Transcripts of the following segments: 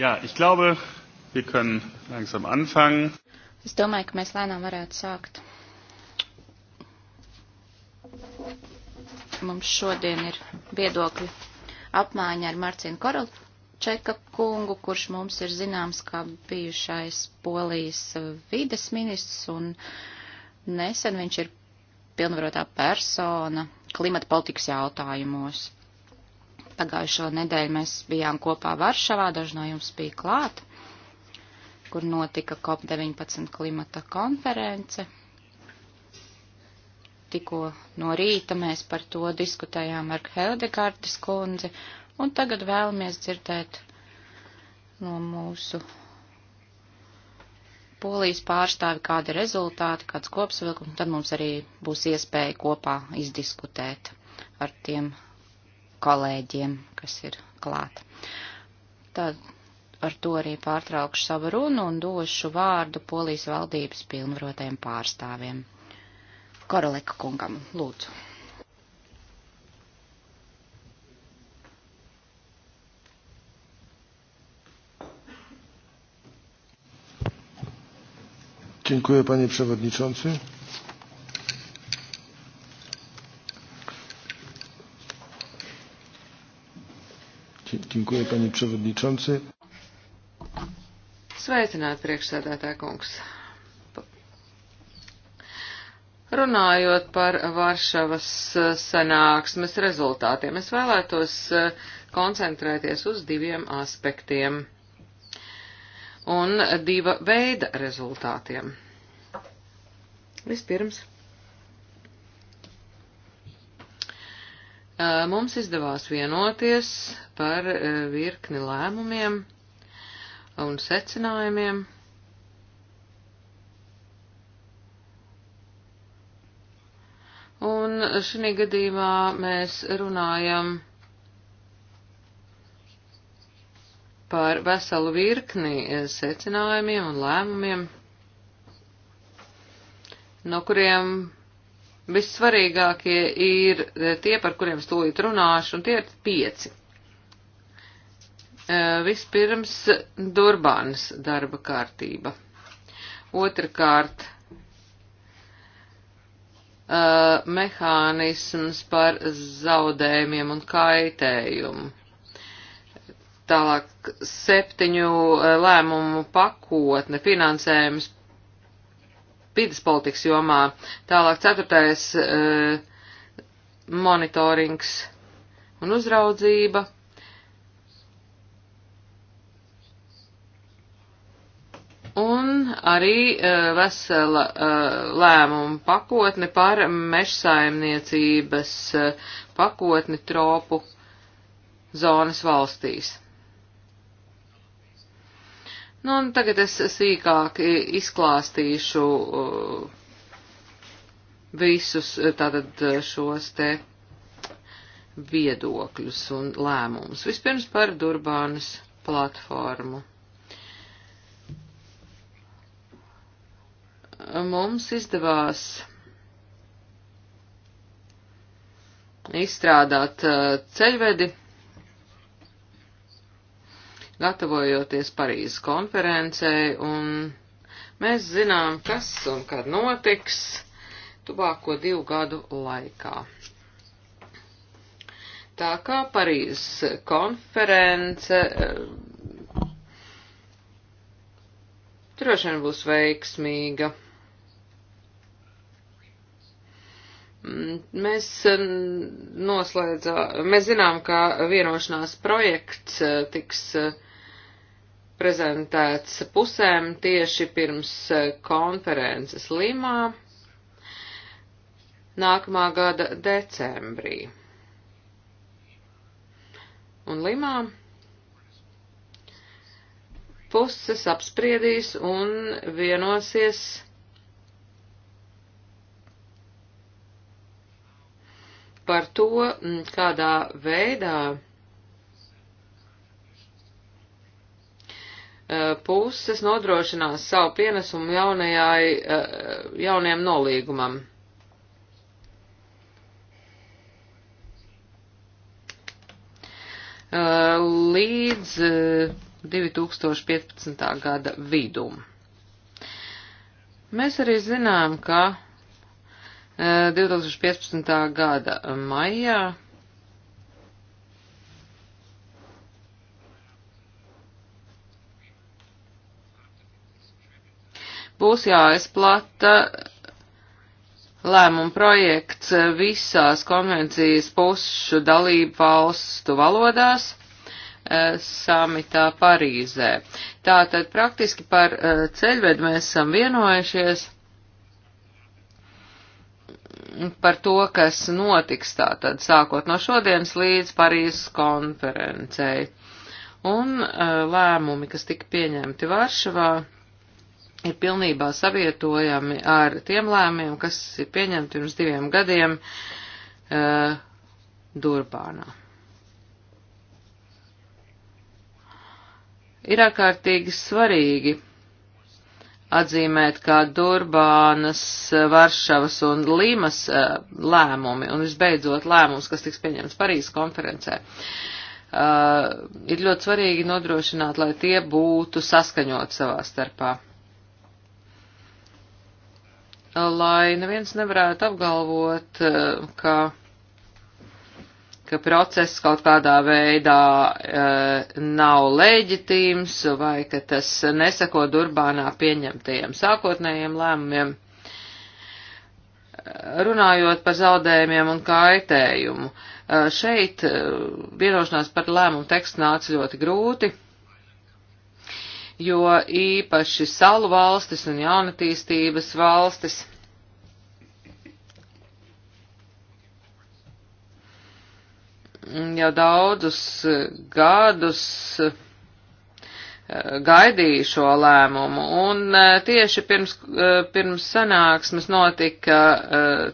Jā, ich glaube, wir können langsam anfangen. Es domāju, ka mēs lēnām varētu sākt. Mums šodien ir viedokļu apmaiņa ar Marcinu Korolčeka kungu, kurš mums ir zināms kā bijušais polijas eh, vides ministrs un nesen viņš ir pilnvarotā persona klimata politikas jautājumos. Pagājušo nedēļu mēs bijām kopā Varšavā, daži no jums bija klāt, kur notika COP19 klimata konference. Tikko no rīta mēs par to diskutējām ar Heldekārtas kundzi, un tagad vēlamies dzirdēt no mūsu polijas pārstāvi, kādi rezultāti, kāds kopsvilkums, tad mums arī būs iespēja kopā izdiskutēt ar tiem kolēģiem, kas ir klāt. Tad ar to arī pārtraukšu savu runu un došu vārdu polijas valdības pilnvarotajiem pārstāvjiem. Koroleka kungam, lūdzu. Dziękuję panie przewodniczący. Dziękuję, panie przewodniczący. Sveicināt, priekšsēdētā kungs. Runājot par Varšavas eh, sanāksmes rezultātiem, es vēlētos eh, koncentrēties uz diviem aspektiem un diva veida rezultātiem. Vispirms. Mums izdevās vienoties par virkni lēmumiem un secinājumiem. Un šī gadījumā mēs runājam par veselu virkni secinājumiem un lēmumiem, no kuriem Vissvarīgākie ir e, tie, par kuriem stūlīt runāšu, un tie ir pieci. E, vispirms Durbānas darba kārtība. Otrakārt, Uh, mehānisms par zaudējumiem un kaitējumu. Tālāk septiņu lēmumu pakotne, finansējums vidas politikas jomā. Tālāk ceturtais eh, monitorings un uzraudzība. Un arī eh, vesela eh, lēmuma pakotne par mežsaimniecības pakotni tropu zonas valstīs. Nu, un tagad es sīkāk izklāstīšu uh, visus eh, tātad eh, šos te viedokļus un lēmumus. Vispirms par Durbānas platformu. Mums izdevās izstrādāt eh, ceļvedi gatavojoties Parīzes konferencei, un mēs zinām, kas un kad notiks tuvāko divu gadu laikā. Tā kā Parīzes konference eh, droši vien būs veiksmīga. Mm, mēs eh, noslēdzām, mēs zinām, ka vienošanās projekts eh, tiks uh, prezentēts pusēm tieši pirms eh, konferences Limā nākamā gada decembrī. Un Limā puses apspriedīs un vienosies par to, kādā veidā Eh, puses nodrošinās savu pienesumu jaunajai, eh, jaunajam nolīgumam. Eh, līdz 2015. gada vidum. Mēs arī zinām, ka 2015. gada maijā būs jāizplata lēmuma projekts visās konvencijas pušu dalību valstu valodās eh, samitā Parīzē. Tātad praktiski par eh, ceļvedu mēs esam vienojušies par to, kas notiks tātad sākot no šodienas līdz Parīzes konferencei. Un eh, lēmumi, kas tika pieņemti Varšavā, ir pilnībā savietojami ar tiem lēmiem, kas ir pieņemti pirms diviem gadiem uh, Durbānā. Ir ārkārtīgi svarīgi atzīmēt, kā Durbānas, Varšavas un Līmas uh, lēmumi un visbeidzot lēmums, kas tiks pieņemts Parīzes konferencē. Uh, ir ļoti svarīgi nodrošināt, lai tie būtu saskaņot savā starpā lai neviens nevarētu apgalvot, eh, ka, ka process kaut kādā veidā e, nav leģitīms vai ka tas nesako Durbānā pieņemtajiem sākotnējiem lēmumiem. Runājot par zaudējumiem un kaitējumu, eh, šeit vienošanās par lēmumu tekstu nāca ļoti grūti jo īpaši salu valstis un jaunatīstības valstis jau daudzus gadus eh, gaidīju šo lēmumu, un eh, tieši pirms, eh, pirms sanāksmes notika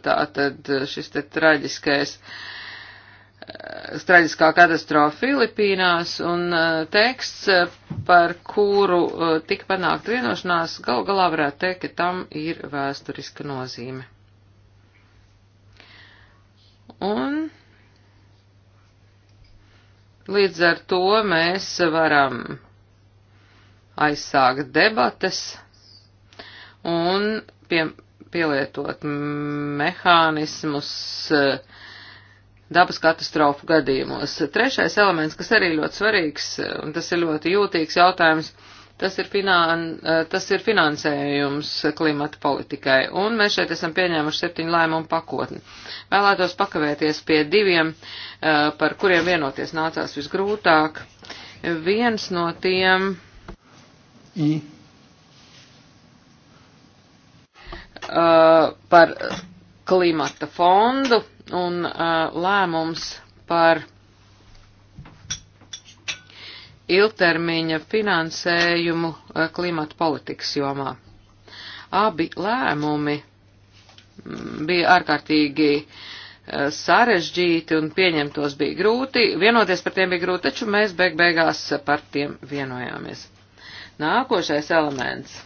tātad šis te traģiskais uh, straļiskā katastrofa Filipīnās, un e, teksts, e, par kuru e, tika panākt vienošanās, gal galā varētu teikt, ka tam ir vēsturiska nozīme. Un līdz ar to mēs varam aizsākt debates un pie, pielietot mehānismus, uh, dabas katastrofu gadījumos. Trešais elements, kas arī ļoti svarīgs, un tas ir ļoti jūtīgs jautājums, tas ir, finan, tas ir finansējums klimata politikai. Un mēs šeit esam pieņēmuši septiņu lēmumu pakotni. Vēlētos pakavēties pie diviem, eh, par kuriem vienoties nācās visgrūtāk. Viens no tiem. I. Uh, par klimata fondu un uh, lēmums par ilgtermiņa finansējumu uh, klimata politikas jomā. Abi lēmumi mm, bija ārkārtīgi uh, sarežģīti un pieņemtos bija grūti, vienoties par tiem bija grūti, taču mēs beig beigās par tiem vienojāmies. Nākošais elements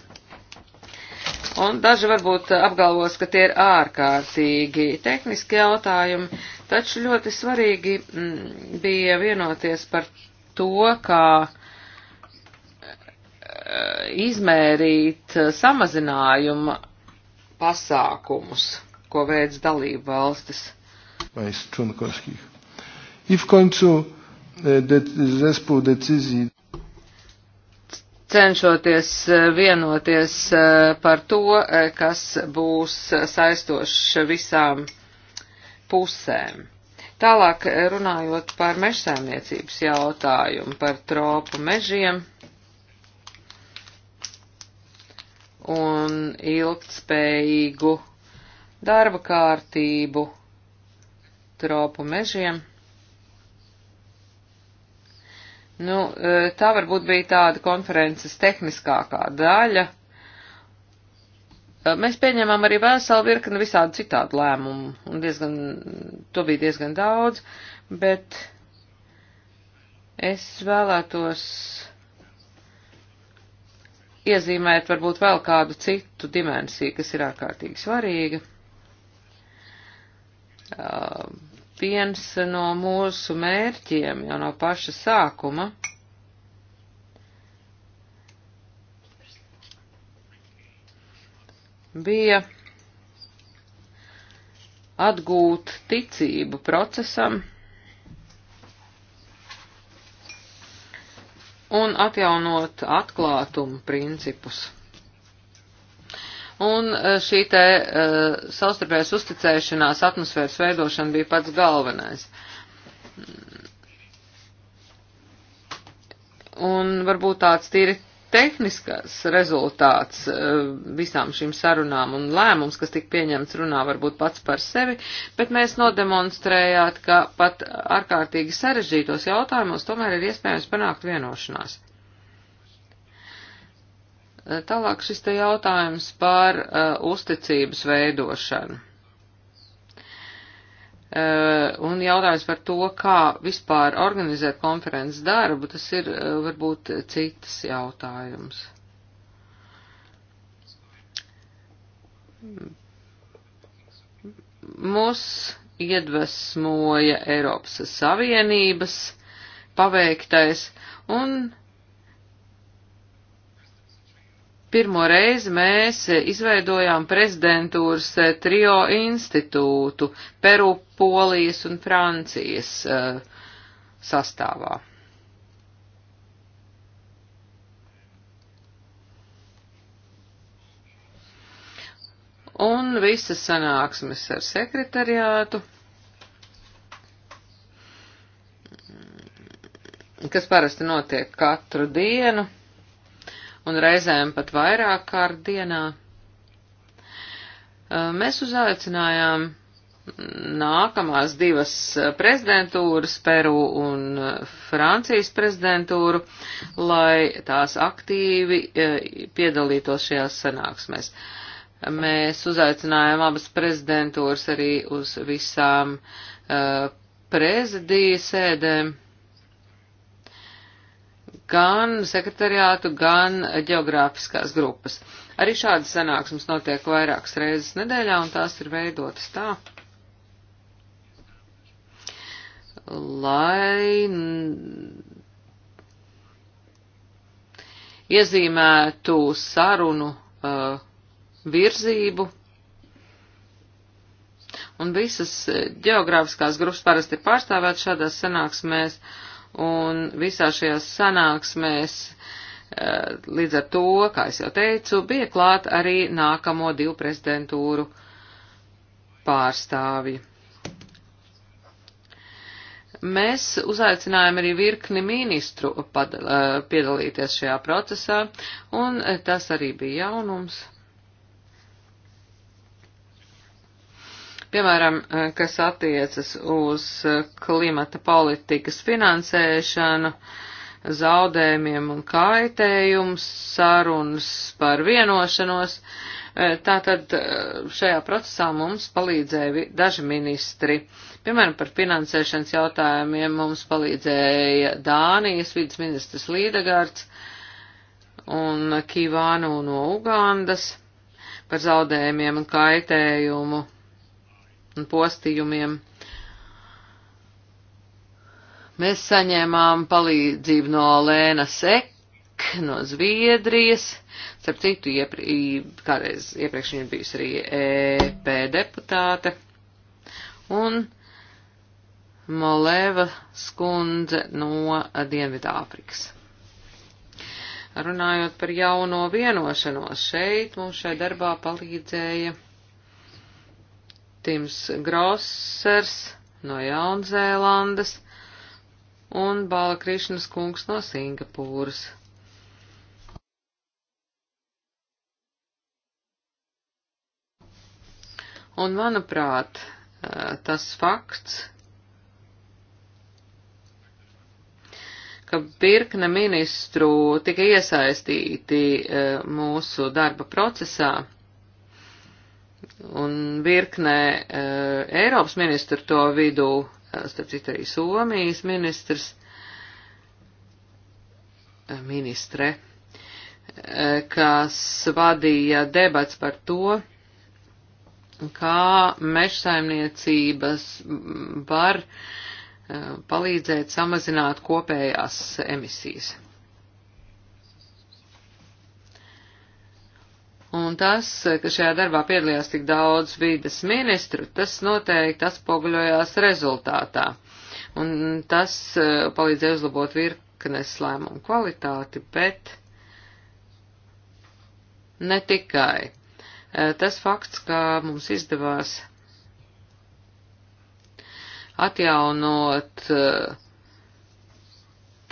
un daži varbūt apgalvos, ka tie ir ārkārtīgi tehniski jautājumi, taču ļoti svarīgi mm, bija vienoties par to, kā eh, izmērīt eh, samazinājuma pasākumus, ko veids dalību valstis. If końcu eh, zespół decyzji cenšoties eh, vienoties eh, par to, eh, kas būs saistošs visām pusēm. Tālāk runājot par mežsēmniecības jautājumu, par tropu mežiem un ilgtspējīgu darba kārtību tropu mežiem. Nu, e, tā varbūt bija tāda konferences tehniskākā daļa. E, mēs pieņemam arī veselu virkni visādi citādu lēmumu, un diezgan, to bija diezgan daudz, bet es vēlētos iezīmēt varbūt vēl kādu citu dimensiju, kas ir ārkārtīgi svarīga. Uh, viens no mūsu mērķiem jau no paša sākuma. bija atgūt ticību procesam un atjaunot atklātumu principus un e, šī te uh, e, savstarpējās uzticēšanās atmosfēras veidošana bija pats galvenais. Un varbūt tāds tīri tehniskās rezultāts uh, visām šīm sarunām un lēmums, kas tika pieņemts runā varbūt pats par sevi, bet mēs nodemonstrējāt, ka pat ārkārtīgi sarežģītos jautājumos tomēr ir iespējams panākt vienošanās. Tālāk šis te jautājums par uh, uzticības veidošanu. Uh, un jautājums par to, kā vispār organizēt konferences darbu, tas ir uh, varbūt citas jautājums. Mūs iedvesmoja Eiropas Savienības paveiktais un Pirmo reizi mēs izveidojām prezidentūras eh, trio institūtu Peru, Polijas un Francijas uh, sastāvā. Un visas sanāksmes ar sekretariātu. kas parasti notiek katru dienu un reizēm pat vairāk kārt dienā. Mēs uzaicinājām nākamās divas prezidentūras, Peru un Francijas prezidentūru, lai tās aktīvi piedalītos šajās sanāksmēs. Mēs uzaicinājām abas prezidentūras arī uz visām prezidijas sēdēm gan sekretariātu, gan geogrāfiskās grupas. Arī šādas sanāksmes notiek vairākas reizes nedēļā, un tās ir veidotas tā, lai mm, iezīmētu sarunu uh, virzību. Un visas uh, geogrāfiskās grupas parasti ir pārstāvētas šādās sanāksmēs. Uh, un visā šajās sanāksmēs eh, līdz ar to, kā es jau teicu, bija klāt arī nākamo divu prezidentūru pārstāvji. Mēs uzaicinājām arī virkni ministru eh, piedalīties šajā procesā, un tas arī bija jaunums. piemēram, eh, kas attiecas uz eh, klimata politikas finansēšanu, zaudējumiem un kaitējumu, sarunas par vienošanos. Eh, tātad šajā procesā mums palīdzēja daži ministri. Piemēram, par finansēšanas jautājumiem mums palīdzēja Dānijas vidas ministrs Līdegards un Kīvānu no Ugandas par zaudējumiem un kaitējumu un postījumiem. Mēs saņēmām palīdzību no Lēnas Ek, no Zviedrijas, starp citu, iepri, kādreiz iepriekš viņa bijusi arī EP deputāte, un Moleva skundze no Dienvidāfrikas. Runājot par jauno vienošanos, šeit mums šai darbā palīdzēja Tims Grossers no Jaunzēlandes un Bāla Krišnas kungs no Singapūras. Un, manuprāt, eh, tas fakts, ka virkne ministru tika iesaistīti eh, mūsu darba procesā, un virknē eh, Eiropas ministru to vidū, eh, starp citu arī Somijas ministrs, eh, ministre, kas vadīja debats par to, kā mežsaimniecības var palīdzēt samazināt kopējās emisijas. Un tas, ka šajā darbā piedalījās tik daudz vīdes ministru, tas noteikti atspoguļojās rezultātā. Un tas e, palīdzēja uzlabot virknes lēmumu kvalitāti, bet ne tikai. E, tas fakts, ka mums izdevās atjaunot e,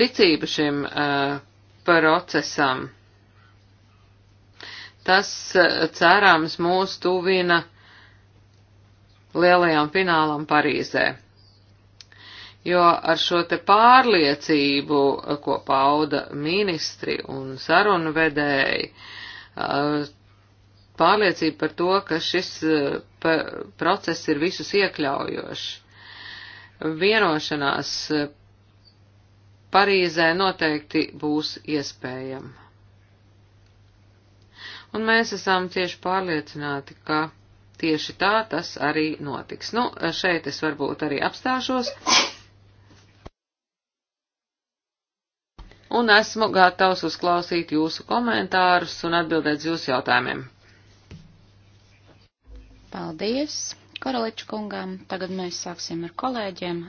ticību šim procesam, Tas eh, cerams mūs tuvina lielajam finālam Parīzē. Jo ar šo te pārliecību, eh, ko pauda ministri un sarunu vedēji, eh, pārliecība par to, ka šis process ir visus iekļaujošs. Vienošanās Parīzē noteikti būs iespējama un mēs esam tieši pārliecināti, ka tieši tā tas arī notiks. Nu, šeit es varbūt arī apstāšos. Un esmu gatavs uzklausīt jūsu komentārus un atbildēt jūsu jautājumiem. Paldies Karaliču kungām. Tagad mēs sāksim ar kolēģiem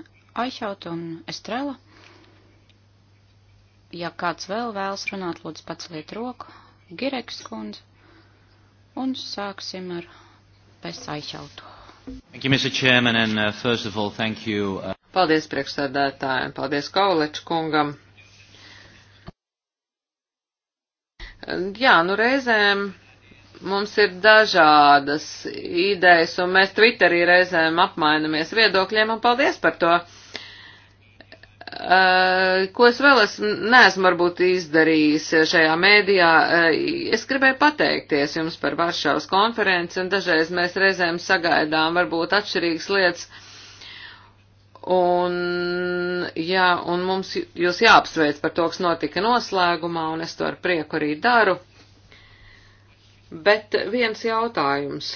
Aišaut un Estrela. Ja kāds vēl vēlas runāt, lūdzu pats liet roku. Gireks kundze un sāksim ar Pesaišautu. Uh, uh, paldies priekšsēdētājiem, paldies Kauleču kungam. Jā, nu reizēm mums ir dažādas idejas, un mēs Twitterī reizēm apmainamies viedokļiem, un paldies par to. Eh, ko es vēl esmu, neesmu varbūt izdarījis šajā mēdījā, eh, es gribēju pateikties jums par Varšavas konferenci, un dažreiz mēs reizēm sagaidām varbūt atšķirīgas lietas, un, jā, un mums jūs jāapsveic par to, kas notika noslēgumā, un es to ar prieku arī daru. Bet viens jautājums.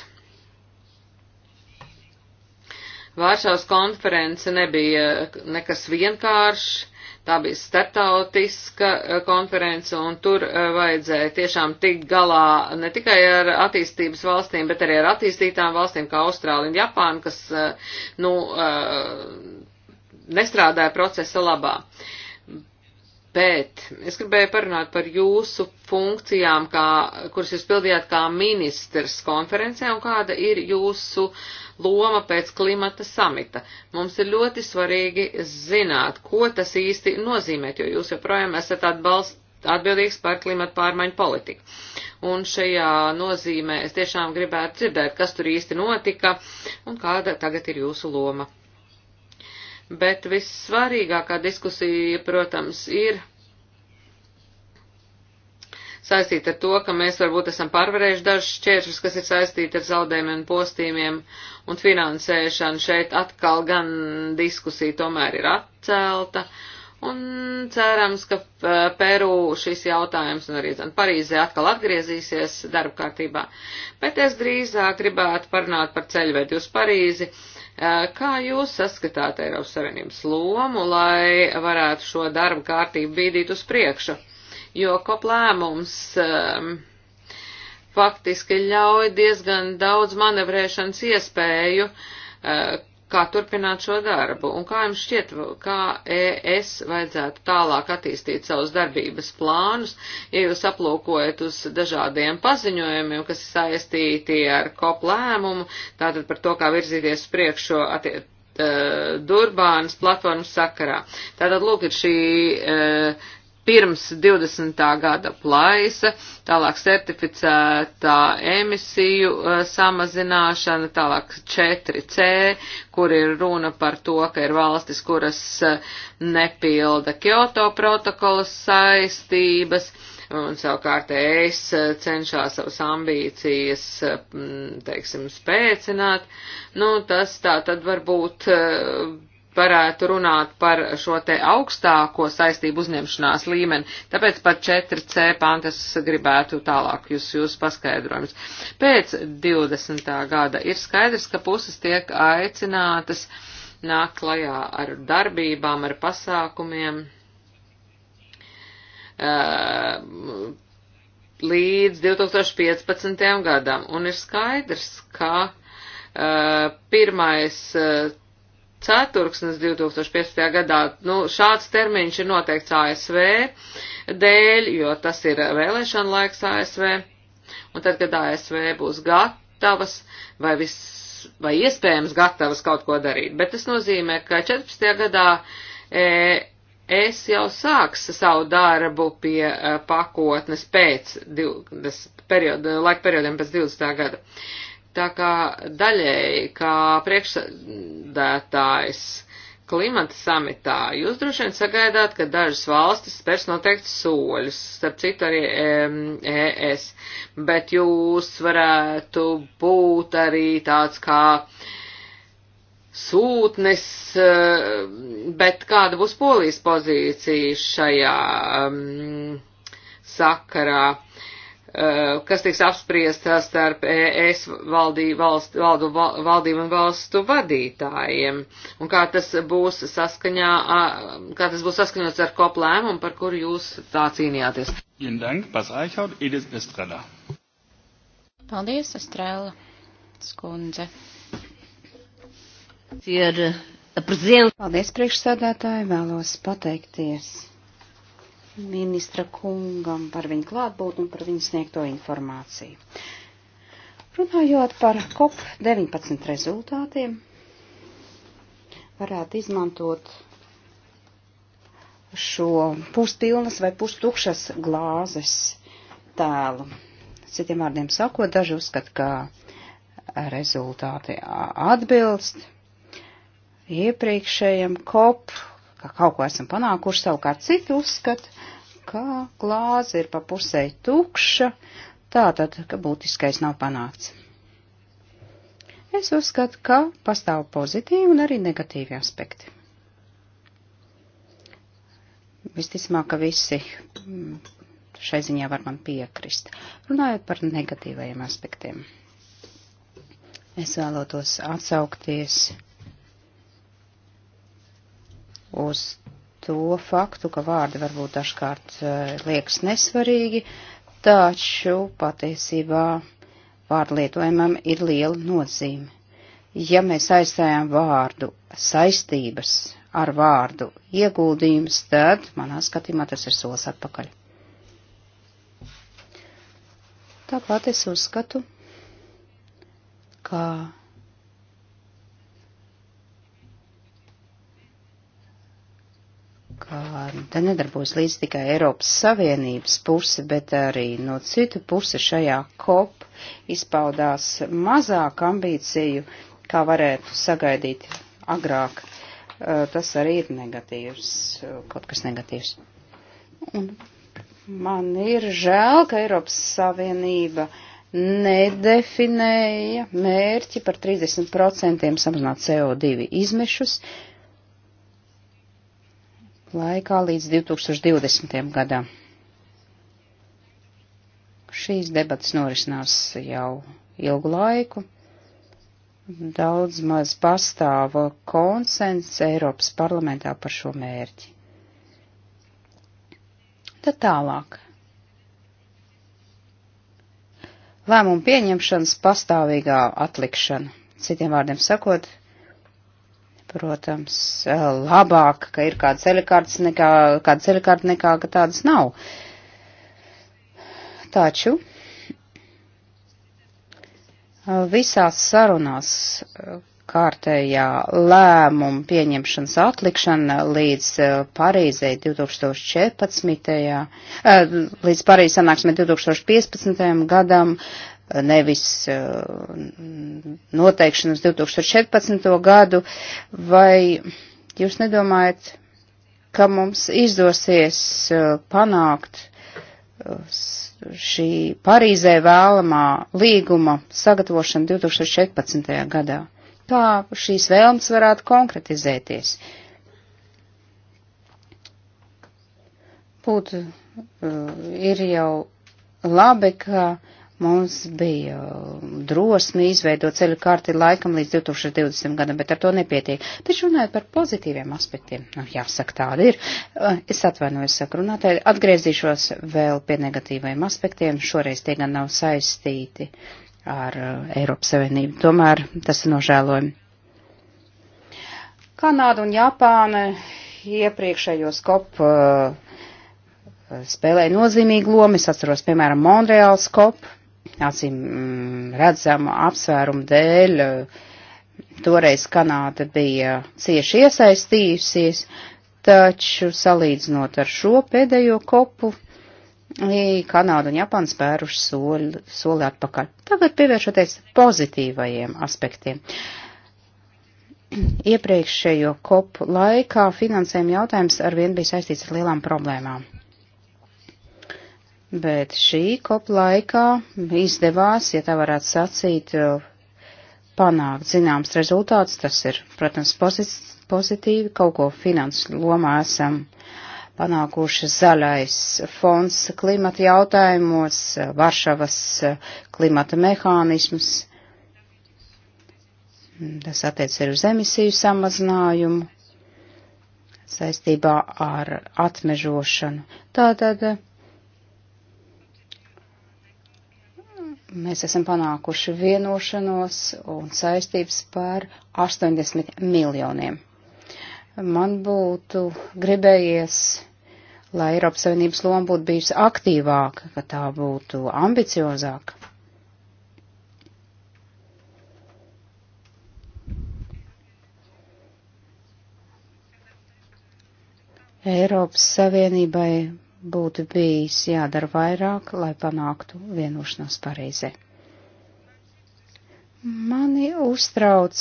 Vāršavas konference nebija eh, nekas vienkāršs, tā bija startautiska eh, konference, un tur eh, vajadzēja tiešām tikt galā ne tikai ar attīstības valstīm, bet arī ar attīstītām valstīm kā Austrālija un Japāna, kas, nu, nestrādāja procesa labā. Bet es gribēju parunāt par jūsu funkcijām, kā, kuras jūs pildījāt kā ministrs konferencē, un kāda ir jūsu loma pēc klimata samita. Mums ir ļoti svarīgi zināt, ko tas īsti nozīmē, jo jūs joprojām esat atbalst, atbildīgs par klimata pārmaiņu politiku. Un šajā nozīmē es tiešām gribētu dzirdēt, kas tur īsti notika un kāda tagad ir jūsu loma. Bet vissvarīgākā diskusija, protams, ir saistīta ar to, ka mēs varbūt esam pārvarējuši dažus šķēršļus, kas ir saistīti ar zaudējumiem, postījumiem un finansēšanu. Šeit atkal gan diskusija tomēr ir atcelta. Un cerams, ka eh, Peru šis jautājums un arī Parīzē atkal atgriezīsies darba kārtībā. Bet es drīzāk gribētu parunāt par ceļvedi uz Parīzi. Eh, kā jūs saskatāt Eiropas Savienības lomu, lai varētu šo darba kārtību bīdīt uz priekšu? Uh, jo kop lēmums um, faktiski ļauj diezgan daudz manevrēšanas iespēju, uh, kā turpināt šo darbu, un kā jums šķiet, kā ES vajadzētu tālāk attīstīt savus darbības plānus, ja jūs aplūkojat uz dažādiem paziņojumiem, kas saistīti ar kop lēmumu, tātad par to, kā virzīties priekšo attiet. Uh, Durbānas platformas sakarā. Tātad, lūk, ir šī uh, pirms 20. gada plaisa, tālāk certificētā emisiju eh, samazināšana, tālāk 4C, kur ir runa par to, ka ir valstis, kuras eh, nepilda Kyoto protokola saistības. Un savukārt es eh, cenšos savas ambīcijas, teiksim, spēcināt. Nu, tas tā tad varbūt varētu runāt par šo te augstāko saistību uzņemšanās līmeni, tāpēc par 4C pantas gribētu tālāk jūs, jūs paskaidrojums. Pēc 20. gada ir skaidrs, ka puses tiek aicinātas nākt klajā ar darbībām, ar pasākumiem. Uh, līdz 2015. gadam, un ir skaidrs, ka uh, pirmais uh, ceturksnes 2015. gadā. Nu, šāds termiņš ir noteikts ASV dēļ, jo tas ir vēlēšana laiks ASV. Un tad, kad ASV būs gatavas vai, vis, vai iespējams gatavas kaut ko darīt. Bet tas nozīmē, ka 14. gadā e, es jau sāks savu darbu pie e, pakotnes pēc 20, periodu, laika periodiem pēc 20. gada. E, Tā kā daļēji, kā priekšsēdētājs klimata samitā, jūs droši vien sagaidāt, ka dažas valstis spērs noteikti soļus, starp citu arī ES, e bet jūs varētu būt arī tāds kā sūtnes, eh, bet kāda būs polijas pozīcija šajā um, sakarā? Eh, kas tiks apspriestā starp ES valdī, valst, valdu, valdību un valstu vadītājiem, un kā tas būs saskaņā, kā tas būs saskaņots ar kop lēmumu, par kuru jūs tā cīnījāties. Paldies, Estrēla skundze. Eh, Paldies, priekšsēdētāji, vēlos pateikties ministra kungam par viņu klātbūtni un par viņu sniegto informāciju. Runājot par COP19 rezultātiem, varētu izmantot šo puspilnas vai pustukšas glāzes tēlu. Citiem vārdiem sakot, daži uzskata, ka rezultāti atbilst iepriekšējam COP ka kaut ko esam panākuši, savukārt citi uzskata, ka glāze ir pa pusē tukša, tātad, ka būtiskais nav panākts. Es uzskatu, ka pastāv pozitīvi un arī negatīvi aspekti. Visticamāk, ka visi mm, šai ziņā var man piekrist. Runājot par negatīvajiem aspektiem, es vēlotos atsaukties uz to faktu, ka vārdi varbūt dažkārt e, liekas nesvarīgi, taču patiesībā vārdu lietojumam ir liela nozīme. Ja mēs aizstājām vārdu saistības ar vārdu ieguldījums, tad manā skatījumā tas ir solis atpakaļ. Tāpat es uzskatu, ka ka te nedarbos līdz tikai Eiropas Savienības pusi, bet arī no citu pusi šajā kop izpaudās mazāk ambīciju, kā varētu sagaidīt agrāk. Eh, tas arī ir negatīvs, kaut kas negatīvs. Un man ir žēl, ka Eiropas Savienība nedefinēja mērķi par 30% samazināt CO2 izmešus, uh, laikā līdz 2020. gadam. Šīs debatas norisinās jau ilgu laiku. Daudz maz pastāv konsens Eiropas parlamentā par šo mērķi. Tad tālāk. Lēmumu pieņemšanas pastāvīgā atlikšana. Citiem vārdiem sakot, Protams, eh, labāk, ka ir kāda ceļkārtas nekā, kāda ceļkārta nekā, ka tādas nav. Taču eh, visās sarunās eh, kārtējā lēmuma pieņemšanas atlikšana līdz Parīzei 2014. līdz Parīzes sanāksmē 2015. gadam nevis noteikšanu uz 2014. gadu, vai jūs nedomājat, ka mums izdosies uh, panākt uh, šī Parīzē vēlamā līguma sagatavošana 2014. gadā? Kā šīs vēlmes varētu konkretizēties? Būtu, uh, ir jau labi, ka Mums bija um, drosmi izveidot ceļu karti laikam līdz 2020 gadam, bet ar to nepietiek. Taču runājot par pozitīviem aspektiem, nu, jāsaka, tāda ir. Uh, es atvainojos, saku runātāji, atgriezīšos vēl pie negatīviem aspektiem. Šoreiz tie gan nav saistīti ar uh, Eiropas Savienību. Tomēr tas ir nožēlojami. Kanāda un Japāna iepriekšējos kop uh, spēlēja nozīmīgu lomu. Es atceros, piemēram, Monreāls kopu acīm mm, redzamu apsvērumu dēļ. Eh, toreiz Kanāda bija cieši iesaistījusies, taču salīdzinot ar šo pēdējo kopu, Kanāda un Japāna spēruši soli, soli atpakaļ. Tagad pievēršoties pozitīvajiem aspektiem. Iepriekšējo kopu laikā finansējuma jautājums arvien bija saistīts ar lielām problēmām. Bet šī kop laikā izdevās, ja tā varētu sacīt, panākt zināms rezultāts. Tas ir, protams, pozitīvi, kaut ko finansu lomā esam panākuši zaļais fonds klimata jautājumos, Varšavas klimata mehānisms. Tas attiec ir uz emisiju samazinājumu saistībā ar atmežošanu. Tātad. Tā, mēs esam panākuši vienošanos un saistības par 80 miljoniem. Man būtu gribējies, lai Eiropas Savienības loma būtu bijusi aktīvāka, ka tā būtu ambiciozāka. Eiropas Savienībai būtu bijis jādara vairāk, lai panāktu vienošanos Parīzē. Mani uztrauc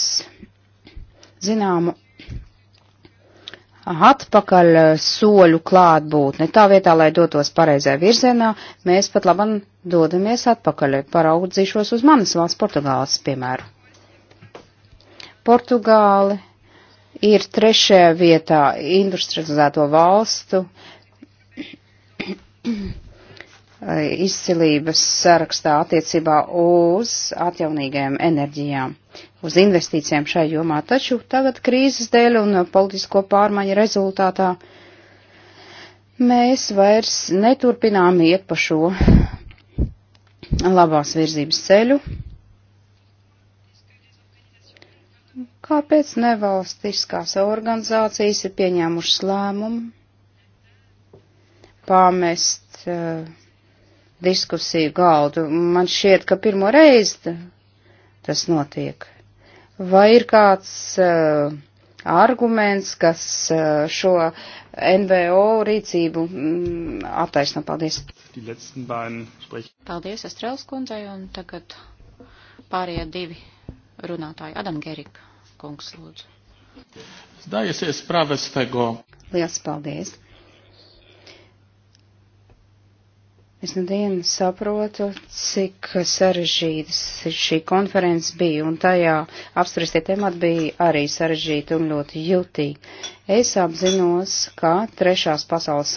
zināmu atpakaļ soļu klātbūtne. Tā vietā, lai dotos pareizajā virzienā, mēs pat labam dodamies atpakaļ. Paraudzīšos uz manas valsts Portugāles piemēru. Portugāli ir trešajā vietā industrializēto valstu izcilības sarakstā attiecībā uz atjaunīgajām enerģijām, uz investīcijām šai jomā. Taču tagad krīzes dēļ un politisko pārmaiņu rezultātā mēs vairs neturpinām iet pa šo labās virzības ceļu. Kāpēc nevalstiskās organizācijas ir pieņēmušas lēmumu? pamest uh, diskusiju galdu. Man šķiet, ka pirmo reizi tas notiek. Vai ir kāds uh, arguments, kas uh, šo NVO rīcību mm, attaisno? Paldies. Paldies Estrēlas kundzei un tagad pārējie divi runātāji. Adam Gerik, kungs, lūdzu. Zdaje sobie sprawę z tego. Liels paldies. Es nedien saprotu, cik sarežģītas šī konferences bija, un tajā apspriestie temati bija arī sarežģīti un ļoti jutīgi. Es apzinos, ka trešās pasaules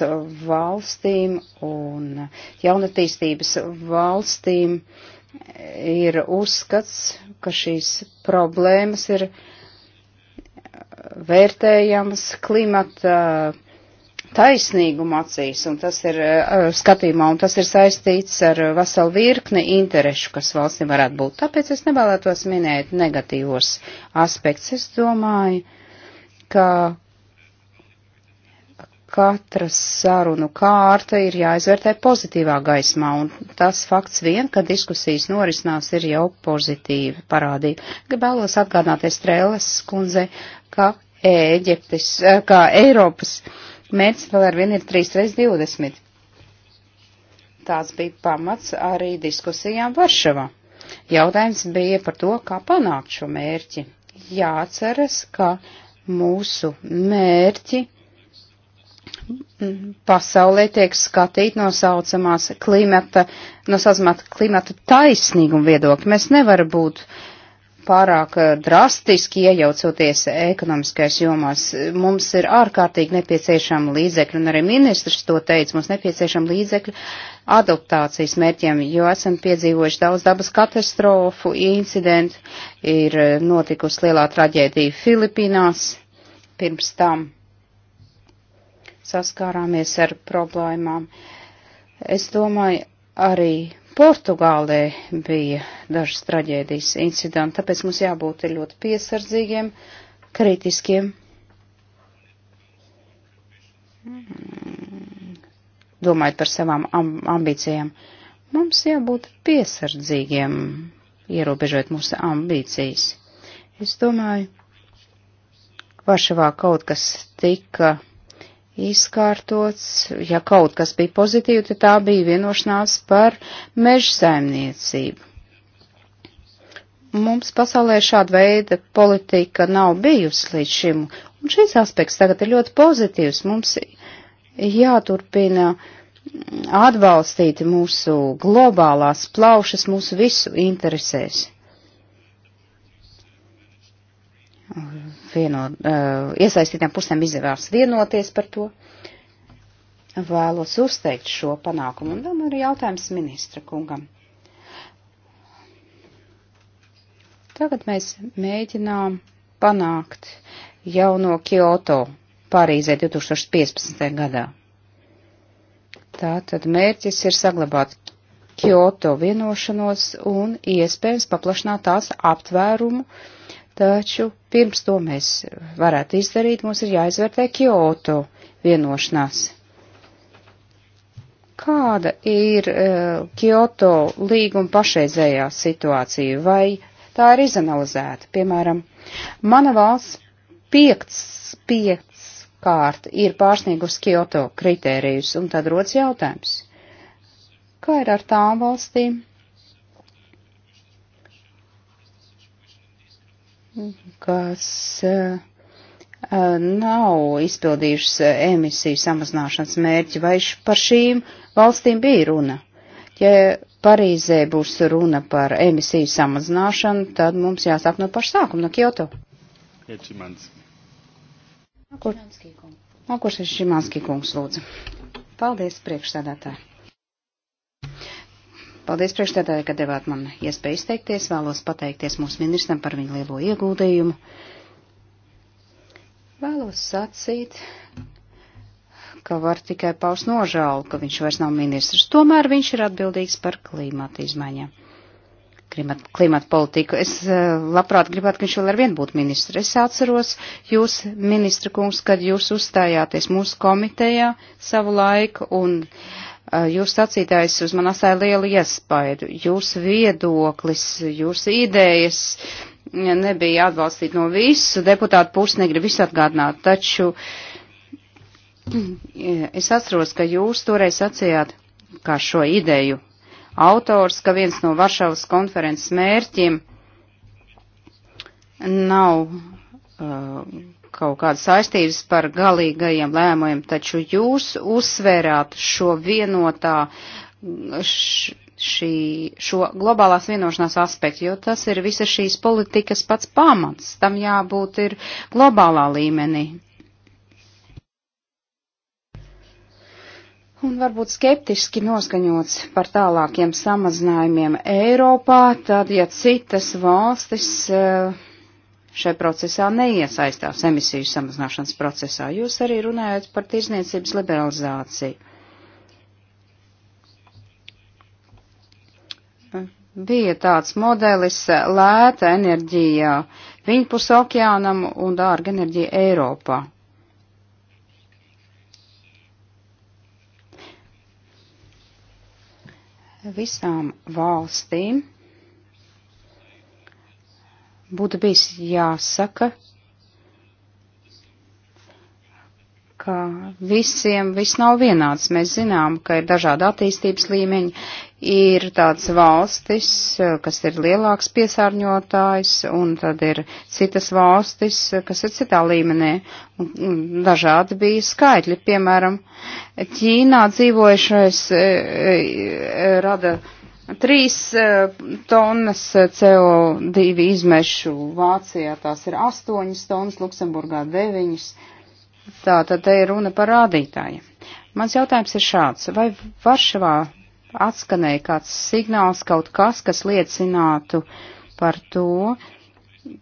valstīm un jaunatīstības valstīm ir uzskats, ka šīs problēmas ir vērtējamas klimata taisnīgumu acīs, un tas ir uh, skatījumā, un tas ir saistīts ar eh, veselu virkni interešu, kas valstīm varētu būt. Tāpēc es nevēlētos minēt negatīvos aspektus. Es domāju, ka katra sarunu kārta ir jāizvērtē pozitīvā gaismā, un tas fakts vien, ka diskusijas norisinās, ir jau pozitīvi parādīja. Gribēlos atgādināties Trēles kundze, ka Ēģiptes, eh, kā Eiropas uh, mērķis vēl ar vienu ir 3 reiz 20. Tās bija pamats arī diskusijām Varšavā. Jautājums bija par to, kā panākt šo mērķi. Jāceras, ka mūsu mērķi pasaulē tiek skatīt no saucamās klimata, no saucamās klimata taisnīguma viedokļa. Mēs nevaram būt uh, pārāk eh, drastiski iejaucoties ekonomiskais jomās. Mums ir ārkārtīgi nepieciešama līdzekļa, un arī ministrs to teica, mums nepieciešama līdzekļa adaptācijas mērķiem, jo esam piedzīvojuši daudz dabas katastrofu, incidentu, ir eh, notikusi lielā traģēdija Filipīnās pirms tam. Saskārāmies ar problēmām. Es domāju, arī Portugālē bija dažas traģēdijas incidenti, tāpēc mums jābūt ļoti piesardzīgiem, kritiskiem. Domājot par savām ambīcijām, mums jābūt piesardzīgiem, ierobežot mūsu ambīcijas. Es domāju, Varšavā kaut kas tika izkārtots. Ja kaut kas bija pozitīvi, tad tā bija vienošanās par meža saimniecību. Mums pasaulē šāda veida politika nav bijusi līdz šim, un šis aspekts tagad ir ļoti pozitīvs. Mums jāturpina atbalstīt mūsu globālās plaušas, mūsu visu interesēs vieno, eh, iesaistītām pusēm izdevās vienoties par to. Vēlos uzteikt šo panākumu. Un vēl man ir jautājums ministra kungam. Tagad mēs mēģinām panākt jauno Kyoto Parīzē 2015. gadā. Tātad mērķis ir saglabāt Kyoto vienošanos un iespējams paplašināt tās aptvērumu uh, Taču pirms to mēs varētu izdarīt, mums ir jāizvērtē Kyoto vienošanās. Kāda ir uh, Kyoto līguma pašreizējā situācija? Vai tā ir izanalizēta? Piemēram, mana valsts piekts, piekts kārt ir pārsniegus Kyoto kritērijus, un tad rodas jautājums. Kā ir ar tām valstīm, kas eh, nav izpildījušas eh, emisiju samazināšanas mērķi, vai par šīm valstīm bija runa? Ja Parīzē būs runa par emisiju samazināšanu, tad mums jāsāk no paša sākuma, no Kyoto. Nākošais Šimanskī kungs lūdzu. Paldies, priekšsēdētāji. Paldies priekšstādāji, ka devāt man iespēju izteikties. Vēlos pateikties mūsu ministram par viņu lielo ieguldījumu. Vēlos sacīt, ka var tikai paust nožēlu, ka viņš vairs nav ministrs. Tomēr viņš ir atbildīgs par klimata izmaiņām. Klimata, klimata politiku. Es eh, labprāt gribētu, ka viņš vēl ar vienu būtu ministrs. Es atceros jūs, ministra kungs, kad jūs uzstājāties mūsu komitejā savu laiku un uh, Jūs sacītājs uz man atstāja lielu iespaidu. Jūsu viedoklis, jūsu idejas nebija atbalstīt no visu deputātu puses, negribu visu atgādināt, taču es atceros, ka jūs toreiz sacījāt, kā šo ideju autors, ka viens no Varšavas konferences mērķiem nav uh, kaut kādas saistības par galīgajiem lēmumiem, taču jūs uzsvērāt šo vienotā, š, šī, šo globālās vienošanās aspektu, jo tas ir visa šīs politikas pats pamats, tam jābūt ir globālā līmenī. un varbūt skeptiski noskaņots par tālākiem samazinājumiem Eiropā, tad ja citas valstis uh, šai procesā neiesaistās emisiju samazināšanas procesā. Jūs arī runājat par tirzniecības liberalizāciju. Bija tāds modelis eh, lēta enerģija viņpus okeānam un dārga enerģija Eiropā. Visām valstīm būtu bijis jāsaka, ka visiem viss nav vienāds. Mēs zinām, ka ir dažādi attīstības līmeņi, ir tāds valstis, kas ir lielāks piesārņotājs, un tad ir citas valstis, kas ir citā līmenī. Dažādi bija skaitļi, piemēram, Ķīnā dzīvojušais e, e, rada Trīs eh, tonnas eh, CO2 izmešu Vācijā, tās ir astoņas tonnas, Luksemburgā deviņas. Tā tad te ir runa par rādītājiem. Mans jautājums ir šāds. Vai Varšavā atskanēja kāds signāls kaut kas, kas liecinātu par to,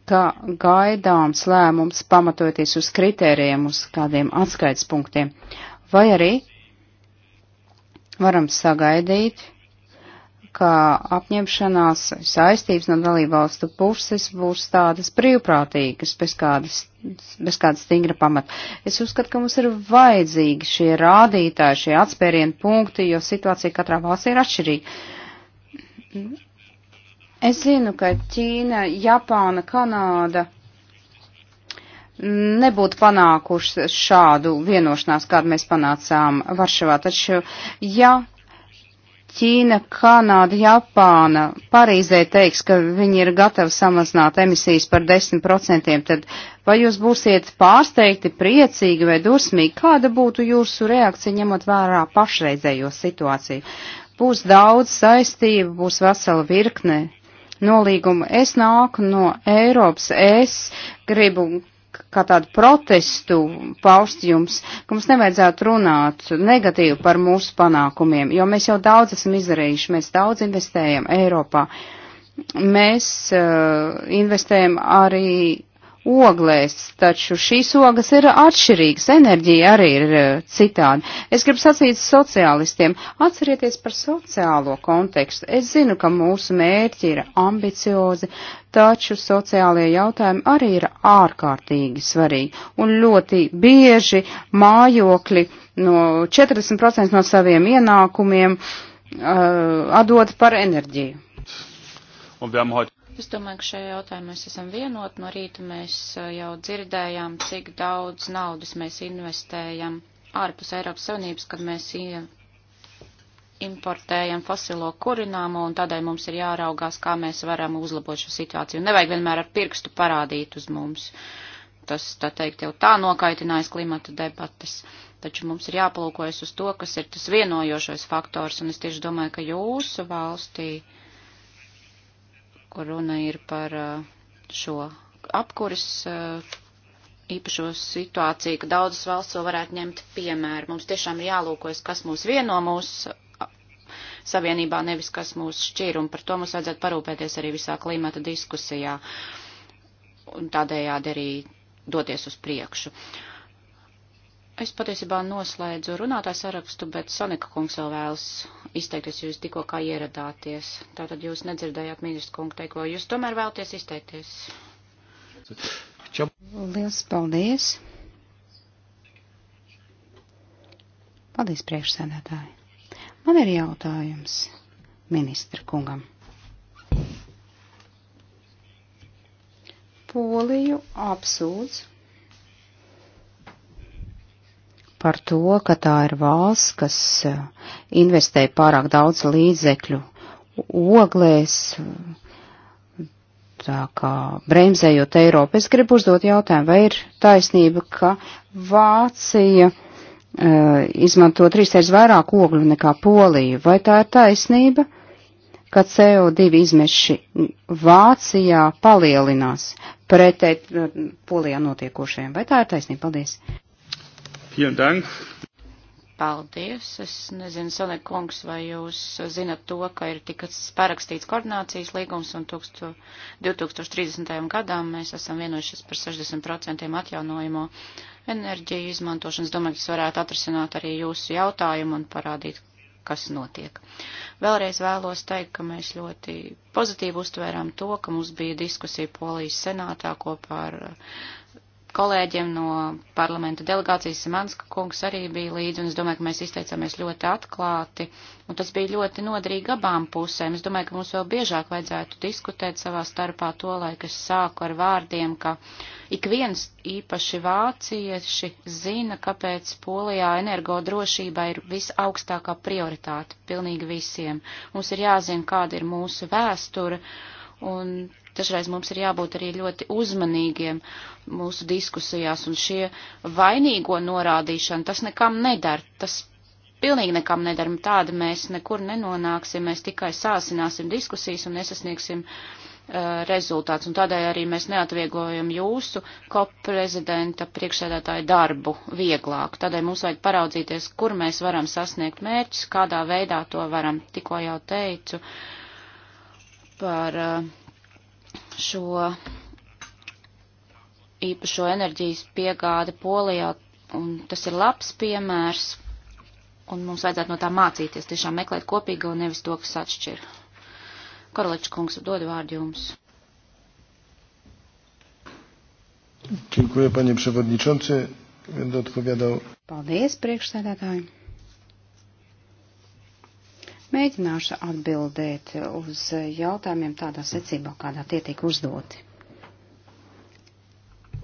ka gaidāms lēmums pamatoties uz kritērijiem, uz kādiem atskaits punktiem? Vai arī varam sagaidīt ka apņemšanās saistības no dalībvalstu puses būs tādas brīvprātīgas, bez kādas, bez kādas stingra pamata. Es uzskatu, ka mums ir vajadzīgi šie rādītāji, šie atspērienu punkti, jo situācija katrā valstī ir atšķirīga. Es zinu, ka Ķīna, Japāna, Kanāda nebūtu panākuši šādu vienošanās, kādu mēs panācām Varšavā. Taču, ja Ķīna, Kanāda, Japāna, Parīzē teiks, ka viņi ir gatavi samazināt emisijas par 10%, tad vai jūs būsiet pārsteigti, priecīgi vai dusmīgi? Kāda būtu jūsu reakcija ņemot vērā pašreizējo situāciju? Būs daudz saistību, būs vesela virkne nolīgumu. Es nāku no Eiropas, es gribu kā tādu protestu paust jums, ka mums nevajadzētu runāt negatīvi par mūsu panākumiem, jo mēs jau daudz esam izdarījuši, mēs daudz investējam Eiropā. Mēs uh, investējam arī oglēs, taču šīs ogas ir atšķirīgas, enerģija arī ir e, citāda. Es gribu sacīt sociālistiem, atcerieties par sociālo kontekstu. Es zinu, ka mūsu mērķi ir ambiciozi, taču sociālajie jautājumi arī ir ārkārtīgi svarīgi. Un ļoti bieži mājokļi no 40% no saviem ienākumiem uh, atdod par enerģiju. Un, Es domāju, ka šajā jautājumā mēs esam vienoti. No rīta mēs uh, jau dzirdējām, cik daudz naudas mēs investējam ārpus Eiropas Savienības, kad mēs importējam fosilo kurināmo, un tādēļ mums ir jāraugās, kā mēs varam uzlabot šo situāciju. Nevajag vienmēr ar pirkstu parādīt uz mums. Tas, tā teikt, jau tā nokaitinājis klimata debatas. Taču mums ir jāpalūkojas uz to, kas ir tas vienojošais faktors, un es tieši domāju, ka jūsu valstī. Uh, kur runa ir par uh, šo apkuris uh, īpašo situāciju, ka daudzas valsts to varētu ņemt piemēru. Mums tiešām ir jālūkojas, kas mūs vieno mūsu savienībā, nevis kas mūs šķir, un par to mums vajadzētu parūpēties arī visā klimata diskusijā, un tādējādi arī doties uz priekšu. Uh, Es patiesībā noslēdzu runātāju sarakstu, bet Sonika kungs vēl vēlas izteikties, jūs tikko kā ieradāties. Tātad jūs nedzirdējāt ministru kungu teiko, jūs tomēr vēlties izteikties. Liels paldies! Paldies, priekšsēdētāji! Man ir jautājums ministra kungam. Poliju apsūdz par to, ka tā ir valsts, kas eh, investē pārāk daudz līdzekļu oglēs, tā kā bremzējot Eiropu. Es gribu uzdot jautājumu, vai ir taisnība, ka Vācija uh, izmanto trīsreiz vairāk ogļu nekā Polija? Vai tā ir taisnība, ka CO2 izmeši Vācijā palielinās pretēji eh, Polijā notiekošajiem? Vai tā ir taisnība? Paldies! Vielen Dank. Paldies. Es nezinu, Sonek kungs, vai jūs zinat to, ka ir tikas parakstīts koordinācijas līgums un 2030. gadām mēs esam vienojušies par 60% atjaunojumu enerģiju izmantošanas. Domāju, ka tas varētu atrasināt arī jūsu jautājumu un parādīt, kas notiek. Vēlreiz vēlos teikt, ka mēs ļoti pozitīvi uztvērām to, ka mums bija diskusija Polijas senātā kopā ar kolēģiem no parlamenta delegācijas Simanska kungs arī bija līdzi, un es domāju, ka mēs izteicāmies ļoti atklāti, un tas bija ļoti noderīgi abām pusēm. Es domāju, ka mums vēl biežāk vajadzētu diskutēt savā starpā to, lai es sāku ar vārdiem, ka ik viens īpaši vācieši zina, kāpēc Polijā energodrošība ir visaugstākā prioritāte pilnīgi visiem. Mums ir jāzina, kāda ir mūsu vēstura, un Dažreiz mums ir jābūt arī ļoti uzmanīgiem mūsu diskusijās, un šie vainīgo norādīšana, tas nekam nedara, tas pilnīgi nekam nedaram. Tāda mēs nekur nenonāksim, mēs tikai sāsināsim diskusijas un nesasniegsim uh, rezultāts, un tādēļ arī mēs neatvieglojam jūsu kop prezidenta priekšsēdētāju darbu vieglāk. Tādēļ mums vajag paraudzīties, kur mēs varam sasniegt mērķus, kādā veidā to varam. Tikko jau teicu par uh, šo īpašo enerģijas piegādi Polijā, un tas ir labs piemērs, un mums vajadzētu no tā mācīties, tiešām meklēt kopīgo, nevis to, kas atšķir. Karaličs kungs, dod vārdu jums. Dziękuję, panie przewodniczący. Będę odpowiadał. Paldies, priekšsēdētāji. Mēģināšu atbildēt uz jautājumiem tādā secībā, kādā tie tiek uzdoti.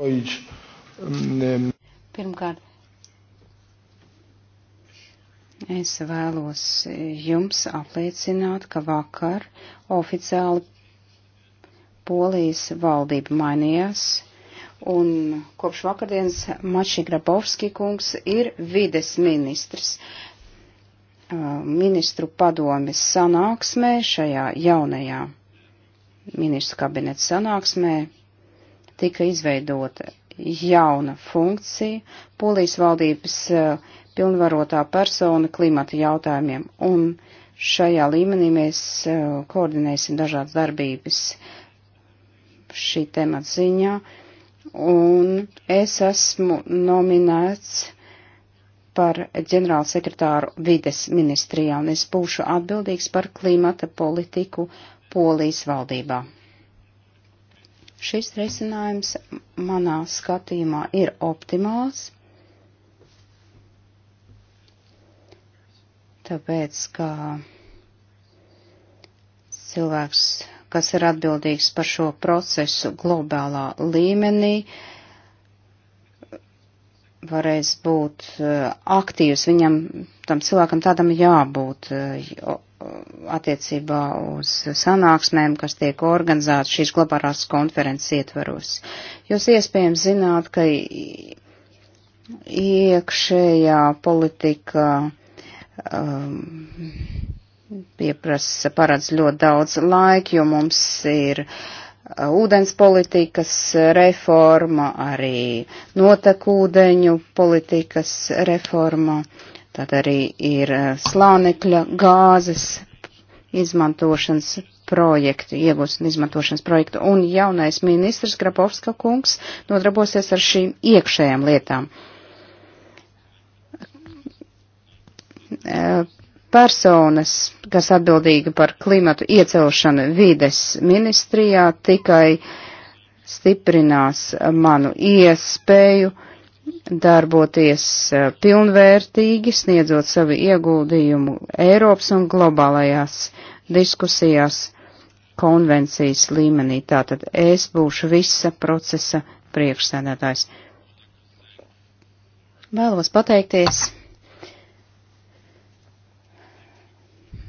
Mm, Pirmkārt, es vēlos jums apliecināt, ka vakar oficiāli Polijas valdība mainījās un kopš vakardienas Mači Grabovski kungs ir vides ministrs. Uh, ministru padomes sanāksmē, šajā jaunajā ministru kabineta sanāksmē, tika izveidota jauna funkcija polijas valdības e, pilnvarotā persona klimata jautājumiem, un šajā līmenī mēs e, koordinēsim dažādas darbības šī temata ziņā, un es esmu nominēts par ģenerālu sekretāru vides ministrijā, un es būšu atbildīgs par klimata politiku Polijas valdībā. Šis risinājums manā skatījumā ir optimāls, tāpēc, ka cilvēks, kas ir atbildīgs par šo procesu globālā līmenī, uh, varēs būt eh, aktīvs, viņam, tam cilvēkam tādam jābūt eh, attiecībā uz sanāksmēm, kas tiek organizētas šīs globārās konferences ietvaros. Jūs iespējams zināt, ka iekšējā politika um, pieprasa paredz ļoti daudz laika, jo mums ir uh, ūdens politikas reforma, arī notekūdeņu politikas reforma, tad arī ir eh, slānekļa gāzes izmantošanas projektu, iegūst un izmantošanas projektu, un jaunais ministrs Grapovska kungs nodarbosies ar šīm iekšējām lietām. Eh, personas kas atbildīga par klimatu iecelšanu vides ministrijā, tikai stiprinās manu iespēju darboties eh, pilnvērtīgi, sniedzot savu ieguldījumu Eiropas un globālajās diskusijās konvencijas līmenī. Tātad es būšu visa procesa priekšsēdētājs. Vēlos pateikties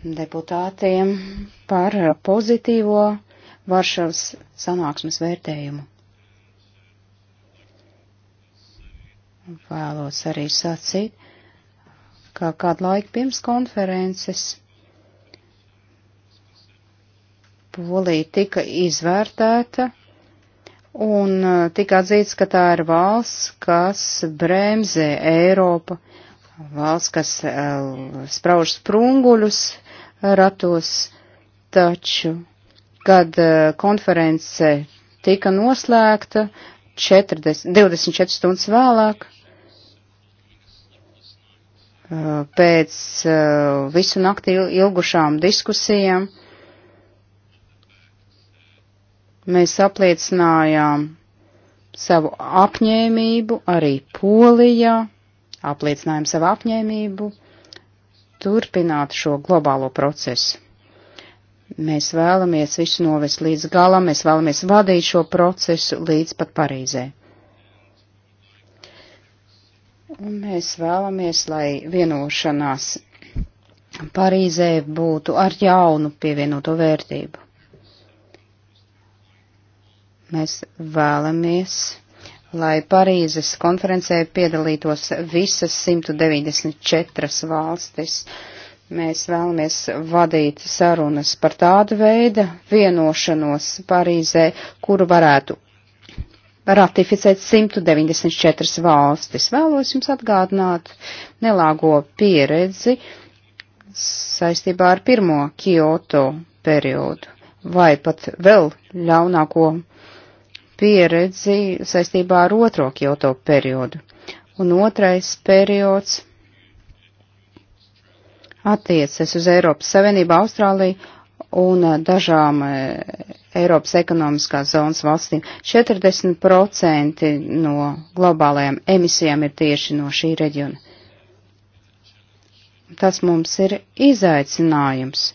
deputātiem par pozitīvo Varšavas sanāksmes vērtējumu. Vēlos arī sacīt, ka kādu laiku pirms konferences Polija tika izvērtēta un uh, tika atzīts, ka tā ir valsts, kas bremzē Eiropu, valsts, kas uh, sprauž sprunguļus, uh, ratos, taču, kad e, konference tika noslēgta 40, 24 stundas vēlāk, e, pēc e, visu nakti ilgušām diskusijām, mēs apliecinājām savu apņēmību arī Polijā, apliecinājām savu apņēmību turpināt šo globālo procesu. Mēs vēlamies visu novest līdz galam, mēs vēlamies vadīt šo procesu līdz pat Parīzē. Un mēs vēlamies, lai vienošanās Parīzē būtu ar jaunu pievienoto vērtību. Mēs vēlamies lai Parīzes konferencē piedalītos visas 194 valstis. Mēs vēlamies vadīt sarunas par tādu veidu vienošanos Parīzē, kuru varētu ratificēt 194 valstis. Vēlos jums atgādināt nelāgo pieredzi saistībā ar pirmo Kyoto periodu vai pat vēl ļaunāko pieredzi saistībā ar otro Kyoto periodu. Un otrais periods attiecas uz Eiropas Savienību, Austrāliju un eh, dažām eh, Eiropas ekonomiskās zonas valstīm. 40% no globālajām emisijām ir tieši no šī reģiona. Tas mums ir izaicinājums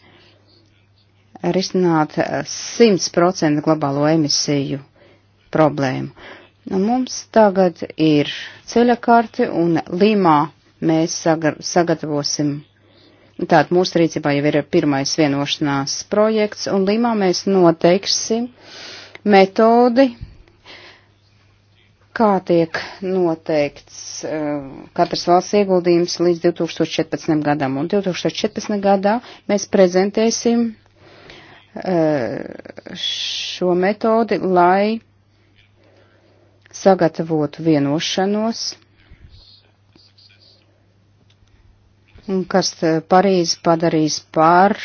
risināt 100% eh, globālo emisiju problēmu. Nu, mums tagad ir ceļa karti un Limā mēs sagatavosim. Nu, tātad mūsu rīcībā jau ir pirmais vienošanās projekts, un Limā mēs noteiksim metodi, kā tiek noteikts uh, katras valsts ieguldījums līdz 2014. gadam. Un 2014. gadā mēs prezentēsim uh, šo metodi, lai sagatavotu vienošanos, kas Parīzi padarīs par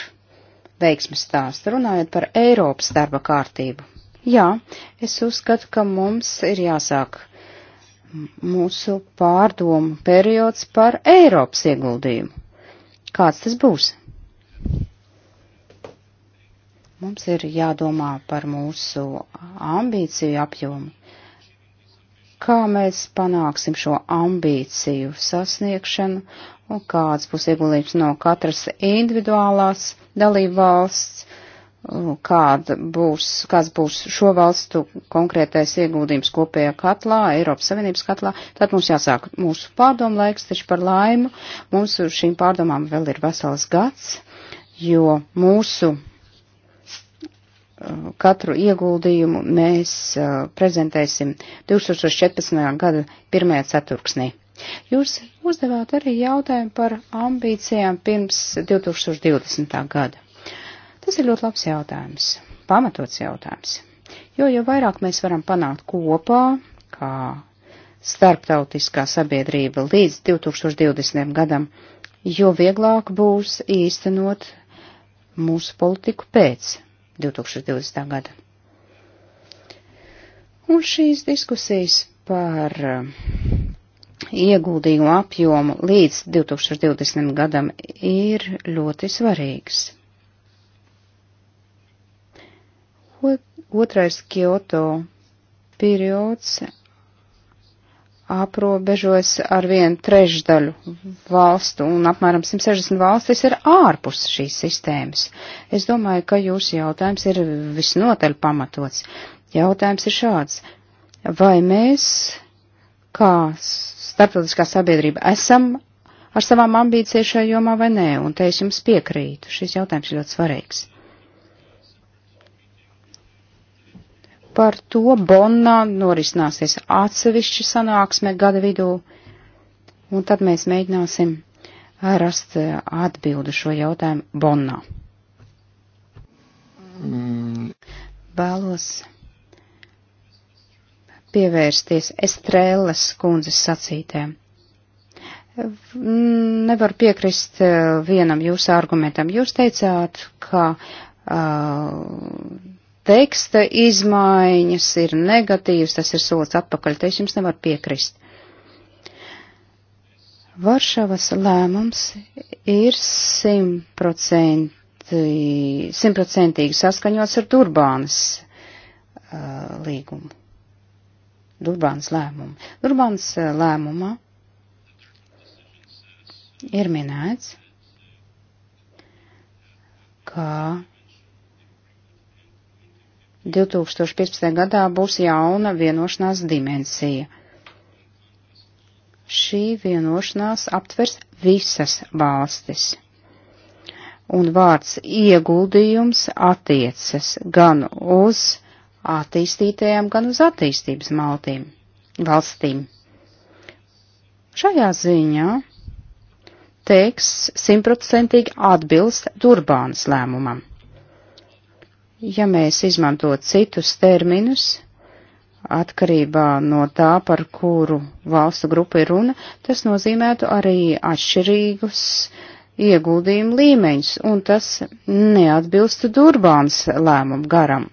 veiksmes stāstu, runājot par Eiropas darba kārtību. Jā, es uzskatu, ka mums ir jāsāk mūsu pārdomu periods par Eiropas ieguldījumu. Kāds tas būs? Mums ir jādomā par mūsu ambīciju apjomu kā mēs panāksim šo ambīciju sasniegšanu un kāds būs ieguldījums no katras individuālās dalību valsts, kāda būs, kāds būs šo valstu konkrētais ieguldījums kopējā katlā, Eiropas Savienības katlā. Tad mums jāsāk mūsu pārdomu laiks, taču par laimu mums šīm pārdomām vēl ir vesels gads, jo mūsu katru ieguldījumu mēs prezentēsim 2014. gada 1. ceturksnī. Jūs uzdevāt arī jautājumu par ambīcijām pirms 2020. gada. Tas ir ļoti labs jautājums, pamatots jautājums, jo jo vairāk mēs varam panākt kopā, kā starptautiskā sabiedrība līdz 2020. gadam, jo vieglāk būs īstenot mūsu politiku pēc 2020. gada. Un šīs diskusijas par eh, ieguldījumu apjomu līdz 2020. gadam ir ļoti svarīgs. Otrais Kyoto periods aprobežojas ar vienu trešdaļu valstu, un apmēram 160 valstis ir ārpus šīs sistēmas. Es domāju, ka jūsu jautājums ir visnotaļ pamatots. Jautājums ir šāds. Vai mēs, kā starptautiskā sabiedrība, esam ar savām ambīcijām šajā jomā vai nē? Un te es jums piekrītu. Šis jautājums ir ļoti svarīgs. Par to Bonnā norisināsies atsevišķa sanāksme gada vidū, un tad mēs mēģināsim rast eh, atbildu šo jautājumu Bonnā. Mm. Vēlos pievērsties Estrēlas kundzes sacītēm. Nevar piekrist eh, vienam jūsu argumentam. Jūs teicāt, ka uh, teksta izmaiņas ir negatīvas, tas ir solis atpakaļ, te es jums nevaru piekrist. Varšavas lēmums ir simtprocentīgi saskaņots ar Durbānas uh, līgumu. Durbānas lēmumu. Durbānas lēmumā ir minēts, ka 2015. gadā būs jauna vienošanās dimensija. Šī vienošanās aptvers visas valstis. Un vārds ieguldījums attiecas gan uz attīstītajām, gan uz attīstības maltīm, valstīm. Šajā ziņā teksts simtprocentīgi atbilst Durbānas lēmumam. Ja mēs izmantot citus terminus, atkarībā no tā, par kuru valstu grupu ir runa, tas nozīmētu arī atšķirīgus ieguldījumu līmeņus, un tas neatbilstu Durbāns lēmumu garam.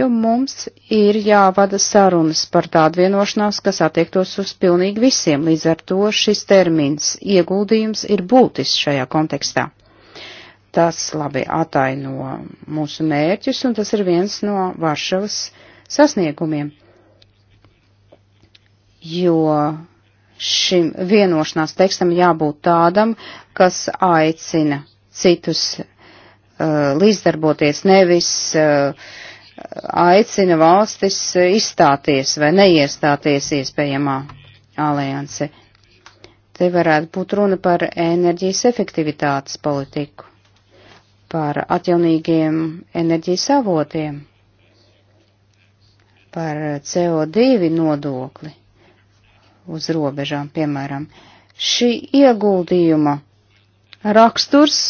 Jo mums ir jāvada sarunas par tādu vienošanās, kas attiektos uz pilnīgi visiem, līdz ar to šis termins ieguldījums ir būtisks šajā kontekstā. Tas labi ataino mūsu mērķus, un tas ir viens no Varšavas sasniegumiem. Jo šim vienošanās tekstam jābūt tādam, kas aicina citus uh, līdzdarboties, nevis uh, aicina valstis izstāties vai neiestāties iespējamā alianse. Te varētu būt runa par enerģijas efektivitātes politiku par atjaunīgiem enerģijas avotiem, par CO2 nodokli uz robežām, piemēram. Šī ieguldījuma raksturs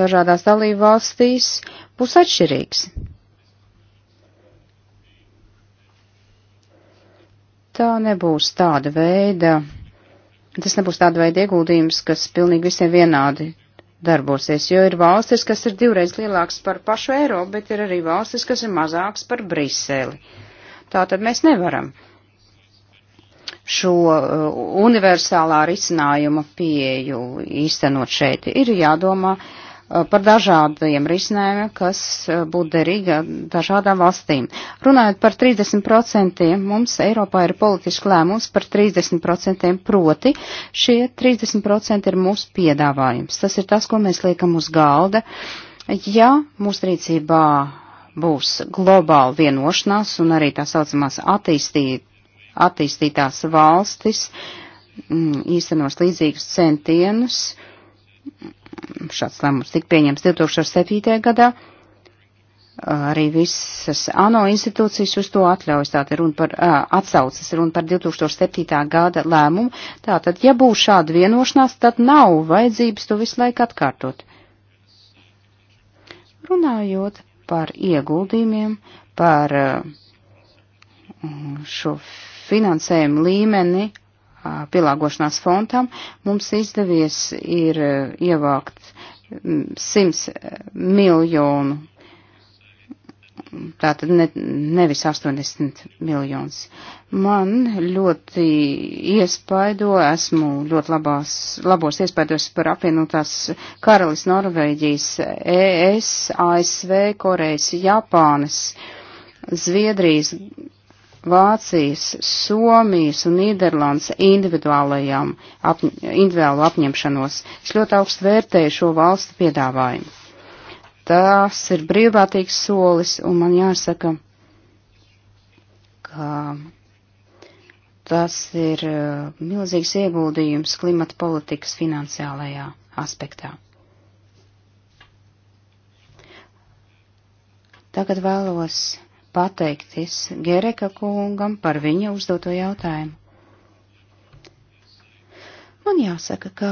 dažādās dalību valstīs būs atšķirīgs. Tā nebūs tāda veida, tas nebūs tāda veida ieguldījums, kas pilnīgi visiem vienādi darbosies, jo ir valstis, kas ir divreiz lielāks par pašu Eiropu, bet ir arī valstis, kas ir mazāks par Briseli. Tātad mēs nevaram šo uh, universālā risinājuma pieju īstenot šeit. Ir jādomā Uh, par dažādiem risinājumiem, kas uh, būtu derīga uh, dažādām valstīm. Runājot par 30%, mums Eiropā ir politiski lēmums par 30%, proti šie 30% ir mūsu piedāvājums. Tas ir tas, ko mēs liekam uz galda. Ja mūsu rīcībā būs globāla vienošanās un arī tā saucamās attīstīt, attīstītās valstis, mm, īstenos līdzīgus centienus, Šāds lēmums tika pieņems 2007. gadā. Arī visas ANO institūcijas uz to atļaujas, tātad runa par, uh, atsaucas runa par 2007. gada lēmumu. Tātad, ja būs šāda vienošanās, tad nav vajadzības to visu laiku atkārtot. Runājot par ieguldījumiem, par uh, šo finansējumu līmeni pielāgošanās fondam, mums izdevies ir ievākt 100 miljonu, tātad ne, nevis 80 miljonus. Man ļoti iespaido, esmu ļoti labās, labos iespaidos par apvienotās karalis Norvēģijas, ES, ASV, Korejas, Japānas. Zviedrijas, Vācijas, Somijas un Nīderlandes individuālajām apņ individuālu apņemšanos. Es ļoti augstu vērtēju šo valstu piedāvājumu. Tas ir brīvprātīgs solis, un man jāsaka, ka tas ir uh, milzīgs ieguldījums klimata politikas finansiālajā aspektā. Tagad vēlos pateikties Gereka kungam par viņa uzdoto jautājumu. Man jāsaka, ka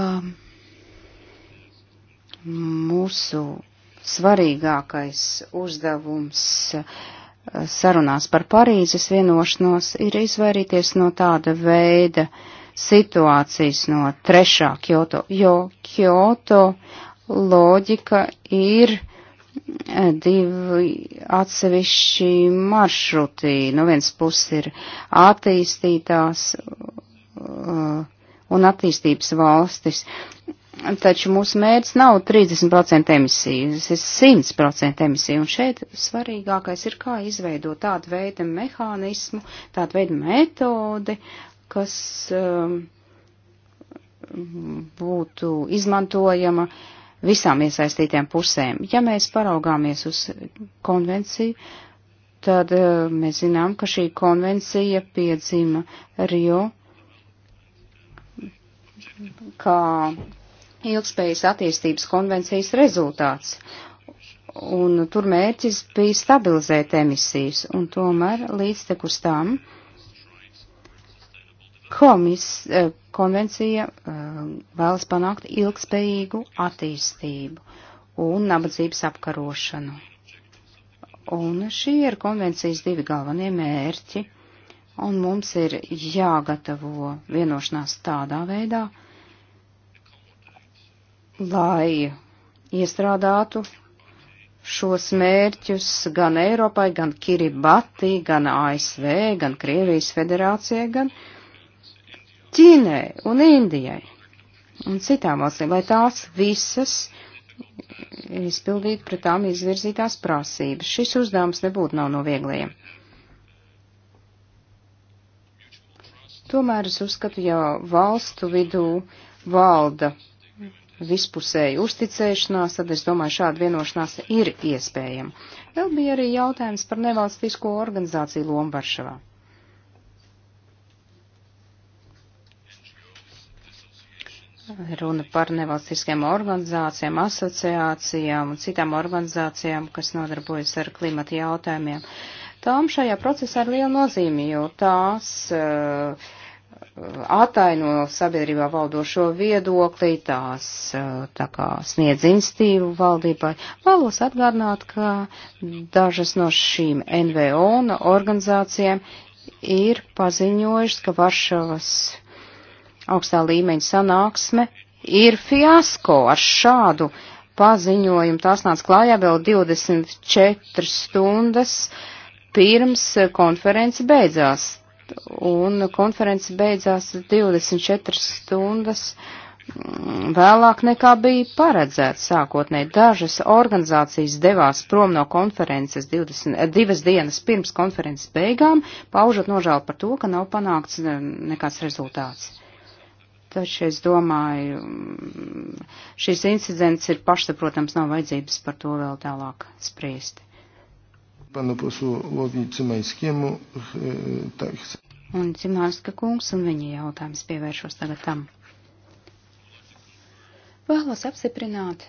mūsu svarīgākais uzdevums eh, sarunās par Parīzes vienošanos ir izvairīties no tāda veida situācijas no trešā Kyoto, jo Kyoto loģika ir divi atsevišķi maršruti. No nu, viens puses ir attīstītās uh, un attīstības valstis, taču mūsu mērķis nav 30% emisiju, tas ir 100% emisiju, un šeit svarīgākais ir, kā izveidot tādu veidu mehānismu, tādu veidu metodi, kas um, būtu izmantojama uh, visām iesaistītiem pusēm. Ja mēs paraugāmies uz konvenciju, tad eh, mēs zinām, ka šī konvencija piedzima Rio kā ilgspējas attīstības konvencijas rezultāts. Un tur mērķis bija stabilizēt emisijas, un tomēr līdz tekus tam komis, e, konvencija e, vēlas panākt ilgspējīgu attīstību un nabadzības apkarošanu. Un šie ir konvencijas divi galvenie mērķi, un mums ir jāgatavo vienošanās tādā veidā, lai iestrādātu šos mērķus gan Eiropai, gan Kiribati, gan ASV, gan Krievijas federācijai, gan uh, Ķīnai un Indijai un citām valstīm, lai tās visas izpildītu pret tām izvirzītās prasības. Šis uzdevums nebūtu nav no vieglajiem. Tomēr es uzskatu, ja valstu vidū valda vispusēja uzticēšanās, tad es domāju, šāda vienošanās ir iespējama. Vēl bija arī jautājums par nevalstisko organizāciju lomu Varšavā. Runa par nevalstiskajām organizācijām, asociācijām un citām organizācijām, kas nodarbojas ar klimata jautājumiem. Tām šajā procesā ir liela nozīme, jo tās uh, ataino sabiedrībā valdošo viedoklī, tās eh, tā kā sniedz instīvu valdībai. Vēlos atgādināt, ka dažas no šīm NVO organizācijām ir paziņojušas, ka Varšavas augstā līmeņa sanāksme ir fiasko ar šādu paziņojumu. Tās nāca klājā vēl 24 stundas pirms konference beidzās. Un konference beidzās 24 stundas mm, vēlāk nekā bija paredzēts sākotnēji. Dažas organizācijas devās prom no konferences 20, eh, divas dienas pirms konferences beigām, paužot nožēlu par to, ka nav panākts eh, nekāds rezultāts. Taču es domāju, mm, šīs incidents ir pašsaprotams, nav vajadzības par to vēl tālāk spriest. Panu poslu Logi Cimaiskiemu. Eh, un Cimārska kungs un viņa jautājums pievēršos tagad tam. Vēlos apstiprināt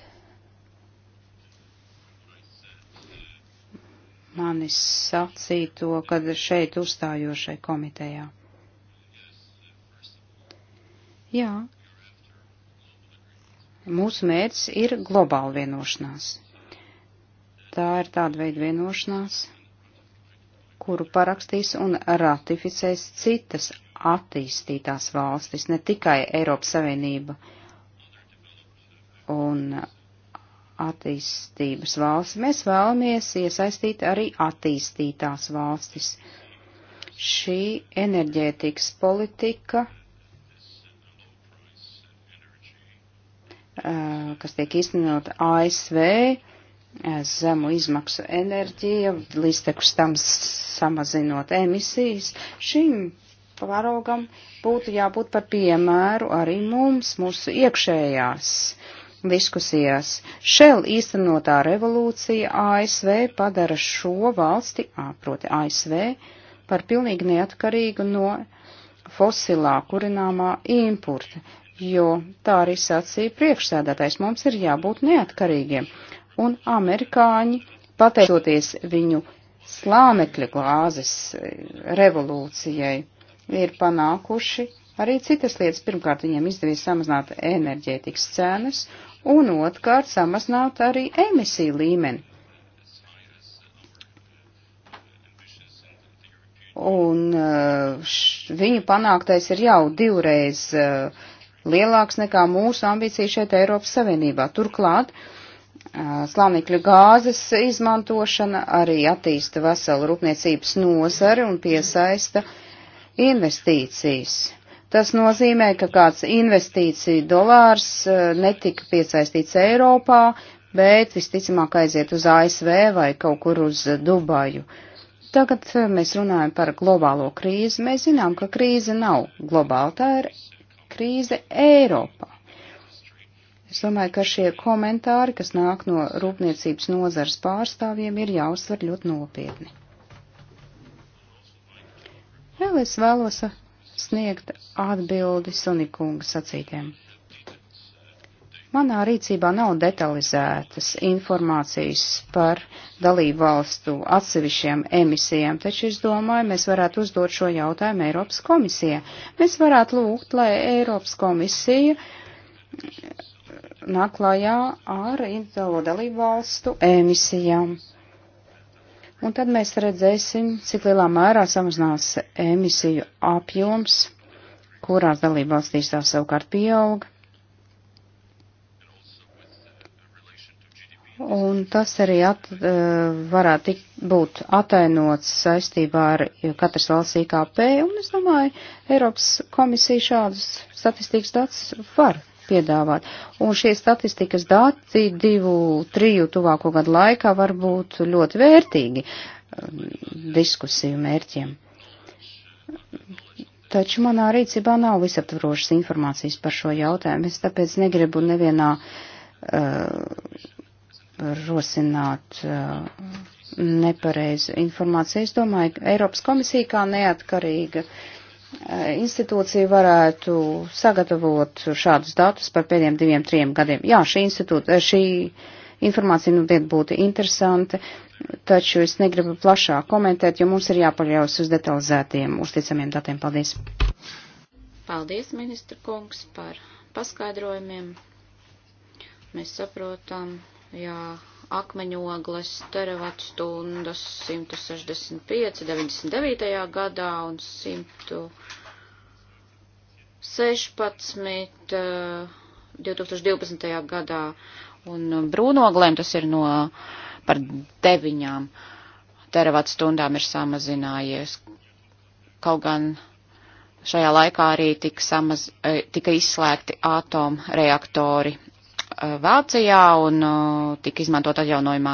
manis sacīto, kad šeit uzstājošai komitejā. Jā. Mūsu mērķis ir globāla vienošanās. Tā ir tāda veida vienošanās, kuru parakstīs un ratificēs citas attīstītās valstis, ne tikai Eiropas Savienība un attīstības valsts. Mēs vēlamies iesaistīt arī attīstītās valstis. Šī enerģētikas politika Eh, kas tiek īstenot ASV, eh, zemu izmaksu enerģija, līdztekus tam samazinot emisijas. Šim paraugam būtu jābūt par piemēru arī mums, mūsu iekšējās diskusijās. Šel īstenotā revolūcija ASV padara šo valsti, proti ASV, par pilnīgi neatkarīgu no fosilā kurināmā importa jo tā arī sacīja priekšsēdētājs. Mums ir jābūt neatkarīgiem. Un amerikāņi, pateicoties viņu slānekļa glāzes revolūcijai, ir panākuši arī citas lietas. Pirmkārt, viņiem izdevies samazināt enerģētikas cenas, un otrkārt, samazināt arī emisiju līmeni. Un eh, š, viņu panāktais ir jau divreiz uh, lielāks nekā mūsu ambīcija šeit Eiropas Savienībā. Turklāt slānekļa gāzes izmantošana arī attīsta veselu rūpniecības nozari un piesaista investīcijas. Tas nozīmē, ka kāds investīcija dolārs netika piesaistīts Eiropā, bet visticamāk aiziet uz ASV vai kaut kur uz Dubaju. Tagad mēs runājam par globālo krīzi. Mēs zinām, ka krīze nav globāla, tā ir krīze Eiropā. Es domāju, ka šie komentāri, kas nāk no rūpniecības nozares pārstāvjiem, ir jāuzsver ļoti nopietni. Vēl es vēlos sniegt atbildi Sonikunga sacītēm. Manā rīcībā nav detalizētas informācijas par dalību valstu atsevišķiem emisijām, taču es domāju, mēs varētu uzdot šo jautājumu Eiropas komisijai. Mēs varētu lūgt, lai Eiropas komisija nāk klājā ar individuālo dalību valstu emisijām. Un tad mēs redzēsim, cik lielā mērā samazinās emisiju apjoms, kurās dalību valstīs tā savukārt pieauga Un tas arī at, eh, varētu tik, būt atainots saistībā ar katras valsts IKP, un es domāju, Eiropas komisija šādus statistikas datus var piedāvāt. Un šie statistikas dati divu, triju tuvāko gadu laikā var būt ļoti vērtīgi um, diskusiju mērķiem. Taču manā rīcībā nav visaptvarošas informācijas par šo jautājumu. Es tāpēc negribu nevienā uh, rosināt uh, nepareizu informāciju. Es domāju, ka Eiropas komisija kā neatkarīga uh, institūcija varētu sagatavot šādus datus par pēdējiem diviem, trim gadiem. Jā, šī, eh, šī informācija nu diet būtu interesanta, taču es negribu plašāk komentēt, jo mums ir jāpaļaus uz detalizētiem, uzticamiem datiem. Paldies! Paldies, ministra kungs, par paskaidrojumiem. Mēs saprotam, jā, akmeņogles, teravat stundas 165, 99. gadā un 116, 2012. Eh, gadā. Un eh, brūnoglēm tas ir no par deviņām teravat stundām ir samazinājies. Kaut gan šajā laikā arī tika, samaz, eh, tika izslēgti atomreaktori Vācijā un tika izmantot atjaunojumā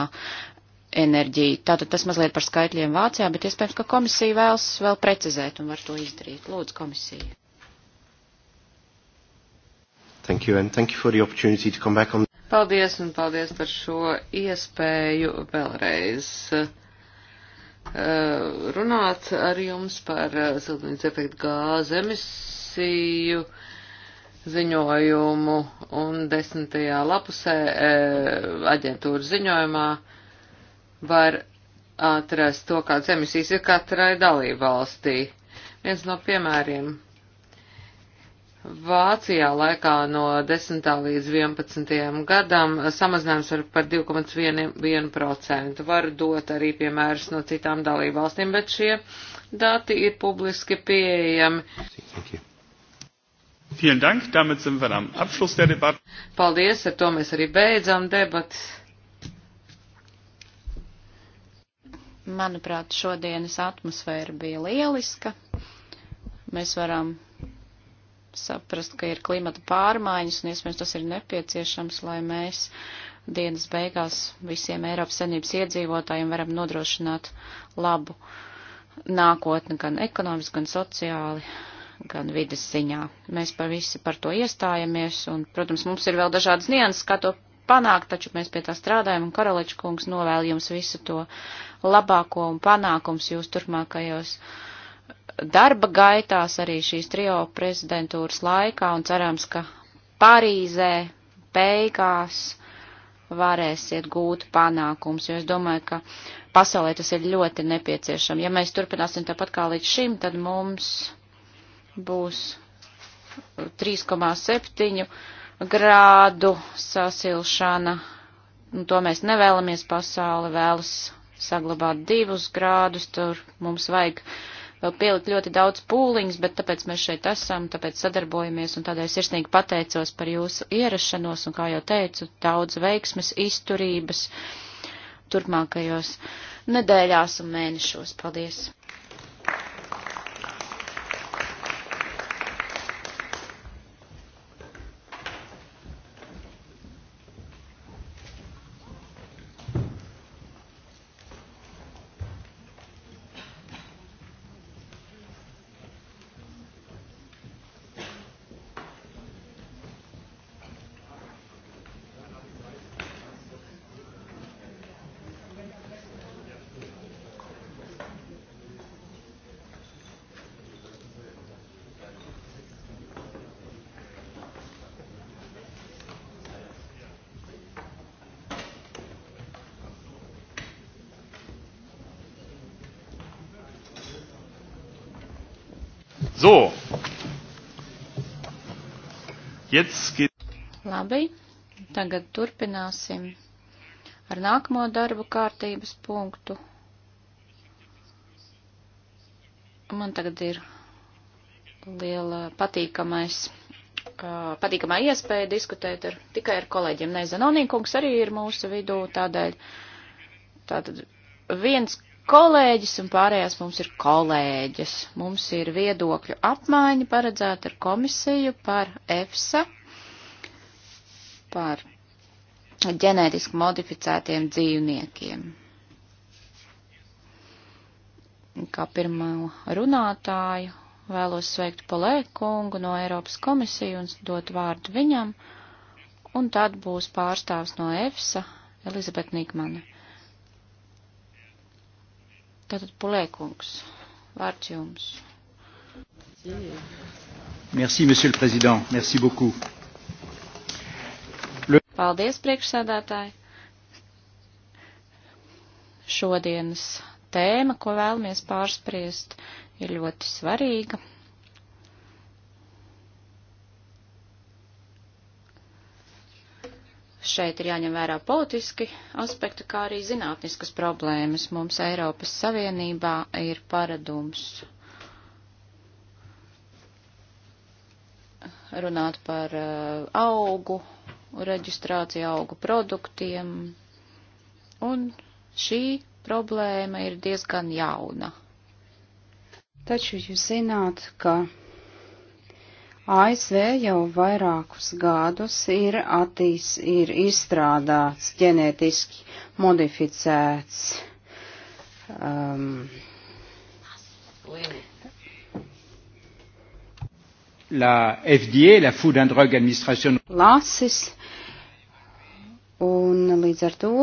enerģija. Tātad tas mazliet par skaitļiem Vācijā, bet iespējams, ka komisija vēlas vēl precizēt un var to izdarīt. Lūdzu, komisija. Thank you and thank you for the opportunity to come back on. Paldies un paldies par šo iespēju vēlreiz runāt ar jums par siltumnīca efektu gāzu emisiju ziņojumu un desmitajā lapusē e, aģentūras ziņojumā var atrast to, kāds emisijas ir katrai dalībvalstī. Viens no piemēriem. Vācijā laikā no 10. līdz 11. gadam samazinājums var par 2,1%. Var dot arī piemērus no citām dalībvalstīm, bet šie dati ir publiski pieejami. Thank you. Vielen Dank, damit sind wir am Abschluss der Debatte. Paldies, ar to mēs arī beidzam debatas. Manuprāt, šodienas atmosfēra bija lieliska. Mēs varam saprast, ka ir klimata pārmaiņas un iespējams tas ir nepieciešams, lai mēs dienas beigās visiem Eiropas senības iedzīvotājiem varam nodrošināt labu nākotni gan ekonomiski, gan sociāli gan vidas ziņā. Mēs par visi par to iestājamies, un, protams, mums ir vēl dažādas nianses, kā to panākt, taču mēs pie tā strādājam, un Karaliča kungs novēl jums visu to labāko un panākums jūs turpmākajos darba gaitās arī šīs trio prezidentūras laikā, un cerams, ka Parīzē beigās varēsiet gūt panākums, jo es domāju, ka pasaulē tas ir ļoti nepieciešams. Ja mēs turpināsim tāpat kā līdz šim, tad mums būs 3,7 grādu sasilšana, un nu, to mēs nevēlamies pasauli, vēlas saglabāt divus grādus, tur mums vajag vēl pielikt ļoti daudz pūliņus, bet tāpēc mēs šeit esam, tāpēc sadarbojamies, un tādēļ sirsnīgi pateicos par jūsu ierašanos, un, kā jau teicu, daudz veiksmes, izturības turpmākajos nedēļās un mēnešos. Paldies! So. Jetzt geht. Labi, tagad turpināsim ar nākamo darbu kārtības punktu. Man tagad ir liela patīkamais, patīkamā iespēja diskutēt ar, tikai ar kolēģiem. Nezinu, Anīkungs arī ir mūsu vidū, tādēļ tātad viens kolēģis un pārējās mums ir kolēģis. Mums ir viedokļu apmaiņa paredzēta ar komisiju par EFSA, par ģenētiski modificētiem dzīvniekiem. Kā pirmā runātāju vēlos sveikt Polēkungu no Eiropas komisiju un dot vārdu viņam, un tad būs pārstāvs no EFSA Elizabete Nikmane. Tātad Pulēkungs, vārds jums. Merci, monsieur le président. Merci beaucoup. Le... Paldies, priekšsēdētāji. Šodienas tēma, ko vēlamies pārspriest, ir ļoti svarīga. Šeit ir jāņem vērā politiski aspekti, kā arī zinātniskas problēmas. Mums Eiropas Savienībā ir paradums runāt par uh, augu reģistrāciju, augu produktiem, un šī problēma ir diezgan jauna. Taču jūs zināt, ka ASV jau vairākus gadus ir, attīs, ir izstrādāts ģenētiski modificēts um, la FDA, la Food and Drug Administration. Lasis. Un līdz ar to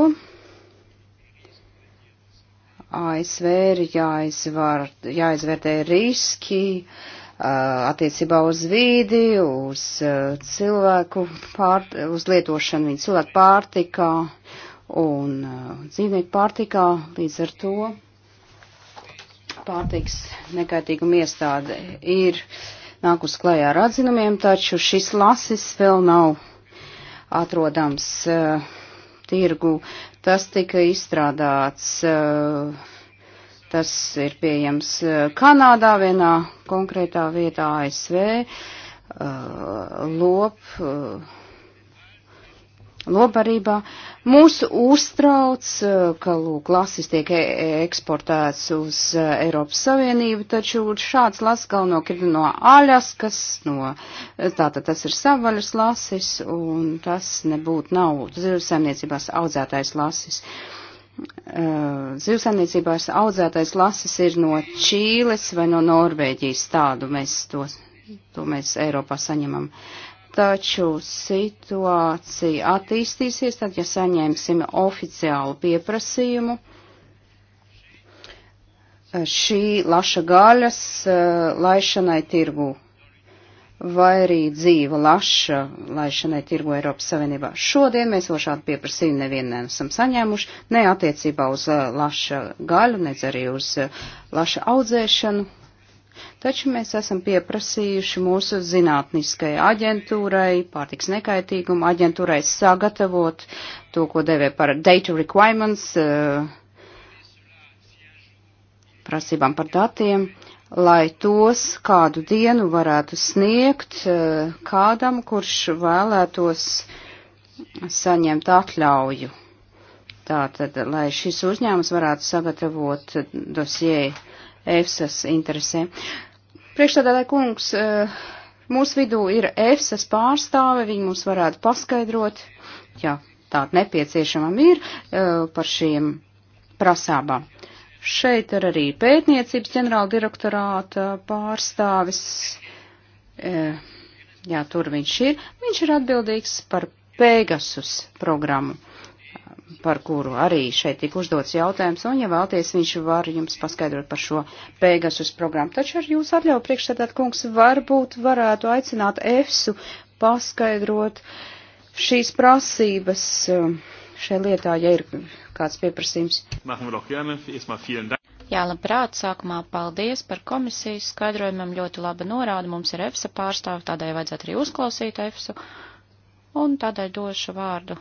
ASV ir jāizvar, jāizvērtē riski, attiecībā uz vīdi, uz cilvēku pār, uz lietošanu viņu cilvēku pārtikā un dzīvnieku pārtikā. Līdz ar to pārtiks nekaitīguma iestāde ir nākus klajā ar atzinumiem, taču šis lasis vēl nav atrodams uh, tirgu. Tas tika izstrādāts uh, Tas ir pieejams eh, Kanādā, vienā konkrētā vietā ASV, eh, lop, eh, lobarībā. Mūs uztrauc, ka lūk, lasis tiek e, e, eksportēts uz Eiropas Savienību, taču šāds lasis galvenokārt ir no Aļaskas, no, tātad tas ir savvaļas lasis, un tas nebūtu nav zivsaimniecībās audzētais lasis. Uh, Eh, zivsaimniecībās audzētais lasis ir no Čīles vai no Norvēģijas. Tādu mēs to, to mēs Eiropā saņemam. Taču situācija attīstīsies, tad, ja saņemsim oficiālu pieprasījumu, eh, šī laša gaļas eh, laišanai tirgū vai arī dzīva laša laišanai tirgu Eiropas Savienībā. Šodien mēs vēl šādu pieprasījumu nevienu nesam saņēmuši, ne attiecībā uz eh, laša gaļu, ne arī uz eh, laša audzēšanu. Taču mēs esam pieprasījuši mūsu zinātniskajai aģentūrai, pārtiks nekaitīguma aģentūrai sagatavot to, ko devē par data requirements, eh, prasībām par datiem lai tos kādu dienu varētu sniegt eh, kādam, kurš vēlētos saņemt atļauju. Tātad, lai šis uzņēmums varētu sagatavot dosieju EFSAS interesēm. Priekšstādātāji kungs, eh, mūsu vidū ir EFSAS pārstāve, viņi mums varētu paskaidrot, ja tāda nepieciešama ir, eh, par šiem prasībām. Šeit ir arī pētniecības ģenerāla direktorāta pārstāvis. E, jā, tur viņš ir. Viņš ir atbildīgs par Pegasus programmu, par kuru arī šeit tika uzdots jautājums, un, ja vēlties, viņš var jums paskaidrot par šo Pegasus programmu. Taču ar jūs atļauju priekšsēdāt, kungs, varbūt varētu aicināt EFSU paskaidrot šīs prasības. Uh, šai lietā, ja ir kāds pieprasījums. Jā, labprāt, sākumā paldies par komisijas skaidrojumam, ļoti laba norāda, mums ir EFSA pārstāvi, tādēļ vajadzētu arī uzklausīt EFSU, un tādēļ došu vārdu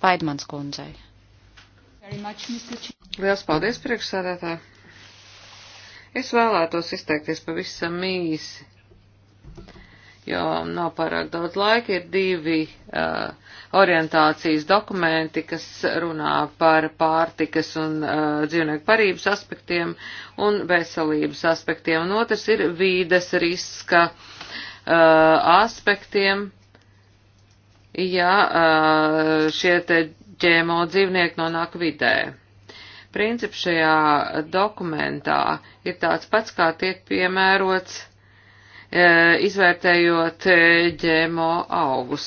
Paidmans kundzei. Liels paldies, priekšsādātāji! Es vēlētos izteikties pavisam īsi jo nav pārāk daudz laika, ir divi uh, orientācijas dokumenti, kas runā par pārtikas un uh, dzīvnieku parības aspektiem un veselības aspektiem, un otrs ir vīdes riska uh, aspektiem, ja uh, šie te ģēmo dzīvnieki nonāk vidē. Princips šajā dokumentā ir tāds pats, kā tiek piemērots E, izvērtējot e, ģēmo augus.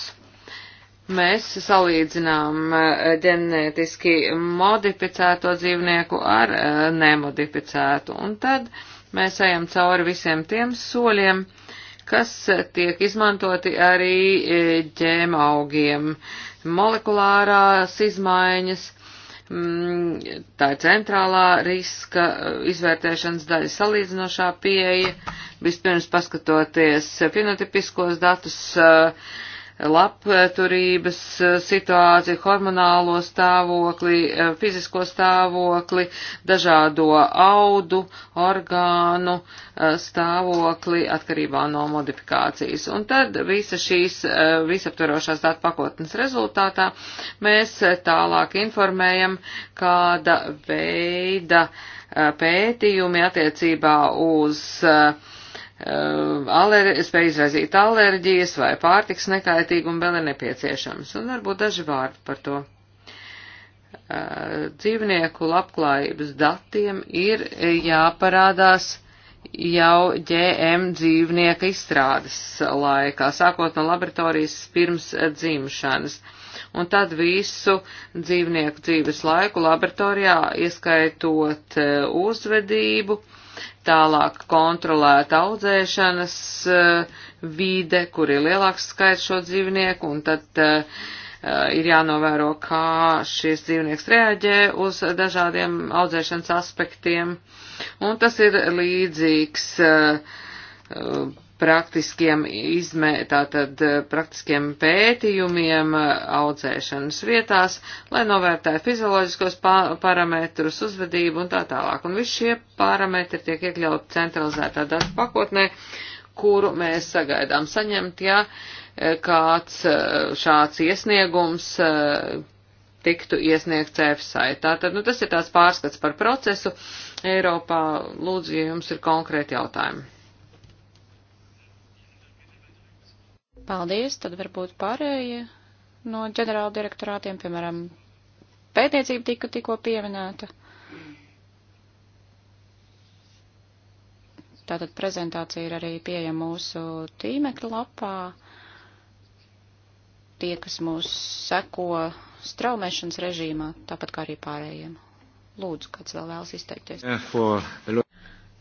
Mēs salīdzinām e, ģenētiski modificēto dzīvnieku ar nemodificētu, un tad mēs ejam cauri visiem tiem soļiem, kas tiek izmantoti arī ģēma augiem, molekulārās izmaiņas, Mm, tā ir centrālā riska eh, izvērtēšanas daļa salīdzinošā pieeja, vispirms paskatoties eh, fenotipiskos datus, uh, labturības eh, situāciju, hormonālo stāvokli, eh, fizisko stāvokli, dažādo audu, orgānu eh, stāvokli atkarībā no modifikācijas. Un tad visa šīs visaptverošās datu pakotnes rezultātā mēs tālāk informējam, kāda veida pētījumi attiecībā uz uh, Ehm, aler, spēj izraisīt alerģijas vai pārtiks nekaitīgumu vēl ir nepieciešams. Un varbūt daži vārdi par to. Ehm, dzīvnieku labklājības datiem ir jāparādās jau ģēm dzīvnieka izstrādes laikā, sākot no laboratorijas pirms dzimšanas. Un tad visu dzīvnieku dzīves laiku laboratorijā, ieskaitot ehm, uzvedību, uh, Tālāk kontrolēta audzēšanas eh, vide, kur ir lielāks skaits šo dzīvnieku, un tad uh, ir jānovēro, kā šis dzīvnieks reaģē uz dažādiem audzēšanas aspektiem. Un tas ir līdzīgs uh, praktiskiem, izmē, tātad, eh, praktiskiem pētījumiem eh, audzēšanas vietās, lai novērtētu fizioloģiskos parametrus, uzvedību un tā tālāk. Un visi šie parametri tiek iekļauti centralizētā datu pakotnē, kuru mēs sagaidām saņemt, ja eh, kāds šāds iesniegums tiktu iesniegts EFSAI. Tātad, nu, tas ir tāds pārskats par procesu Eiropā. Lūdzu, ja jums ir konkrēti jautājumi. Paldies, tad varbūt pārējie no ģenerāla direktorātiem, piemēram, pētniecība tika tikko pieminēta. Tātad prezentācija ir arī pieejama mūsu tīmekļa lapā. Tie, kas mūs seko straumēšanas režīmā, tāpat kā arī pārējiem. Lūdzu, kāds vēl vēlas izteikties. Yeah, for...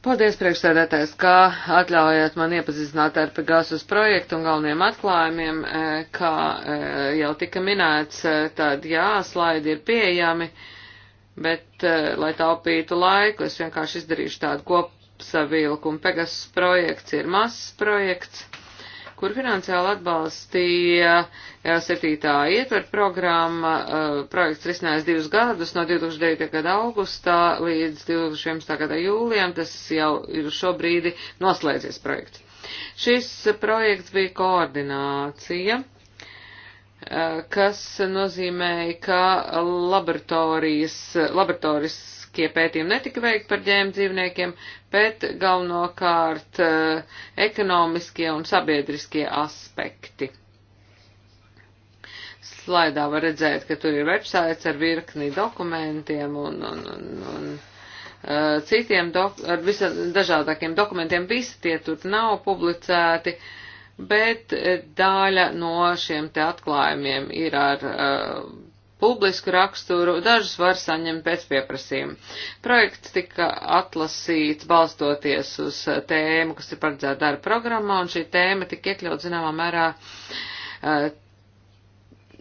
Paldies, priekšsēdētājs, kā atļaujāt man iepazīstināt ar Pegasus projektu un galveniem atklājumiem, eh, kā eh, jau tika minēts, eh, tad jā, slaidi ir pieejami, bet, lai taupītu laiku, es vienkārši izdarīšu tādu kopsavilkumu. Pegasus projekts ir mazs projekts kur finansiāli atbalstīja septītā ietver programma. Eh, projekts risinājās divus gadus, no 2009. gada augustā līdz 2011. gada jūlijam. Tas jau ir šobrīd noslēdzies projekts. Šis projekts bija koordinācija Eh, kas nozīmēja, ka laboratorijas, laboratoriskie pētījumi netika veikti par ģēm dzīvniekiem, bet galvenokārt eh, ekonomiskie un sabiedriskie aspekti. Slaidā var redzēt, ka tur ir websites ar virkni dokumentiem un, un, un, un eh, citiem, dok ar visa, dažādākiem dokumentiem. Visi tie tur nav publicēti. Uh, bet e, daļa no šiem te atklājumiem ir ar uh, publisku raksturu, dažus var saņemt pēc pieprasījuma. Projekts tika atlasīts balstoties uz e, tēmu, kas ir paredzēta darba programmā, un šī tēma tika iekļaut zināmā mērā uh,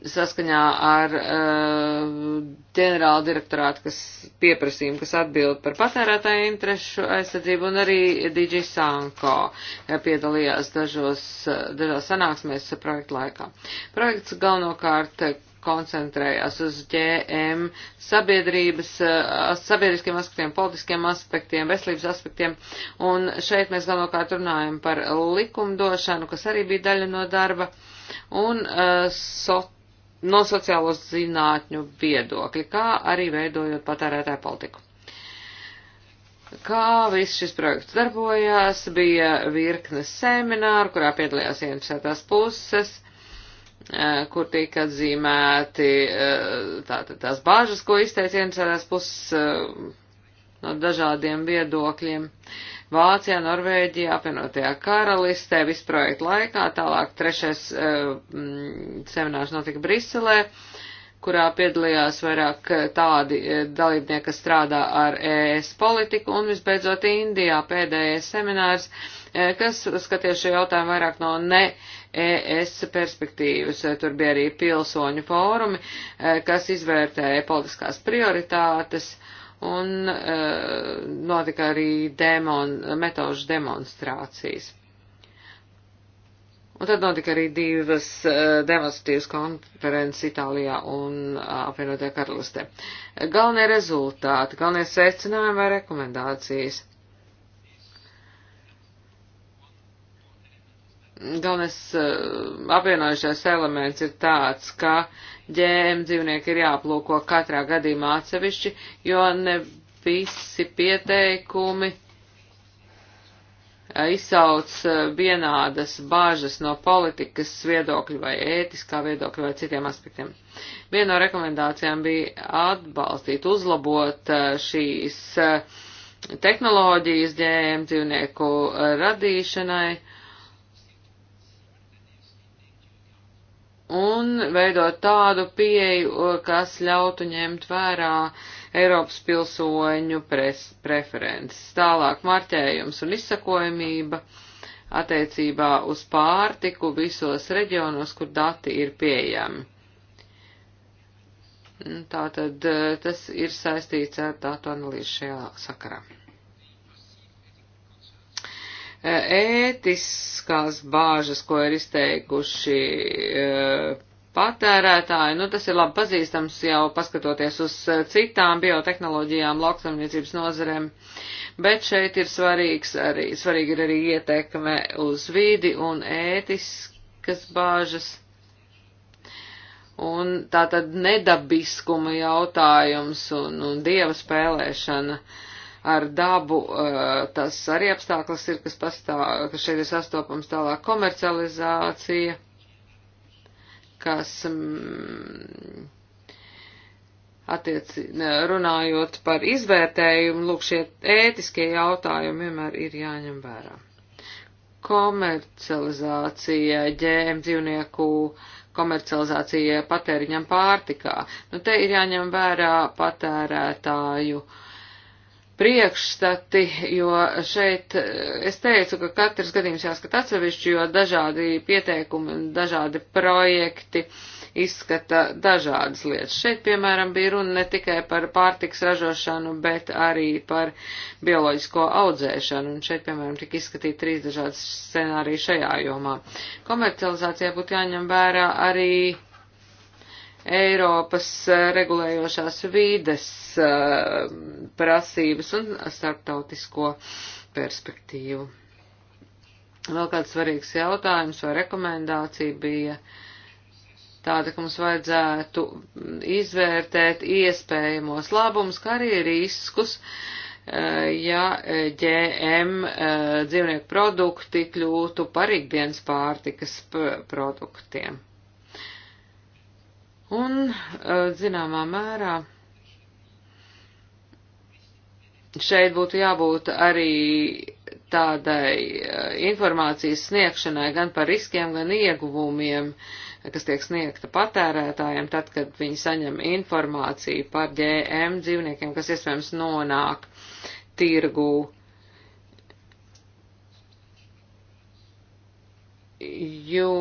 saskaņā ar uh, ģenerāla direktorātu, kas pieprasījumu, kas atbild par patērētāju interešu aizsardzību, un arī DJ Sanko eh, piedalījās dažos, eh, dažās sanāksmēs projekta laikā. Projekts galvenokārt koncentrējās uz ģēm sabiedrības, sabiedriskiem aspektiem, politiskiem aspektiem, veselības aspektiem, un šeit mēs galvenokārt runājam par likumdošanu, kas arī bija daļa no darba, un uh, SOT no sociālo zinātņu viedokļa, kā arī veidojot patērētāju politiku. Kā viss šis projekts darbojās, bija virkne semināru, kurā piedalījās interesētās puses, eh, kur tika atzīmēti eh, tātad tās bāžas, ko izteica interesētās puses eh, no dažādiem viedokļiem. Uh, Vācijā, Norvēģijā, apvienotajā karalistē, visu projektu laikā, tālāk trešais uh, seminārs notika Briselē, kurā piedalījās vairāk eh, tādi eh, dalībnieki, kas strādā ar ES politiku, un visbeidzot Indijā pēdējais seminārs, kas skaties šo jautājumu vairāk no ne ES perspektīvas. Tur bija arī pilsoņu fórumi, kas izvērtēja politiskās prioritātes. Uh, un uh, notika arī demon, metožu demonstrācijas. Un tad notika arī divas uh, e, demonstratīvas konferences Itālijā un uh, apvienotajā karalistē. Galvenie rezultāti, galvenie secinājumi vai rekomendācijas. galvenais uh, apvienojušais elements ir tāds, ka ģēm dzīvnieki ir jāplūko katrā gadījumā atsevišķi, jo ne visi pieteikumi uh, izsauc uh, vienādas bāžas no politikas viedokļa vai ētiskā viedokļa vai citiem aspektiem. Viena no rekomendācijām bija atbalstīt, uzlabot šīs tehnoloģijas ģēm dzīvnieku radīšanai un veidot tādu pieeju, kas ļautu ņemt vērā Eiropas pilsoņu pres, preferences. Tālāk marķējums un izsakojamība attiecībā uz pārtiku visos reģionos, kur dati ir pieejami. Tātad e, tas ir saistīts ar datu analīzi šajā sakarā ētiskās bāžas, ko ir izteikuši e, patērētāji, nu tas ir labi pazīstams jau paskatoties uz e, citām biotehnoloģijām, lauksaimniecības nozarēm, bet šeit ir svarīgs arī, svarīgi ir arī ietekme uz vidi un ētiskas bāžas. Un tā tad nedabiskuma jautājums un, un dieva spēlēšana. Uh, ar dabu, eh, tas arī apstākļus ir, kas pastāv, kas šeit ir sastopams tālāk komercializācija, kas mm, attiec, runājot par izvērtējumu, lūk, šie ētiskie jautājumi vienmēr ir jāņem vērā. Komercializācija ģēm dzīvnieku komercializācija patēriņam pārtikā. Nu, te ir jāņem vērā patērētāju uh, priekšstati, jo šeit eh, es teicu, ka katrs gadījums jāskata atsevišķi, jo dažādi pieteikumi, dažādi projekti izskata dažādas lietas. Šeit, piemēram, bija runa ne tikai par pārtiks ražošanu, bet arī par bioloģisko audzēšanu, un šeit, piemēram, tika izskatīt trīs dažādas scenārijas šajā jomā. Komercializācijā būtu jāņem vērā arī Eiropas eh, regulējošās vīdes eh, prasības un starptautisko perspektīvu. Vēl kāds svarīgs jautājums vai rekomendācija bija tāda, ka mums vajadzētu izvērtēt iespējamos labumus, kā arī riskus, eh, ja ģēm dzīvnieku produkti kļūtu par ikdienas pārtikas produktiem. Un, zināmā mērā, šeit būtu jābūt arī tādai informācijas sniegšanai gan par riskiem, gan ieguvumiem, kas tiek sniegta patērētājiem, tad, kad viņi saņem informāciju par ģēm dzīvniekiem, kas iespējams nonāk tirgū. Jo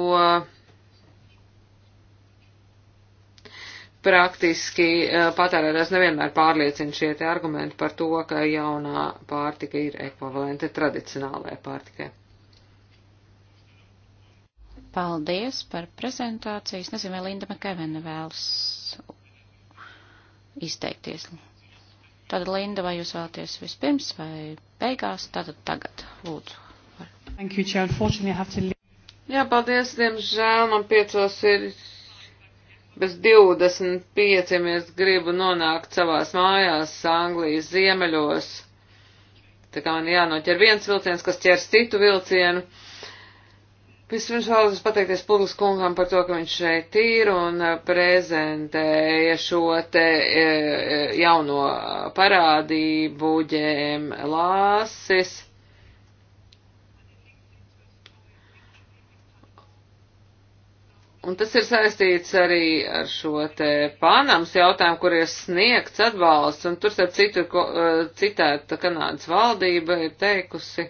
praktiski eh, patērētājs nevienmēr pārliecina šie te argumenti par to, ka jaunā pārtika ir ekvivalente tradicionālajai pārtikai. Paldies par prezentāciju. Es nezinu, vai Linda Makavena vēlas izteikties. Tad, Linda, vai jūs vēlaties vispirms vai beigās? Tātad tagad, lūdzu. Thank you, Chair. Unfortunately, I have to leave. Jā, paldies. Diemžēl man piecos ir bez 25 es gribu nonākt savās mājās Anglijas ziemeļos. Tā kā man jānoķer viens vilciens, kas ķers citu vilcienu. Vispirms vēlos pateikties Pūlis kungam par to, ka viņš šeit ir un eh, prezentēja šo te eh, eh, jauno parādību ģēm lāsis. Un tas ir saistīts arī ar šo te Panamas jautājumu, kur ir sniegts atbalsts, un tur, starp citu, ko, citēta Kanādas valdība ir teikusi,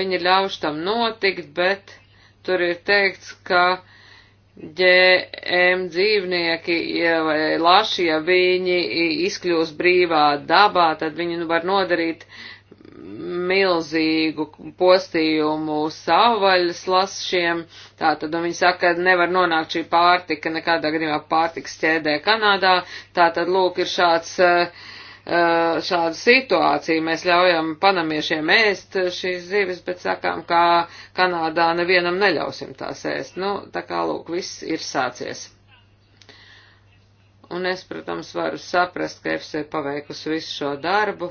viņi ir ļauši tam notikt, bet tur ir teikts, ka ģēm dzīvnieki vai laši, ja viņi izkļūs brīvā dabā, tad viņi nu var nodarīt uh, milzīgu postījumu savvaļas lasšiem. Tātad viņi saka, ka nevar nonākt šī pārtika nekādā gadījumā pārtiks ķēdē Kanādā. Tātad lūk ir šāds, eh, eh, šāda situācija. Mēs ļaujam panamiešiem ēst šīs zivis, bet sakām, ka Kanādā nevienam neļausim tās ēst. Nu, tā kā lūk, viss ir sācies un es, protams, varu saprast, ka FC paveikusi visu šo darbu,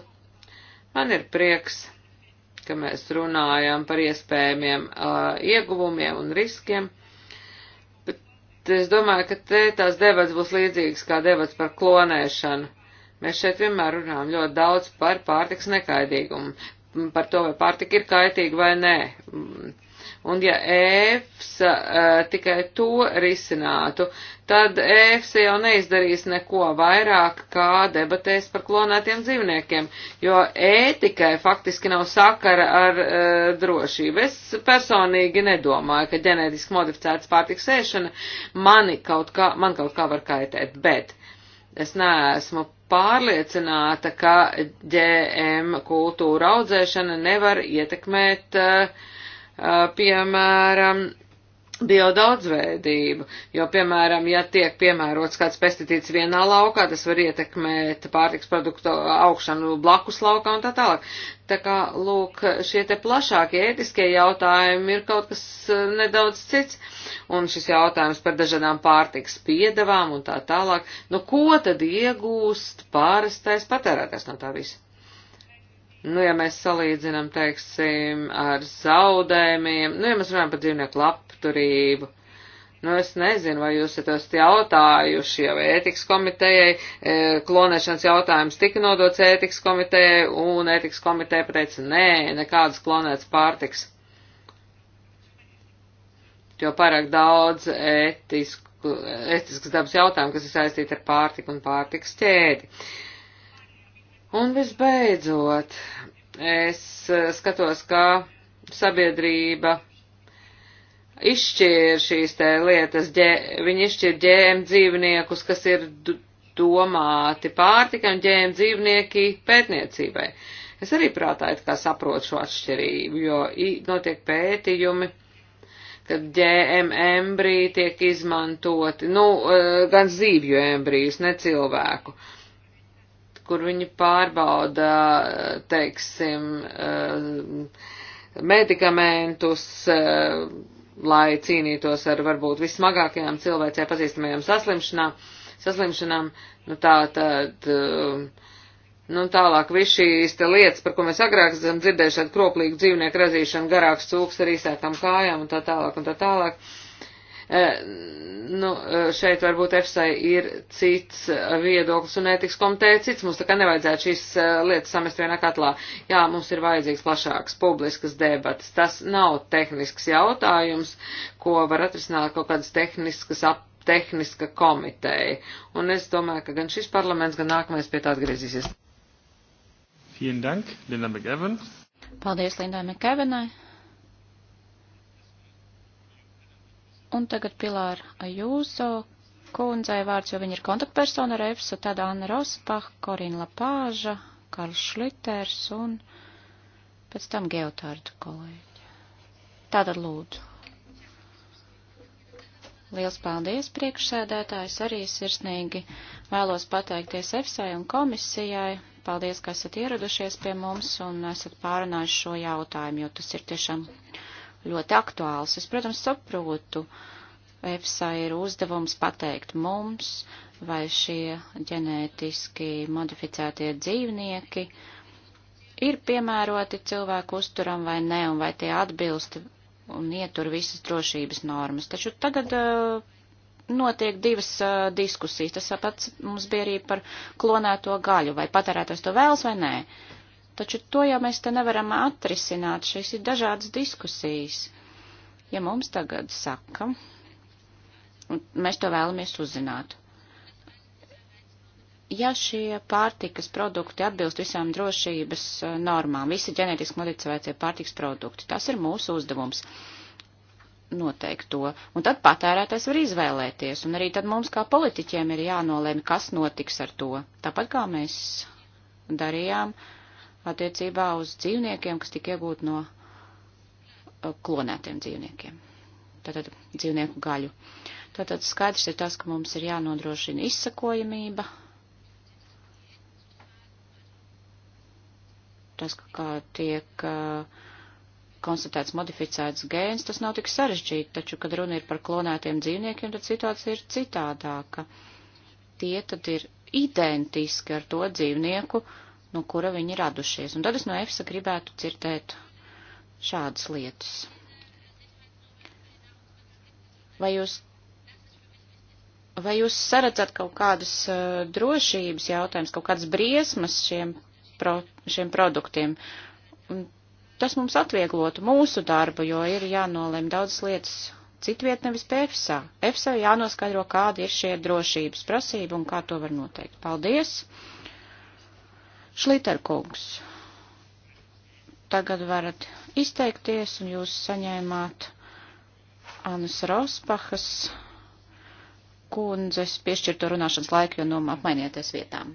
Man ir prieks, ka mēs runājam par iespējamiem uh, ieguvumiem un riskiem, bet es domāju, ka te tās debats būs līdzīgas kā debats par klonēšanu. Mēs šeit vienmēr runājam ļoti daudz par pārtiks nekaidīgumu, par to, vai pārtika ir kaitīga vai nē. Un ja EFSA uh, tikai to risinātu, tad EFSA jau neizdarīs neko vairāk kā debatēs par klonētiem dzīvniekiem, jo ētikai faktiski nav sakara ar uh, drošību. Es personīgi nedomāju, ka ģenētiski modificētas pārtiks ēšana mani kaut kā, man kaut kā var kaitēt, bet es neesmu pārliecināta, ka ģēm kultūra audzēšana nevar ietekmēt uh, Eh, piemēram, biodaudzveidību, jo, piemēram, ja tiek piemērots kāds pesticīds vienā laukā, tas var ietekmēt pārtiks produktu augšanu blakus laukā un tā tālāk. Tā kā, lūk, šie te plašākie ētiskie jautājumi ir kaut kas eh, nedaudz cits, un šis jautājums par dažādām pārtiks piedevām un tā tālāk, nu ko tad iegūst pārastais patērētājs no tā visa? Nu, ja mēs salīdzinām, teiksim, ar zaudējumiem, nu, ja mēs runājam par dzīvnieku labturību, nu, es nezinu, vai jūs esat jautājuši jau ētikas komitejai, e, klonēšanas jautājums tika nodots ētikas komitejai, un ētikas komiteja pateica, nē, nekādas klonētas pārtiks. Jo pārāk daudz ētisku, ētisks dabas jautājumu, kas ir saistīti ar pārtiku un pārtiks ķēdi. Uh, Un visbeidzot, es eh, skatos, kā sabiedrība izšķir šīs te lietas, ģē, viņi izšķir ģēm dzīvniekus, kas ir domāti pārtika un ģēm dzīvnieki pētniecībai. Es arī prātā it kā saprotu šo atšķirību, jo notiek pētījumi, kad ģēm embriji tiek izmantoti, nu, eh, gan zīvju embrijus, ne cilvēku. Uh, kur viņi pārbauda, teiksim, medikamentus, lai cīnītos ar varbūt vismagākajām cilvēcē pazīstamajām saslimšanām, saslimšanām, nu tā tad, nu tālāk viss šīs te lietas, par ko mēs agrāk esam dzirdējuši, ar kroplīgu dzīvnieku razīšanu, garāks cūks ar īsākām kājām un tā tālāk un tā tālāk. Tā tālāk nu, šeit varbūt EFSA ir cits viedoklis un ētikas komiteja cits. Mums tā kā nevajadzētu šīs eh, lietas samest vienā katlā. Jā, mums ir vajadzīgs plašāks publiskas debatas. Tas nav tehnisks jautājums, ko var atrisināt kaut kādas tehniskas ap tehniska komiteja. Un es domāju, ka gan šis parlaments, gan nākamais pie tā atgriezīsies. Vielen Dank, Linda McEvan. Paldies, Lindai McEvanai. Un tagad Pilāra Ajūso kundzei vārds, jo viņa ir kontaktpersona ar EFSU, tad Anna Rosbach, Korina Lapāža, Karls Šliters un pēc tam Geotārdu kolēģi. Tātad lūdzu. Liels paldies priekšsēdētājs, arī sirsnīgi vēlos pateikties EFSAI un komisijai. Paldies, ka esat ieradušies pie mums un esat pārunājuši šo jautājumu, jo tas ir tiešām ļoti aktuāls. Es, protams, saprotu, EFSA ir uzdevums pateikt mums, vai šie ģenētiski modificētie dzīvnieki ir piemēroti cilvēku uzturam vai nē, un vai tie atbilst un ietur visas drošības normas. Taču tagad uh, notiek divas uh, diskusijas. Tas pats mums bija arī par klonēto gaļu, vai patērētājs to vēlas vai nē. Uh, Taču to jau mēs te nevaram atrisināt, šīs ir dažādas diskusijas. Ja mums tagad saka, un mēs to vēlamies uzzināt, ja šie pārtikas produkti atbilst visām drošības eh, normām, visi ģenētiski modificētie pārtikas produkti, tas ir mūsu uzdevums noteikt to. Un tad patērētājs var izvēlēties, un arī tad mums kā politiķiem ir jānolēma, kas notiks ar to. Tāpat kā mēs darījām uh, attiecībā uz dzīvniekiem, kas tika iegūti no uh, klonētiem dzīvniekiem. Tātad dzīvnieku gaļu. Tātad skaidrs ir tas, ka mums ir jānodrošina izsakojamība. Tas, kā tiek uh, konstatēts modificēts gēns, tas nav tik sarežģīti, taču, kad runa ir par klonētiem dzīvniekiem, tad situācija ir citādāka. Tie tad ir identiski ar to dzīvnieku, uh, no kura viņi ir radušies. Un tad es no EFSA gribētu dzirdēt šādas lietas. Vai jūs, vai jūs saredzat kaut kādas uh, drošības jautājumas, kaut kādas briesmas šiem, pro, šiem produktiem? Un tas mums atvieglotu mūsu darbu, jo ir jānolem daudzas lietas citviet nevis pie EFSA. EFSA jānoskaidro, kāda ir šie drošības prasība un kā to var noteikt. Paldies! Šliterkungs, tagad varat izteikties, un jūs saņēmāt Anas Rauspahas kundzes piešķirto runāšanas laiku, jo nu apmainieties vietām.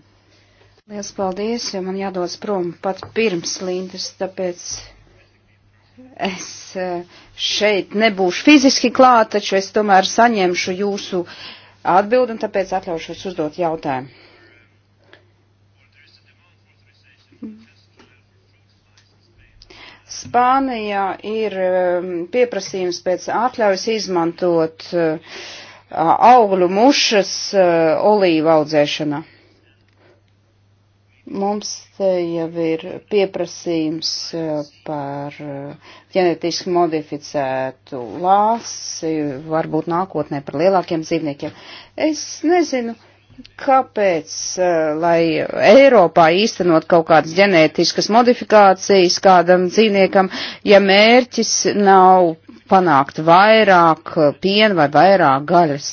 Liels paldies, jo man jādodas prom pat pirms Lindas, tāpēc es eh, šeit nebūšu fiziski klāt, taču es tomēr saņemšu jūsu atbildi un tāpēc atļaušos uzdot jautājumu. Spānijā ir um, pieprasījums pēc atļaujas izmantot uh, augļu mušas uh, olīvu audzēšanā. Mums te jau ir pieprasījums uh, par ģenetiski modificētu lāsi, varbūt nākotnē par lielākiem dzīvniekiem. Es nezinu, uh, Kāpēc, eh, lai Eiropā īstenot kaut kādas ģenētiskas modifikācijas kādam dzīvniekam, ja mērķis nav panākt vairāk piena vai vairāk gaļas?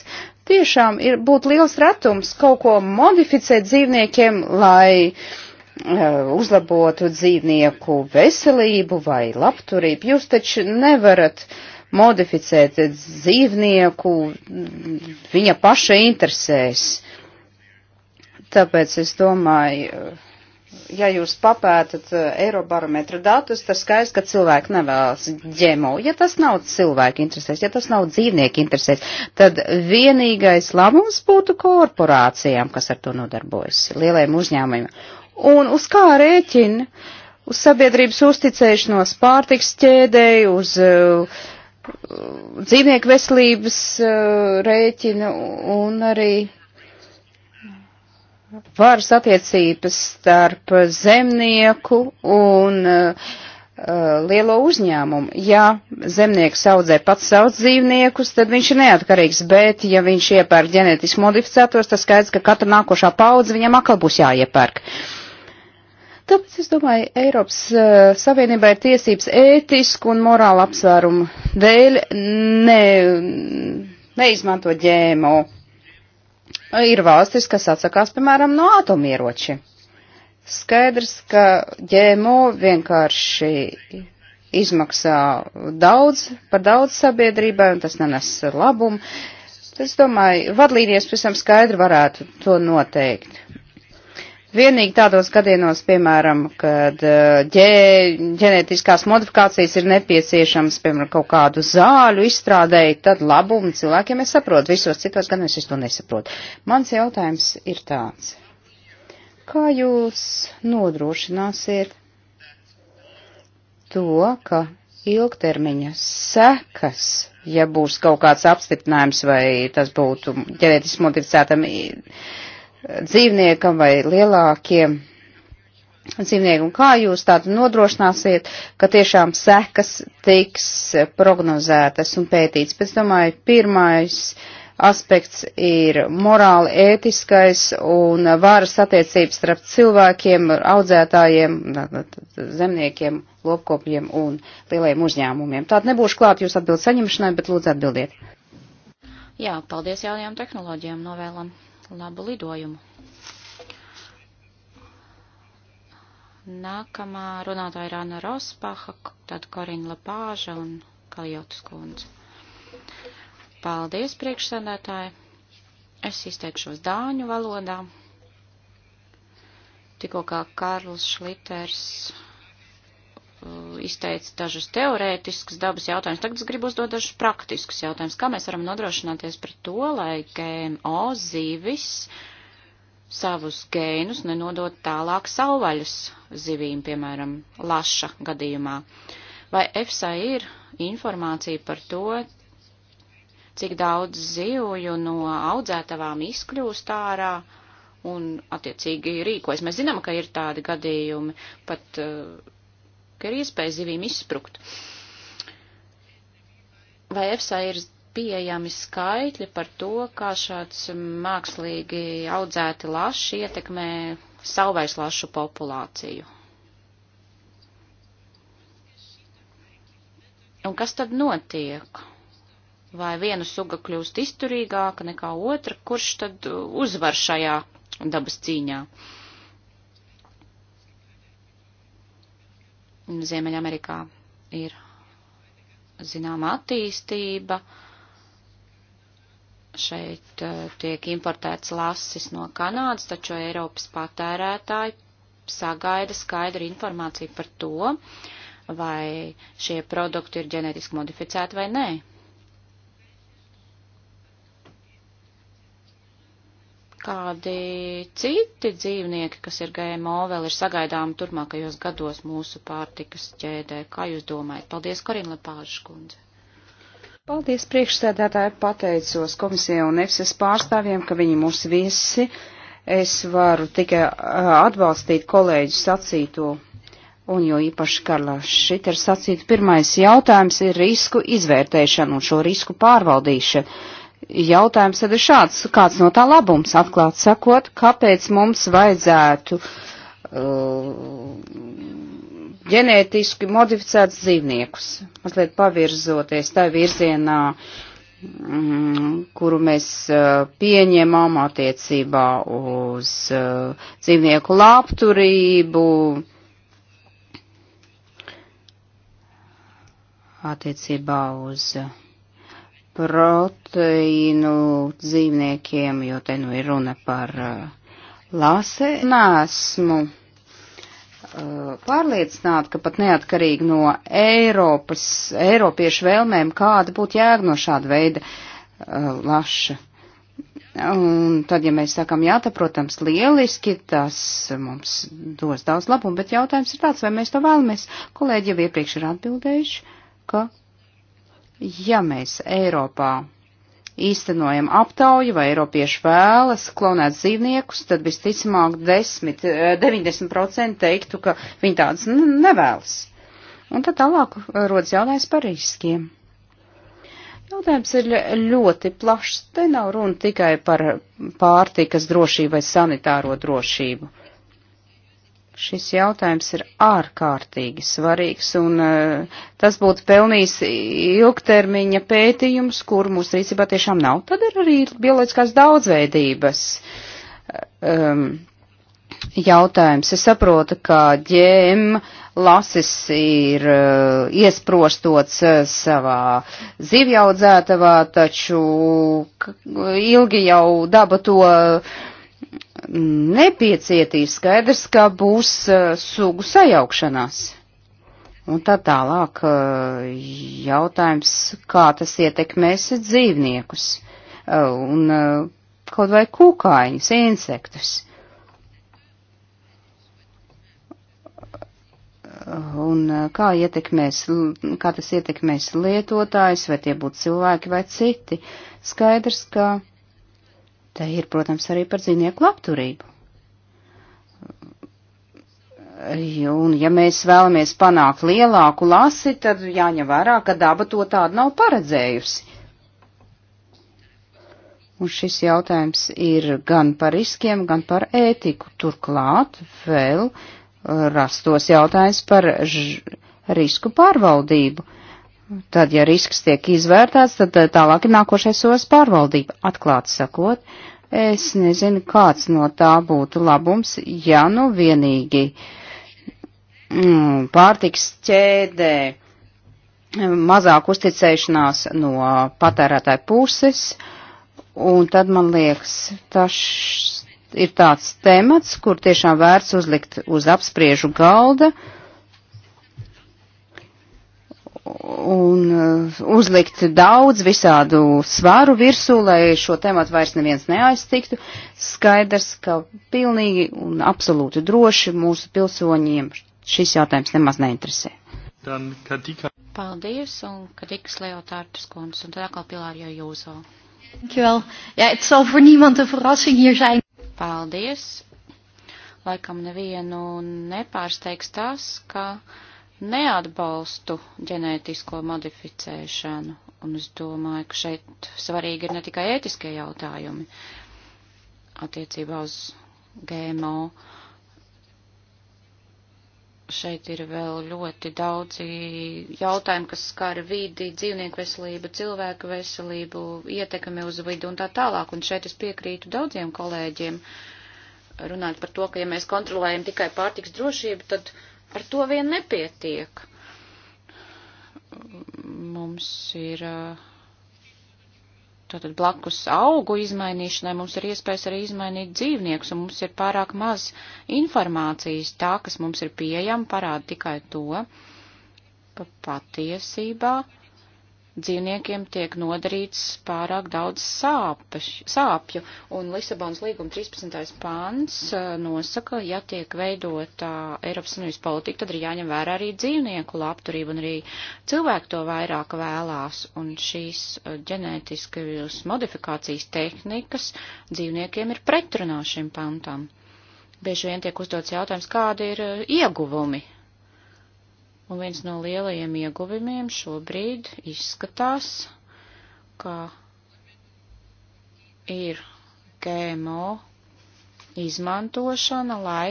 Tiešām ir būt liels ratums kaut ko modificēt dzīvniekiem, lai uh, uzlabotu dzīvnieku veselību vai labturību. Jūs taču nevarat modificēt dzīvnieku mm, viņa paša interesēs Tāpēc es domāju, ja jūs papētat eh, Eirobarometra datus, tad skaidrs, ka cilvēki nevēlas ģemo. Ja tas nav cilvēki interesēs, ja tas nav dzīvnieki interesēs, tad vienīgais labums būtu korporācijām, kas ar to nodarbojas, lielajiem uzņēmumiem. Un uz kā rēķina? Uz sabiedrības uzticēšanos pārtiks ķēdēji, uz uh, dzīvnieku veselības uh, eh, rēķina un arī varas attiecības starp zemnieku un uh, lielo uzņēmumu. Ja zemnieks audzē pats savus dzīvniekus, tad viņš ir neatkarīgs, bet ja viņš iepērk ģenētiski modificētos, tas skaidrs, ka katra nākošā paudze viņam atkal būs jāiepērk. Tāpēc es domāju, Eiropas uh, Savienībā ir tiesības ētisku un morālu apsvērumu dēļ ne, neizmanto ģēmo. Ir valstis, kas atsakās, piemēram, no atomieroči. Skaidrs, ka ģēmo vienkārši izmaksā daudz, par daudz sabiedrībai, un tas nenes labumu. Es domāju, vadlīnijas pēc tam skaidri varētu to noteikt. Vienīgi tādos gadienos, piemēram, kad eh, ģē, ģenētiskās modifikācijas ir nepieciešams, piemēram, kaut kādu zāļu izstrādēji, tad labumu cilvēkiem es saprotu, visos citos gan es to nesaprotu. Mans jautājums ir tāds. Kā jūs nodrošināsiet to, ka ilgtermiņa sekas, ja būs kaut kāds apstiprinājums vai tas būtu ģenētiski modificētam dzīvniekam vai lielākiem dzīvniekiem. Kā jūs tādu nodrošināsiet, ka tiešām sekas tiks prognozētas un pētīts? Pēc domāju, pirmais aspekts ir morāli ētiskais un vāras attiecības starp cilvēkiem, audzētājiem, zemniekiem, lopkopļiem un lielajiem uzņēmumiem. Tātad nebūšu klāt jūs atbildu saņemšanai, bet lūdzu atbildiet. Jā, paldies jaunajām tehnoloģijām novēlam labu lidojumu. Nākamā runātāja ir Anna Rospaha, tad Korina Lapāža un Kaljotas kundze. Paldies, priekšsēdētāji! Es izteikšos dāņu valodā. Tikko kā Kārlis Šliters Eh, izteica dažus teorētiskus dabas jautājumus. Tagad es gribu uzdot dažus praktiskus jautājumus. Kā mēs varam nodrošināties par to, lai GMO zivis savus gēnus nenodot tālāk savvaļas zivīm, piemēram, laša gadījumā? Vai EFSA ir informācija par to, cik daudz zivju no audzētavām izkļūst ārā un attiecīgi rīkojas? Mēs zinām, ka ir tādi gadījumi, pat uh, ka ir iespēja zivīm izsprukt. Vai EFSA ir pieejami skaitļi par to, kā šāds mākslīgi audzēti laši ietekmē savvairs lašu populāciju? Un kas tad notiek? Vai viena suga kļūst izturīgāka nekā otra, kurš tad uzvar šajā dabas cīņā? Uh, Ziemeļamerikā ir zināma attīstība. Šeit eh, tiek importēts lasis no Kanādas, taču Eiropas patērētāji sagaida skaidru informāciju par to, vai šie produkti ir ģenētiski modificēti vai nē. Kādi citi dzīvnieki, kas ir GMO, vēl ir sagaidām turpmākajos gados mūsu pārtikas ķēdē? Kā jūs domājat? Paldies, Korina Lepāža kundze. Paldies priekšsēdētāji, pateicos komisijai un EFSAS pārstāvjiem, ka viņi mūs viesi. Es varu tikai atbalstīt kolēģu sacīto un jo īpaši Karla Šiter sacīt, pirmais jautājums ir risku izvērtēšana un šo risku pārvaldīšana jautājums tad ir šāds, kāds no tā labums atklāt sakot, kāpēc mums vajadzētu uh, ģenētiski uh, modificēts dzīvniekus, mazliet pavirzoties tā virzienā, mm, kuru mēs uh, pieņemam attiecībā uz uh, dzīvnieku labturību, attiecībā uz uh, proteīnu dzīvniekiem, jo te nu ir runa par uh, lase. Nesmu uh, pārliecināta, ka pat neatkarīgi no Eiropas, Eiropiešu vēlmēm, kāda būtu jēga no šāda veida uh, laša. Un tad, ja mēs sakam, jā, tad, protams, lieliski tas mums dos daudz labumu, bet jautājums ir tāds, vai mēs to vēlamies. Kolēģi jau iepriekš ir atbildējuši, ka Ja mēs Eiropā īstenojam aptauju vai Eiropieši vēlas klonēt dzīvniekus, tad visticamāk 10, 90% eh, teiktu, ka viņi tādas nevēlas. Un tad tālāk rodas jautājums par riskiem. Jautājums ir ļoti plašs. Te nav runa tikai par pārtikas drošību vai sanitāro drošību šis jautājums ir ārkārtīgi svarīgs, un uh, tas būtu pelnījis ilgtermiņa pētījums, kur mūsu rīcībā tiešām nav. Tad ir arī bioloģiskās daudzveidības um, jautājums. Es saprotu, ka ģēm lasis ir uh, iesprostots uh, savā zivjaudzētavā, taču ilgi jau daba to. Uh, nepiecietīs, skaidrs, ka būs uh, sugu sajaukšanās. Un tad tālāk uh, jautājums, kā tas ietekmēs dzīvniekus uh, un kaut vai kūkaiņus, insektus. Un kā, ietekmēs, kā tas ietekmēs lietotājs, vai tie būtu cilvēki vai citi. Skaidrs, ka Te ir, protams, arī par dzīvnieku labturību. Un, ja mēs vēlamies panākt lielāku lasi, tad jāņem vērā, ka daba to tādu nav paredzējusi. Un šis jautājums ir gan par riskiem, gan par ētiku. Turklāt vēl rastos jautājums par risku pārvaldību. Uh, Tad, ja risks tiek izvērtēts, tad eh, tālāk ir nākošais solis pārvaldība. Atklāti sakot, es nezinu, kāds no tā būtu labums, ja nu vienīgi mm, pārtiks ķēdē mm, mazāk uzticēšanās no patērētāja puses, un tad man liekas, tas ir tāds temats, kur tiešām vērts uzlikt uz apspriežu galda un uh, uzlikt daudz visādu svaru virsū, lai šo tematu vairs neviens neaiztiktu, skaidrs, ka pilnīgi un absolūti droši mūsu pilsoņiem šis jautājums nemaz neinteresē. Dan, kadika. Paldies, un Kadikas Leotārtas kundze, un tad atkal Pilāri jau jūzo. Dankjewel. Ja, het zal voor niemand een verrassing hier zijn. Paldies. Laikam nevienu nepārsteigs tas, ka neatbalstu ģenētisko modificēšanu, un es domāju, ka šeit svarīgi ir ne tikai ētiskie jautājumi attiecībā uz GMO. Šeit ir vēl ļoti daudzi jautājumi, kas skar vidi, dzīvnieku veselību, cilvēku veselību, ietekmi uz vidi un tā tālāk. Un šeit es piekrītu daudziem kolēģiem runāt par to, ka ja mēs kontrolējam tikai pārtiks drošību, tad uh, ar to vien nepietiek. Mums ir eh, tātad blakus augu izmainīšanai, mums ir iespējas arī izmainīt dzīvniekus, un mums ir pārāk maz informācijas. Tā, kas mums ir pieejama, parāda tikai to, ka patiesībā dzīvniekiem tiek nodarīts pārāk daudz sāpeš, sāpju, un Lisabonas līguma 13. pāns nosaka, ja tiek veidota Eiropas Savienības politika, tad ir jāņem vērā arī dzīvnieku labturība, un arī cilvēki to vairāk vēlās, un šīs ģenētiskas modifikācijas tehnikas dzīvniekiem ir pretrunā šim pantam. Bieži vien tiek uzdots jautājums, kādi ir ieguvumi Un viens no lielajiem ieguvumiem šobrīd izskatās, ka ir GMO izmantošana, lai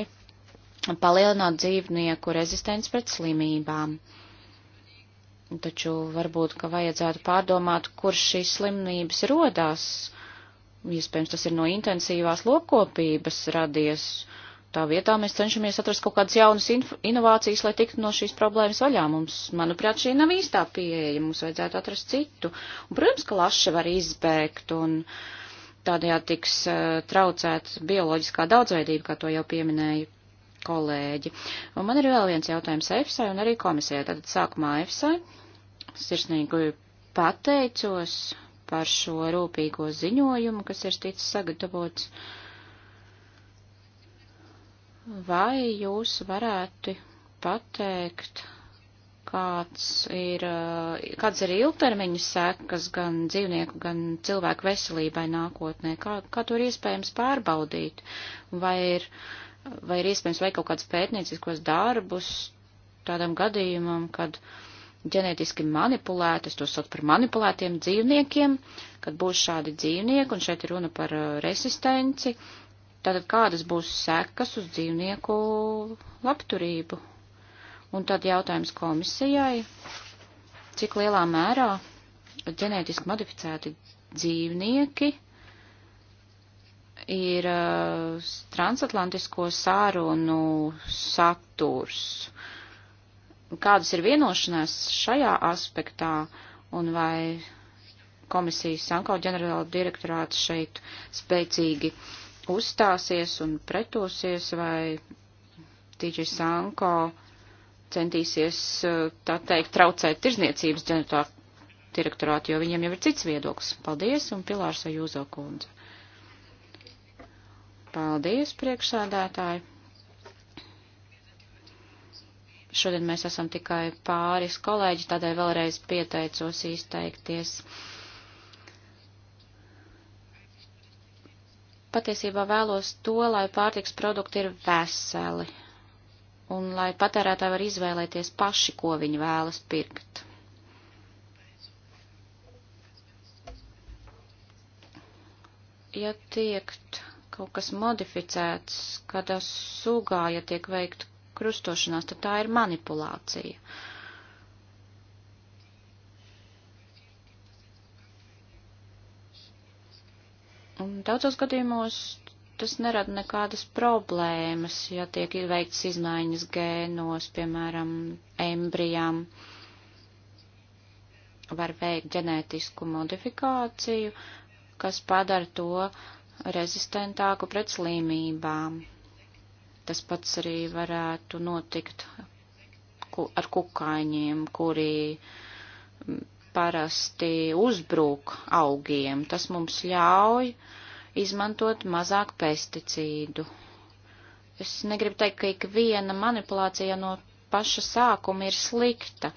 palielinātu dzīvnieku rezistenci pret slimībām. Taču varbūt, ka vajadzētu pārdomāt, kur šīs slimības rodās. Iespējams, tas ir no intensīvās lopkopības radies. Uh, Tā vietā mēs cenšamies atrast kaut kādas jaunas inovācijas, lai tiktu no šīs problēmas vaļā. Mums, manuprāt, šī nav īstā pieeja, mums vajadzētu atrast citu. Un, protams, ka laša var izbēgt un tādējādi tiks uh, traucēt bioloģiskā daudzveidība, kā to jau pieminēja kolēģi. Un man ir vēl viens jautājums EFSA un arī komisijai. Tātad sākumā EFSA sirsnīgi pateicos par šo rūpīgo ziņojumu, kas ir ticis sagatavots. Uh, Vai jūs varētu pateikt, kāds ir, eh, kāds ir ilgtermiņa sekas gan dzīvnieku, gan cilvēku veselībai nākotnē? Kā, kā to ir iespējams pārbaudīt? Vai ir, vai ir iespējams veikt kaut kādus pētnieciskos darbus tādam gadījumam, kad ģenētiski manipulēti, es to sauc par manipulētiem dzīvniekiem, kad būs šādi dzīvnieki, un šeit ir runa par eh, resistenci, uh, Tātad kādas būs sekas uz dzīvnieku labturību? Un tad jautājums komisijai, cik lielā mērā ģenētiski modificēti dzīvnieki ir uh, transatlantisko sārunu saturs. Kādas ir vienošanās šajā aspektā un vai komisijas Sanko ģenerāla direktorāts šeit spēcīgi uh, uzstāsies un pretosies, vai Tīģi Sanko centīsies, eh, tā teikt, traucēt tirzniecības direktorātu, jo viņiem jau ir cits viedoklis. Paldies, un Pilārs Ajūzo kundze. Paldies, priekšsādētāji. Šodien mēs esam tikai pāris kolēģi, tādēļ vēlreiz pieteicos izteikties. patiesībā vēlos to, lai pārtiks produkti ir veseli un lai patērētāji var izvēlēties paši, ko viņi vēlas pirkt. Ja tiek kaut kas modificēts, kādā sugā, ja tiek veikt krustošanās, tad tā ir manipulācija. Uh, Un daudzos gadījumos tas nerada nekādas problēmas, ja tiek veikts izmaiņas gēnos, piemēram, embrijām. Var veikt ģenētisku modifikāciju, kas padara to rezistentāku pret slimībām. Tas pats arī varētu notikt ar kukaiņiem, kuri parasti uzbrūk augiem. Tas mums ļauj izmantot mazāk pesticīdu. Es negribu teikt, ka ikviena manipulācija no paša sākuma ir slikta,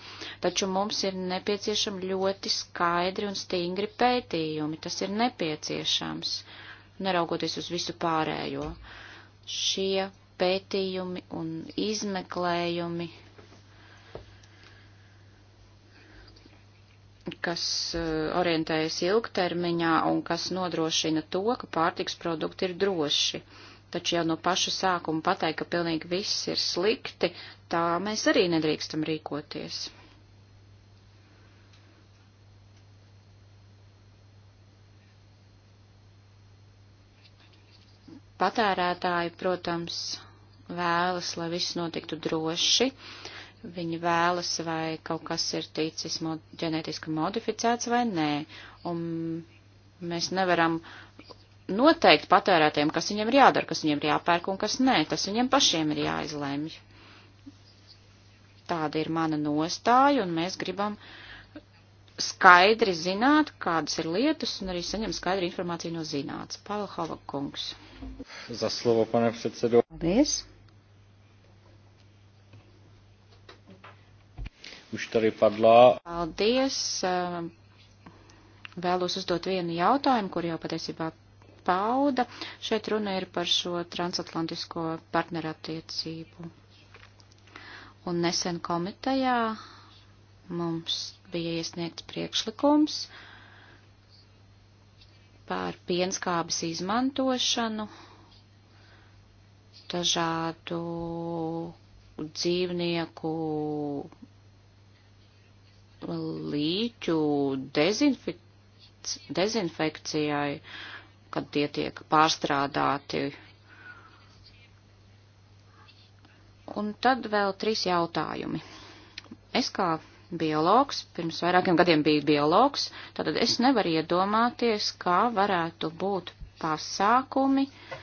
taču mums ir nepieciešami ļoti skaidri un stingri pētījumi. Tas ir nepieciešams, neraugoties uz visu pārējo. Šie pētījumi un izmeklējumi kas eh, orientējas ilgtermiņā un kas nodrošina to, ka pārtiks produkti ir droši. Taču jau no paša sākuma pateikt, ka pilnīgi viss ir slikti, tā mēs arī nedrīkstam rīkoties. Patērētāji, protams, vēlas, lai viss notiktu droši, uh, viņi vēlas, vai kaut kas ir ticis mod, ģenētiski modificēts vai nē. Un mēs nevaram noteikt patērētiem, kas viņiem ir jādara, kas viņiem ir jāpērk un kas nē. Tas viņiem pašiem ir jāizlemj. Tāda ir mana nostāja, un mēs gribam skaidri zināt, kādas ir lietas, un arī saņemt skaidru informāciju no zinātnes. Pavel Havakungs. Za slovo, pane predsedo. Paldies. už tady padla. Paldies. Ehm, vēlos uzdot vienu jautājumu, kur jau patiesībā pauda. Šeit runa ir par šo transatlantisko partnerattiecību. Un nesen komitejā mums bija iesniegts priekšlikums par pienskābes izmantošanu dažādu dzīvnieku līķu dezinfic... dezinfekcijai, kad tie tiek pārstrādāti. Un tad vēl trīs jautājumi. Es kā biologs, pirms vairākiem gadiem biju biologs, tad es nevaru iedomāties, kā varētu būt pasākumi, uh,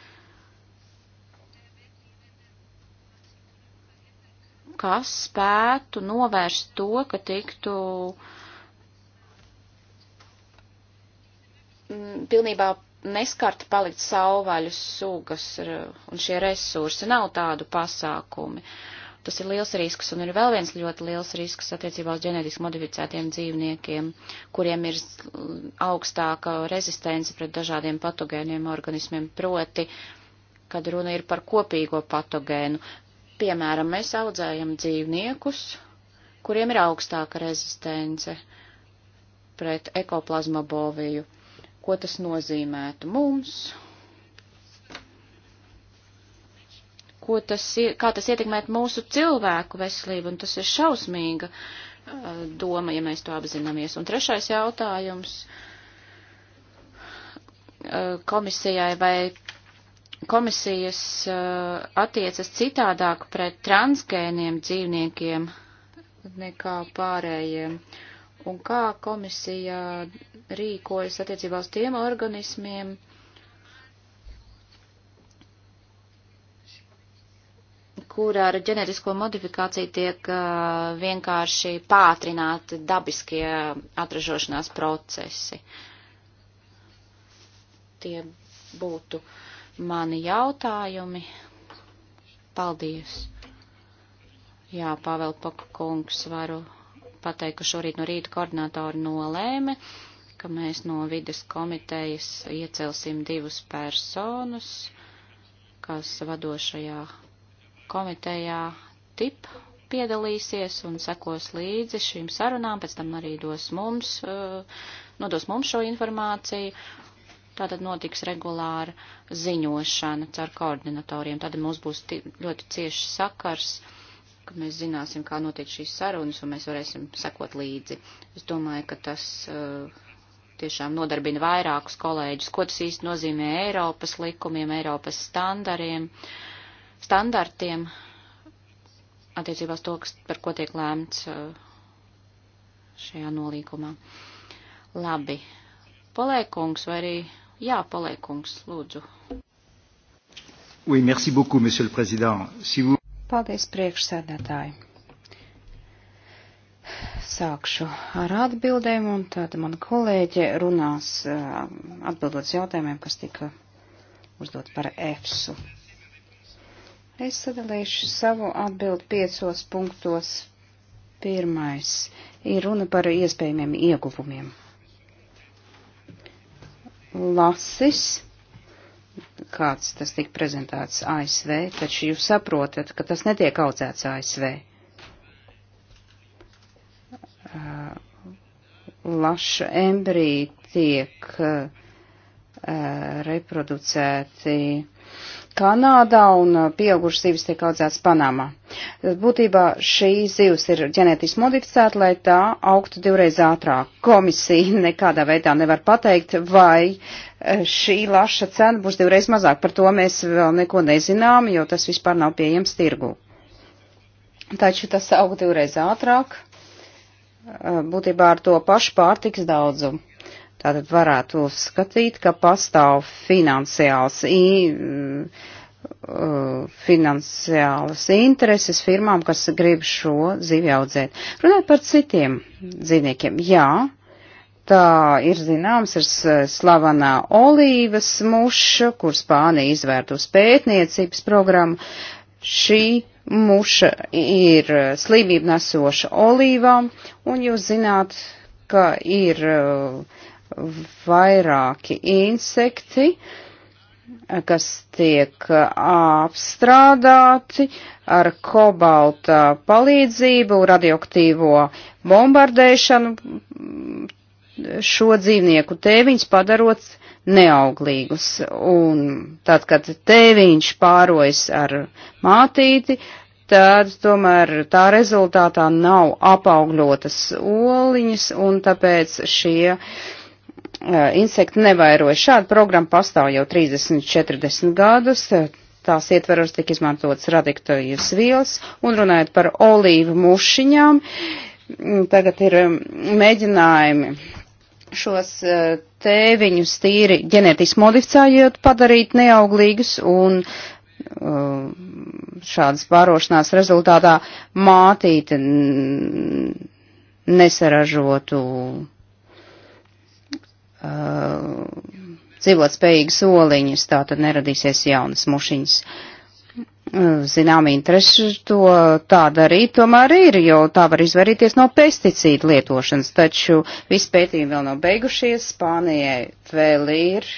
kas spētu novērst to, ka tiktu mm, pilnībā neskarta palikt sauvaļu sugas un šie resursi. Nav tādu pasākumi. Tas ir liels risks, un ir vēl viens ļoti liels risks attiecībā uz ģenētiski modificētiem dzīvniekiem, kuriem ir augstāka rezistence pret dažādiem patogēniem organismiem, proti, kad runa ir par kopīgo patogēnu. Piemēram, mēs audzējam dzīvniekus, kuriem ir augstāka rezistence pret ekoplazma boviju. Ko tas nozīmētu mums? Ko tas, kā tas ietekmētu mūsu cilvēku veselību, un tas ir šausmīga uh, doma, ja mēs to apzināmies. Un trešais jautājums uh, komisijai, vai komisijas uh, attiecas citādāk pret transgēniem dzīvniekiem nekā pārējiem. Un kā komisija rīkojas attiecībā uz tiem organismiem, kur ar ģenerisko modifikāciju tiek uh, vienkārši pātrināti dabiskie atražošanās procesi. Tie būtu uh, mani jautājumi. Paldies! Jā, Pāvēl Pakkungs varu pateikt, ka šorīt no rīta koordinātori nolēma, ka mēs no vides komitejas iecelsim divus personus, kas vadošajā komitejā tip piedalīsies un sekos līdzi šīm sarunām, pēc tam arī dos mums, eh, nodos mums šo informāciju, Tātad notiks regulāra ziņošana caur koordinatoriem. Tad mums būs ļoti cieši sakars, ka mēs zināsim, kā notiek šīs sarunas, un mēs varēsim sekot līdzi. Es domāju, ka tas uh, tiešām nodarbina vairākus kolēģus, ko tas īsti nozīmē Eiropas likumiem, Eiropas standariem, standartiem attiecībās to, kas, par ko tiek lēmts uh, šajā nolīkumā. Labi. Polēkungs vai arī Jā, paliekungs, lūdzu. Oui, merci beaucoup, monsieur le président. Si vous... Paldies, priekšsēdētāji. Sākšu ar atbildēm, un tad man kolēģe runās atbildot jautājumiem, kas tika uzdot par EFSU. Es sadalīšu savu atbildi piecos punktos. Pirmais ir runa par iespējamiem ieguvumiem lasis, kāds tas tika prezentēts ASV, taču jūs saprotat, ka tas netiek audzēts ASV. Uh, laša embrija tiek uh, reproducēti Kanādā un pieaugušas zivis tiek audzētas Panamā. Būtībā šī zivs ir ģenētiski modificēta, lai tā augtu divreiz ātrāk. Komisija nekādā veidā nevar pateikt, vai šī laša cena būs divreiz mazāk. Par to mēs vēl neko nezinām, jo tas vispār nav pieejams tirgū. Taču tas aug divreiz ātrāk, būtībā ar to pašu pārtiks daudzumu. Tātad varētu uzskatīt, ka pastāv finansiāls, i, uh, finansiālas intereses firmām, kas grib šo zivi audzēt. Runāt par citiem dzīvniekiem. Jā, tā ir zināms, ir slavenā olīvas muša, kur Spānija izvērt uz pētniecības programmu. Šī muša ir slimību nesoša olīvām, un jūs zināt, ka ir uh, vairāki insekti, kas tiek apstrādāti ar kobalta palīdzību, radioaktīvo bombardēšanu, šo dzīvnieku tēviņus padarot neauglīgus. Un tad, kad tēviņš pārojas ar mātīti, tad tomēr tā rezultātā nav apaugļotas oliņas, un tāpēc šie uh, insektu nevairoja. Šāda programma pastāv jau 30-40 gadus. Tās ietveros tika izmantotas radiktojas vielas un runājot par olīvu mušiņām. Tagad ir mēģinājumi šos tēviņus tīri ģenētiski modificējot, padarīt neauglīgus un šādas pārošanās rezultātā mātīte nesaražotu uh, dzīvot spējīgas oliņas, tā tad neradīsies jaunas mušiņas. Uh, Zinām, interešu to tā darīt tomēr ir, jo tā var izvairīties no pesticīdu lietošanas, taču visi pētījumi vēl nav beigušies, Spānijai vēl ir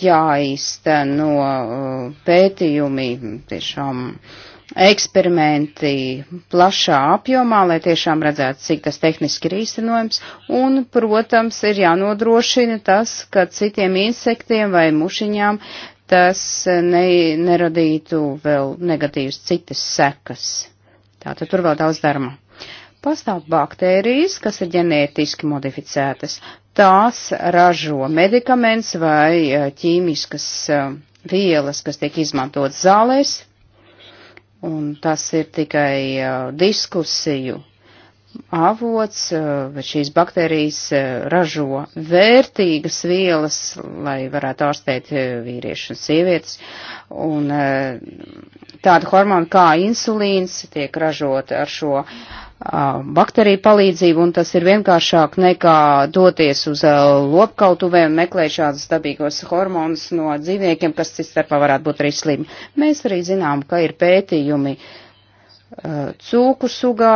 jāīsteno uh, pētījumi tiešām uh, eksperimenti plašā apjomā, lai tiešām redzētu, cik tas tehniski ir īstenojams, un, protams, ir jānodrošina tas, ka citiem insektiem vai mušiņām tas ne, neradītu vēl negatīvas citas sekas. Tātad tur vēl daudz darma. Pastāv baktērijas, kas ir ģenētiski modificētas. Tās ražo medikaments vai ķīmiskas vielas, kas tiek izmantotas zālēs, un tas ir tikai uh, diskusiju avots, uh, šīs baktērijas uh, ražo vērtīgas vielas, lai varētu ārstēt uh, vīriešu un sievietes, un uh, tāda hormona kā insulīns tiek ražota ar šo uh, baktēriju palīdzību, un tas ir vienkāršāk nekā doties uz lopkautuvēm un meklēt šādus dabīgos hormonus no dzīvniekiem, kas citstarpā varētu būt arī slimi. Mēs arī zinām, ka ir pētījumi cūku sugā,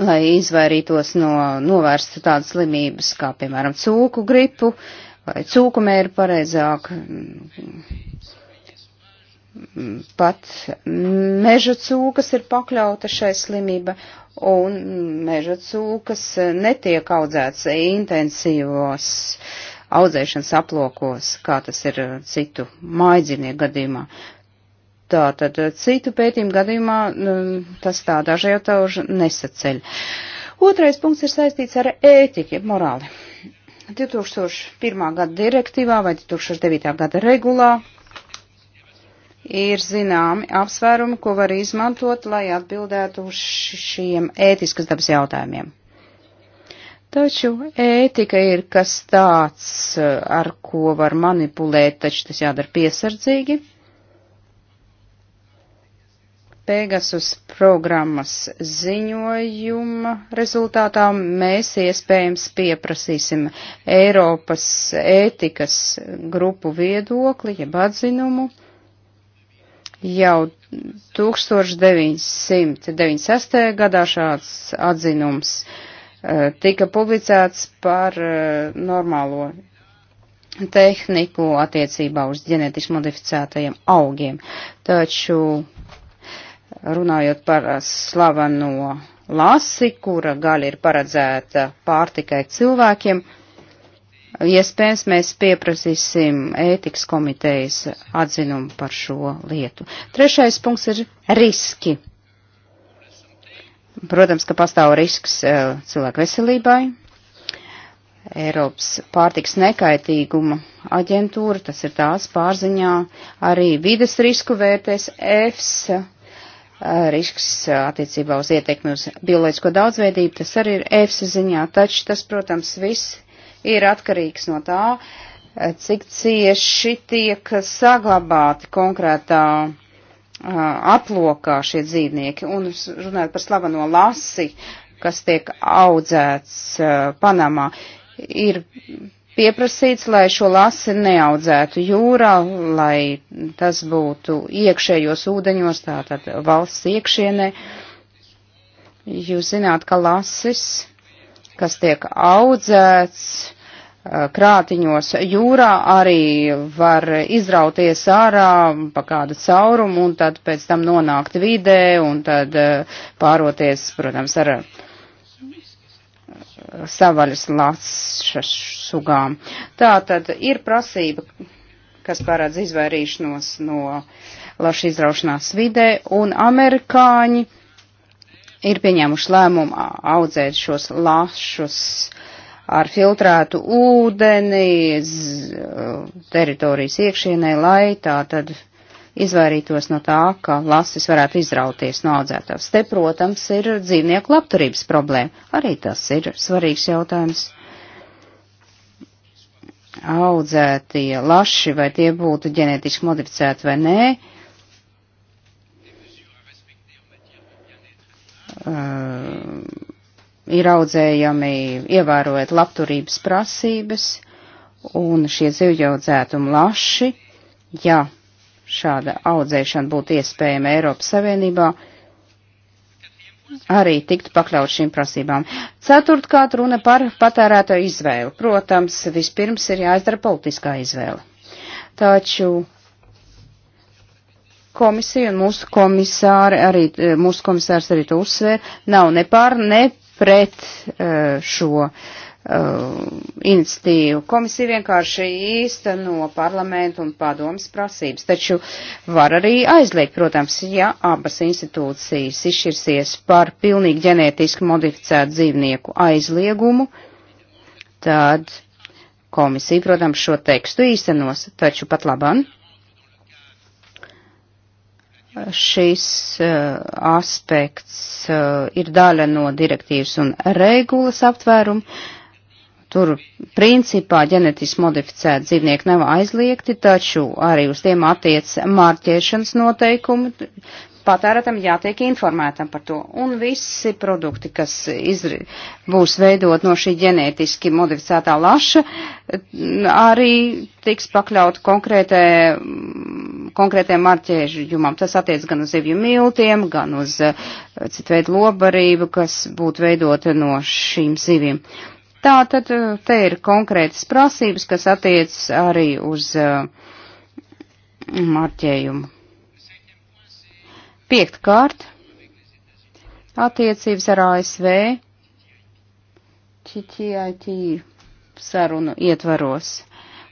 lai izvairītos no novērstu tādas slimības, kā piemēram cūku gripu vai cūku mēru pareizāk pat meža cūkas ir pakļauta šai slimība, un meža cūkas netiek audzēts intensīvos audzēšanas aplokos, kā tas ir citu mājdzīvnieku gadījumā. Tātad citu pētījumu gadījumā nu, tas tā daži jau tauž nesaceļ. Otrais punkts ir saistīts ar ētiku, morāli. 2001. gada direktīvā vai 2009. gada regulā ir zināmi apsvērumi, ko var izmantot, lai atbildētu uz šiem ētiskas dabas jautājumiem. Taču ētika ir kas tāds, eh, ar ko var manipulēt, taču tas jādara piesardzīgi. Pegasus programmas ziņojuma rezultātā mēs iespējams pieprasīsim Eiropas ētikas grupu viedokli, jeb atzinumu. Ja Jau 1996. gadā šāds atzinums e, tika publicēts par e, normālo tehniku attiecībā uz ģenetiski modificētajiem augiem. Taču runājot par slaveno lasi, kura gaļa ir paredzēta pārtikai cilvēkiem, uh, Iespējams, mēs pieprasīsim ētikas komitejas atzinumu par šo lietu. Trešais punkts ir riski. Protams, ka pastāv risks e, cilvēku veselībai. Eiropas pārtiks nekaitīguma aģentūra, tas ir tās pārziņā, arī vides risku vērtēs EFSA, e, risks attiecībā uz ietekmi uz bioloģisko daudzveidību, tas arī ir EFSA ziņā, taču tas, protams, viss ir atkarīgs no tā, eh, cik cieši tiek saglabāti konkrētā eh, aplokā šie dzīvnieki. Un runājot par slaveno lasi, kas tiek audzēts eh, Panamā, ir pieprasīts, lai šo lasi neaudzētu jūrā, lai tas būtu iekšējos ūdeņos, tātad valsts iekšienē. Jūs zināt, ka lasis kas tiek audzēts krātiņos jūrā, arī var izrauties ārā pa kādu caurumu un tad pēc tam nonākt vidē un tad pāroties, protams, ar savaļas lāčas sugām. Tā tad ir prasība, kas parādz izvairīšanos no laša izraušanās vidē, un amerikāņi ir pieņēmuši lēmumu audzēt šos lašus ar filtrētu ūdeni teritorijas iekšienē, lai tā tad izvairītos no tā, ka lasis varētu izrauties no audzētās. Te, protams, ir dzīvnieku labturības problēma. Arī tas ir svarīgs jautājums. Audzētie laši, vai tie būtu ģenētiski modificēti vai nē, uh, Uh, ir audzējami ievērojot labturības prasības, un šie zivjaudzētumi laši, ja šāda audzēšana būtu iespējama Eiropas Savienībā, arī tiktu pakļaut šīm prasībām. Ceturtkārt runa par patērēto izvēli. Protams, vispirms ir jāizdara politiskā izvēle. Taču komisija un mūsu komisāri arī, e, mūsu komisārs arī to uzsver, nav ne pār, ne pret e, šo e, iniciatīvu. Komisija vienkārši īsteno parlamentu un padomas prasības, taču var arī aizliegt, protams, ja abas institūcijas izšķirsies par pilnīgi ģenētiski modificētu dzīvnieku aizliegumu, tad komisija, protams, šo tekstu īstenos, taču pat labam šis uh, aspekts uh, ir daļa no direktīvas un regulas aptvērumu. Tur principā ģenetiski modificēti dzīvnieki nav aizliegti, taču arī uz tiem attiec mārķēšanas noteikumi patērētam jātiek informētam par to. Un visi produkti, kas izri, būs veidot no šī ģenētiski modificētā laša, arī tiks pakļaut konkrētē, konkrētiem marķēžumam. Tas attiec gan uz zivju miltiem, gan uz eh, citveidu lobarību, kas būtu veidota no šīm zivīm. Tātad eh, te ir konkrētas prasības, kas attiec arī uz eh, marķējumu. Piektkārt, attiecības ar ASV TTIT sarunu ietvaros.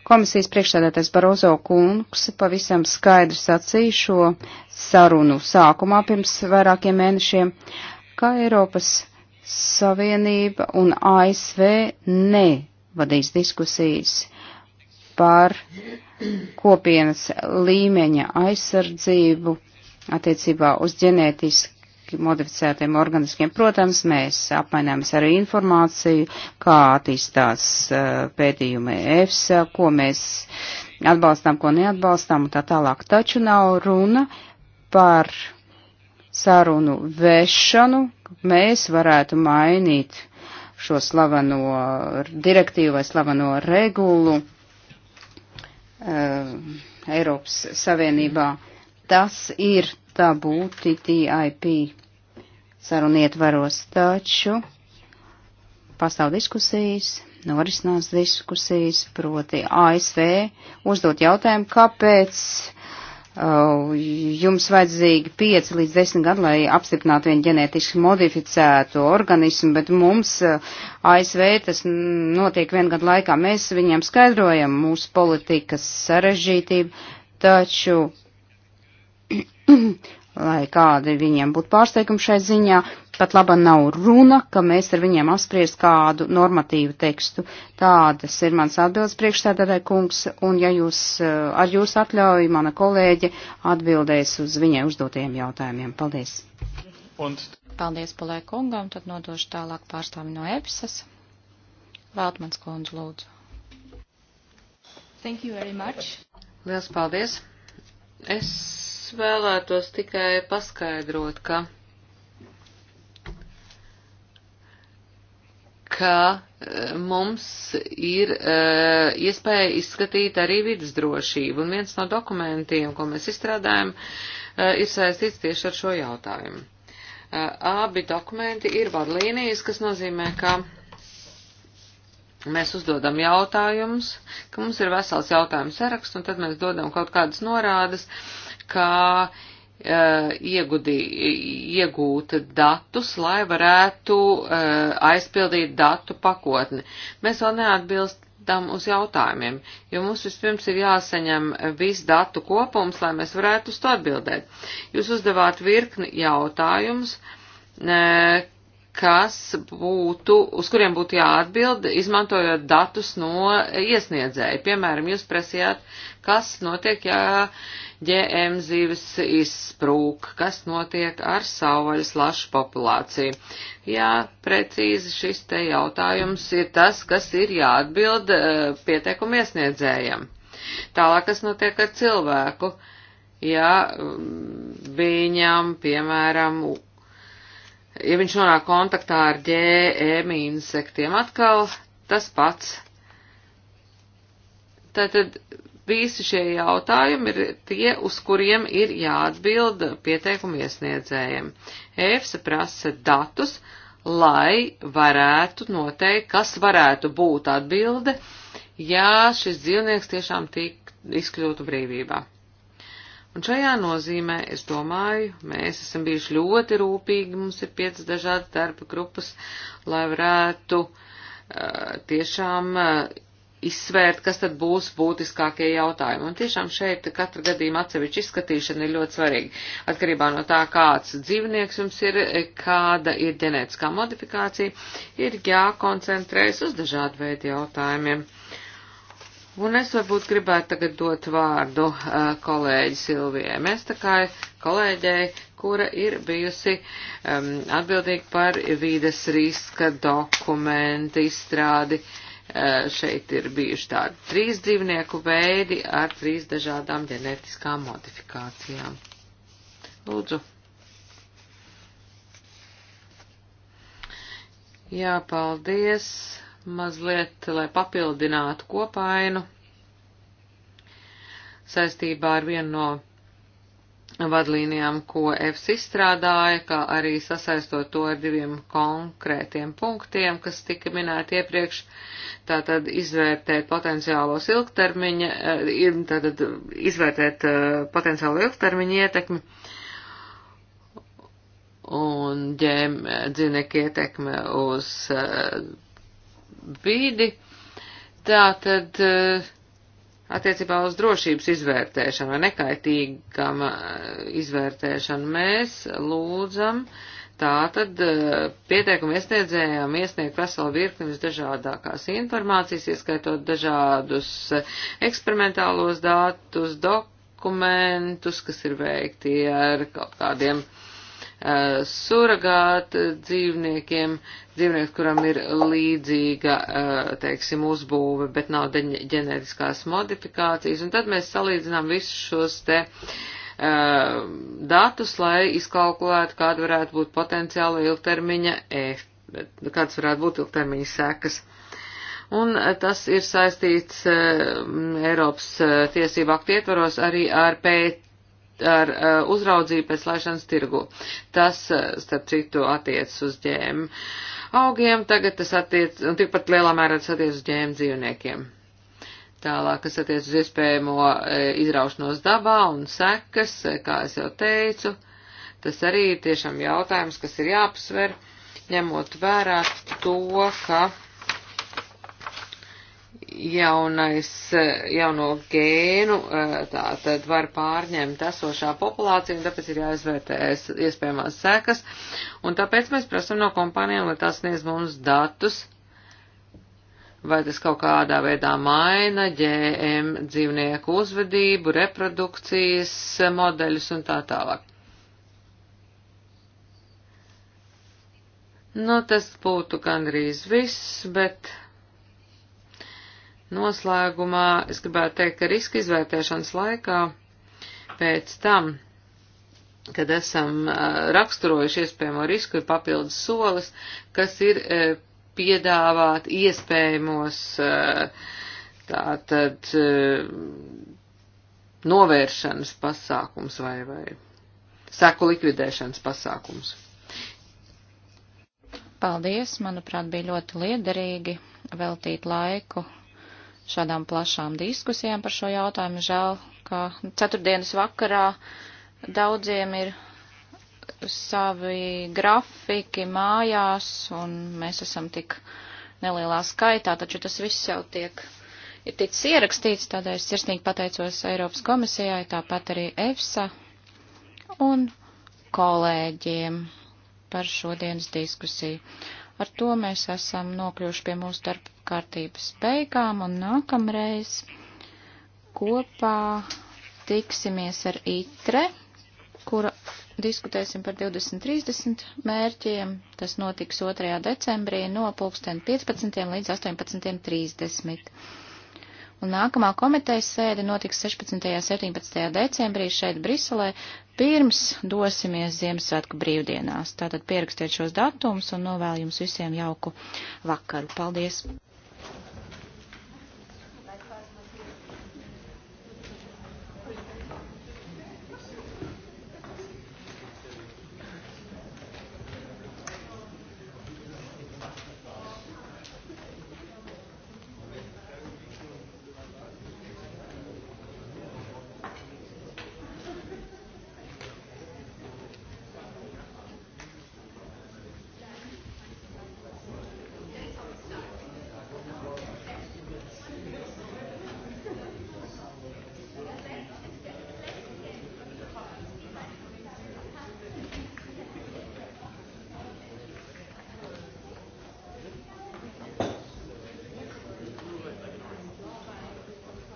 Komisijas priekšsēdētais Barozo kungs pavisam skaidri sacīja šo sarunu sākumā pirms vairākiem mēnešiem, ka Eiropas Savienība un ASV nevadīs diskusijas par kopienas līmeņa aizsardzību attiecībā uz ģenētiski modificētiem organismiem. Protams, mēs apmaināmies arī informāciju, kā attīstās uh, pētījumi EFSA, ko mēs atbalstām, ko neatbalstām un tā tālāk. Taču nav runa par sarunu vešanu. Mēs varētu mainīt šo slaveno direktīvu vai slaveno regulu uh, Eiropas Savienībā. Uh, tas ir tabū TTIP sarunu ietvaros, taču pastāv diskusijas, norisinās diskusijas, proti ASV uzdot jautājumu, kāpēc uh, jums vajadzīgi 5 līdz 10 gadu, lai apstiprinātu vienu ģenētiski modificētu organismu, bet mums uh, ASV tas notiek vienu gadu laikā. Mēs viņiem skaidrojam mūsu politikas sarežģītību, taču lai kādi viņiem būtu pārsteigumi šai ziņā, pat laba nav runa, ka mēs ar viņiem apspriest kādu normatīvu tekstu. Tādas ir mans atbildes priekšstādātāja kungs, un ja jūs eh, ar jūs atļauju, mana kolēģe atbildēs uz viņai uzdotajiem jautājumiem. Paldies! Un... Paldies Polē kungam, tad nodošu tālāk pārstāvi no EPSAS. Veltmans kundze lūdzu. Thank you very much. Liels paldies. Es vēlētos tikai paskaidrot, ka, ka eh, mums ir uh, iespēja izskatīt arī vidas drošību, un viens no dokumentiem, ko mēs izstrādājam, uh, ir saistīts tieši ar šo jautājumu. Uh, abi dokumenti ir vadlīnijas, kas nozīmē, ka mēs uzdodam jautājumus, ka mums ir vesels jautājums saraksts, un tad mēs dodam kaut kādas norādes, uh, kā e, iegudī, iegūt datus, lai varētu e, aizpildīt datu pakotni. Mēs vēl neatbilstam uz jautājumiem, jo mums vispirms ir jāsaņem viss datu kopums, lai mēs varētu uz to atbildēt. Jūs uzdevāt virkni jautājumus, e, kas būtu, uz kuriem būtu jāatbild, izmantojot datus no iesniedzēja. Piemēram, jūs prasījāt, kas notiek, ja ģēm zīves izsprūk, kas notiek ar savvaļas lašu populāciju. Jā, precīzi šis te jautājums ir tas, kas ir jāatbild eh, pieteikumu iesniedzējam. Tālāk, kas notiek ar cilvēku? Ja mm, viņam, piemēram, ja viņš nonāk kontaktā ar ģēmi insektiem atkal, tas pats. Tātad visi šie jautājumi ir tie, uz kuriem ir jāatbild pieteikumu iesniedzējiem. EFSA prasa datus, lai varētu noteikt, kas varētu būt atbilde, ja šis dzīvnieks tiešām tik izkļūtu brīvībā. Un šajā nozīmē, es domāju, mēs esam bijuši ļoti rūpīgi, mums ir piecas dažādas darba grupas, lai varētu uh, tiešām uh, izsvērt, kas tad būs būtiskākie jautājumi. Un tiešām šeit katra gadījuma atsevišķa izskatīšana ir ļoti svarīga. Atkarībā no tā, kāds dzīvnieks jums ir, kāda ir ģenētiskā modifikācija, ir jākoncentrējas uz dažādu veidu jautājumiem. Uh, Un es varbūt gribētu tagad dot vārdu uh, kolēģi Silvijai Mestakai, kolēģei, kura ir bijusi um, atbildīga par vīdes riska dokumentu izstrādi. Uh, šeit ir bijuši tādi trīs dzīvnieku veidi ar trīs dažādām ģenetiskām modifikācijām. Lūdzu. Jā, paldies mazliet, lai papildinātu kopainu saistībā ar vienu no vadlīnijām, ko EFS izstrādāja, kā arī sasaistot to ar diviem konkrētiem punktiem, kas tika minēti iepriekš, tātad izvērtēt potenciālos ilgtermiņa, eh, tātad izvērtēt eh, potenciālo ilgtermiņa ietekmi un ģēm eh, dzīvnieku ietekme uz uh, vidi. Tātad eh, attiecībā uz drošības izvērtēšanu vai nekaitīgam eh, izvērtēšanu mēs lūdzam tātad eh, pieteikumu iesniedzējām iesniegt veselu virkni visdažādākās informācijas, ieskaitot dažādus eksperimentālos datus, dokumentus, kas ir veikti ar kaut kādiem Eh, suragāta eh, dzīvniekiem, dzīvnieks, kuram ir līdzīga, eh, teiksim, uzbūve, bet nav ģenētiskās modifikācijas, un tad mēs salīdzinām visus šos te datus, lai izkalkulētu, kāda varētu būt potenciāla ilgtermiņa efekta, kāds varētu būt ilgtermiņa sekas un tas ir saistīts Eiropas tiesību aktu ietvaros arī ar pēt ar uh, uzraudzību pēc laišanas tirgu. Tas, uh, starp citu, attiec uz ģēmu augiem, tagad tas attiec, un tikpat lielā mērā tas attiec uz ģēmu dzīvniekiem. Tālāk, kas attiec uz iespējamo uh, izraušanos dabā un sekas, kā es jau teicu, tas arī ir tiešām jautājums, kas ir jāapsver, ņemot vērā to, ka jaunais, jauno gēnu, eh, tā tad var pārņemt esošā populācija, un tāpēc ir jāizvērtē iespējamās sekas, un tāpēc mēs prasam no kompānijām, lai tās sniedz mums datus, vai tas kaut kādā veidā maina ģēm dzīvnieku uzvedību, reprodukcijas modeļus un tā tālāk. Nu, tas būtu gandrīz viss, bet Noslēgumā es gribētu teikt, ka riska izvērtēšanas laikā pēc tam, kad esam raksturojuši iespējamo risku, ir papildus solis, kas ir piedāvāt iespējamos tātad novēršanas pasākums vai, vai seku likvidēšanas pasākums. Paldies, manuprāt, bija ļoti liederīgi veltīt laiku šādām plašām diskusijām par šo jautājumu. Žēl, ka ceturtdienas vakarā daudziem ir savi grafiki mājās, un mēs esam tik nelielā skaitā, taču tas viss jau tiek ir ticis ierakstīts, tādēļ es sirsnīgi pateicos Eiropas komisijai, tāpat arī EFSA un kolēģiem par šodienas diskusiju. Ar to mēs esam nokļuvuši pie mūsu darba kārtības beigām un nākamreiz kopā tiksimies ar ITRE, kura diskutēsim par 2030 mērķiem. Tas notiks 2. decembrī no 15. līdz 18.30. Un nākamā komitejas sēde notiks 16. un 17. decembrī šeit Briselē, pirms dosimies Ziemassvētku brīvdienās. Tātad pierakstiet šos datumus un novēlu jums visiem jauku vakaru. Paldies!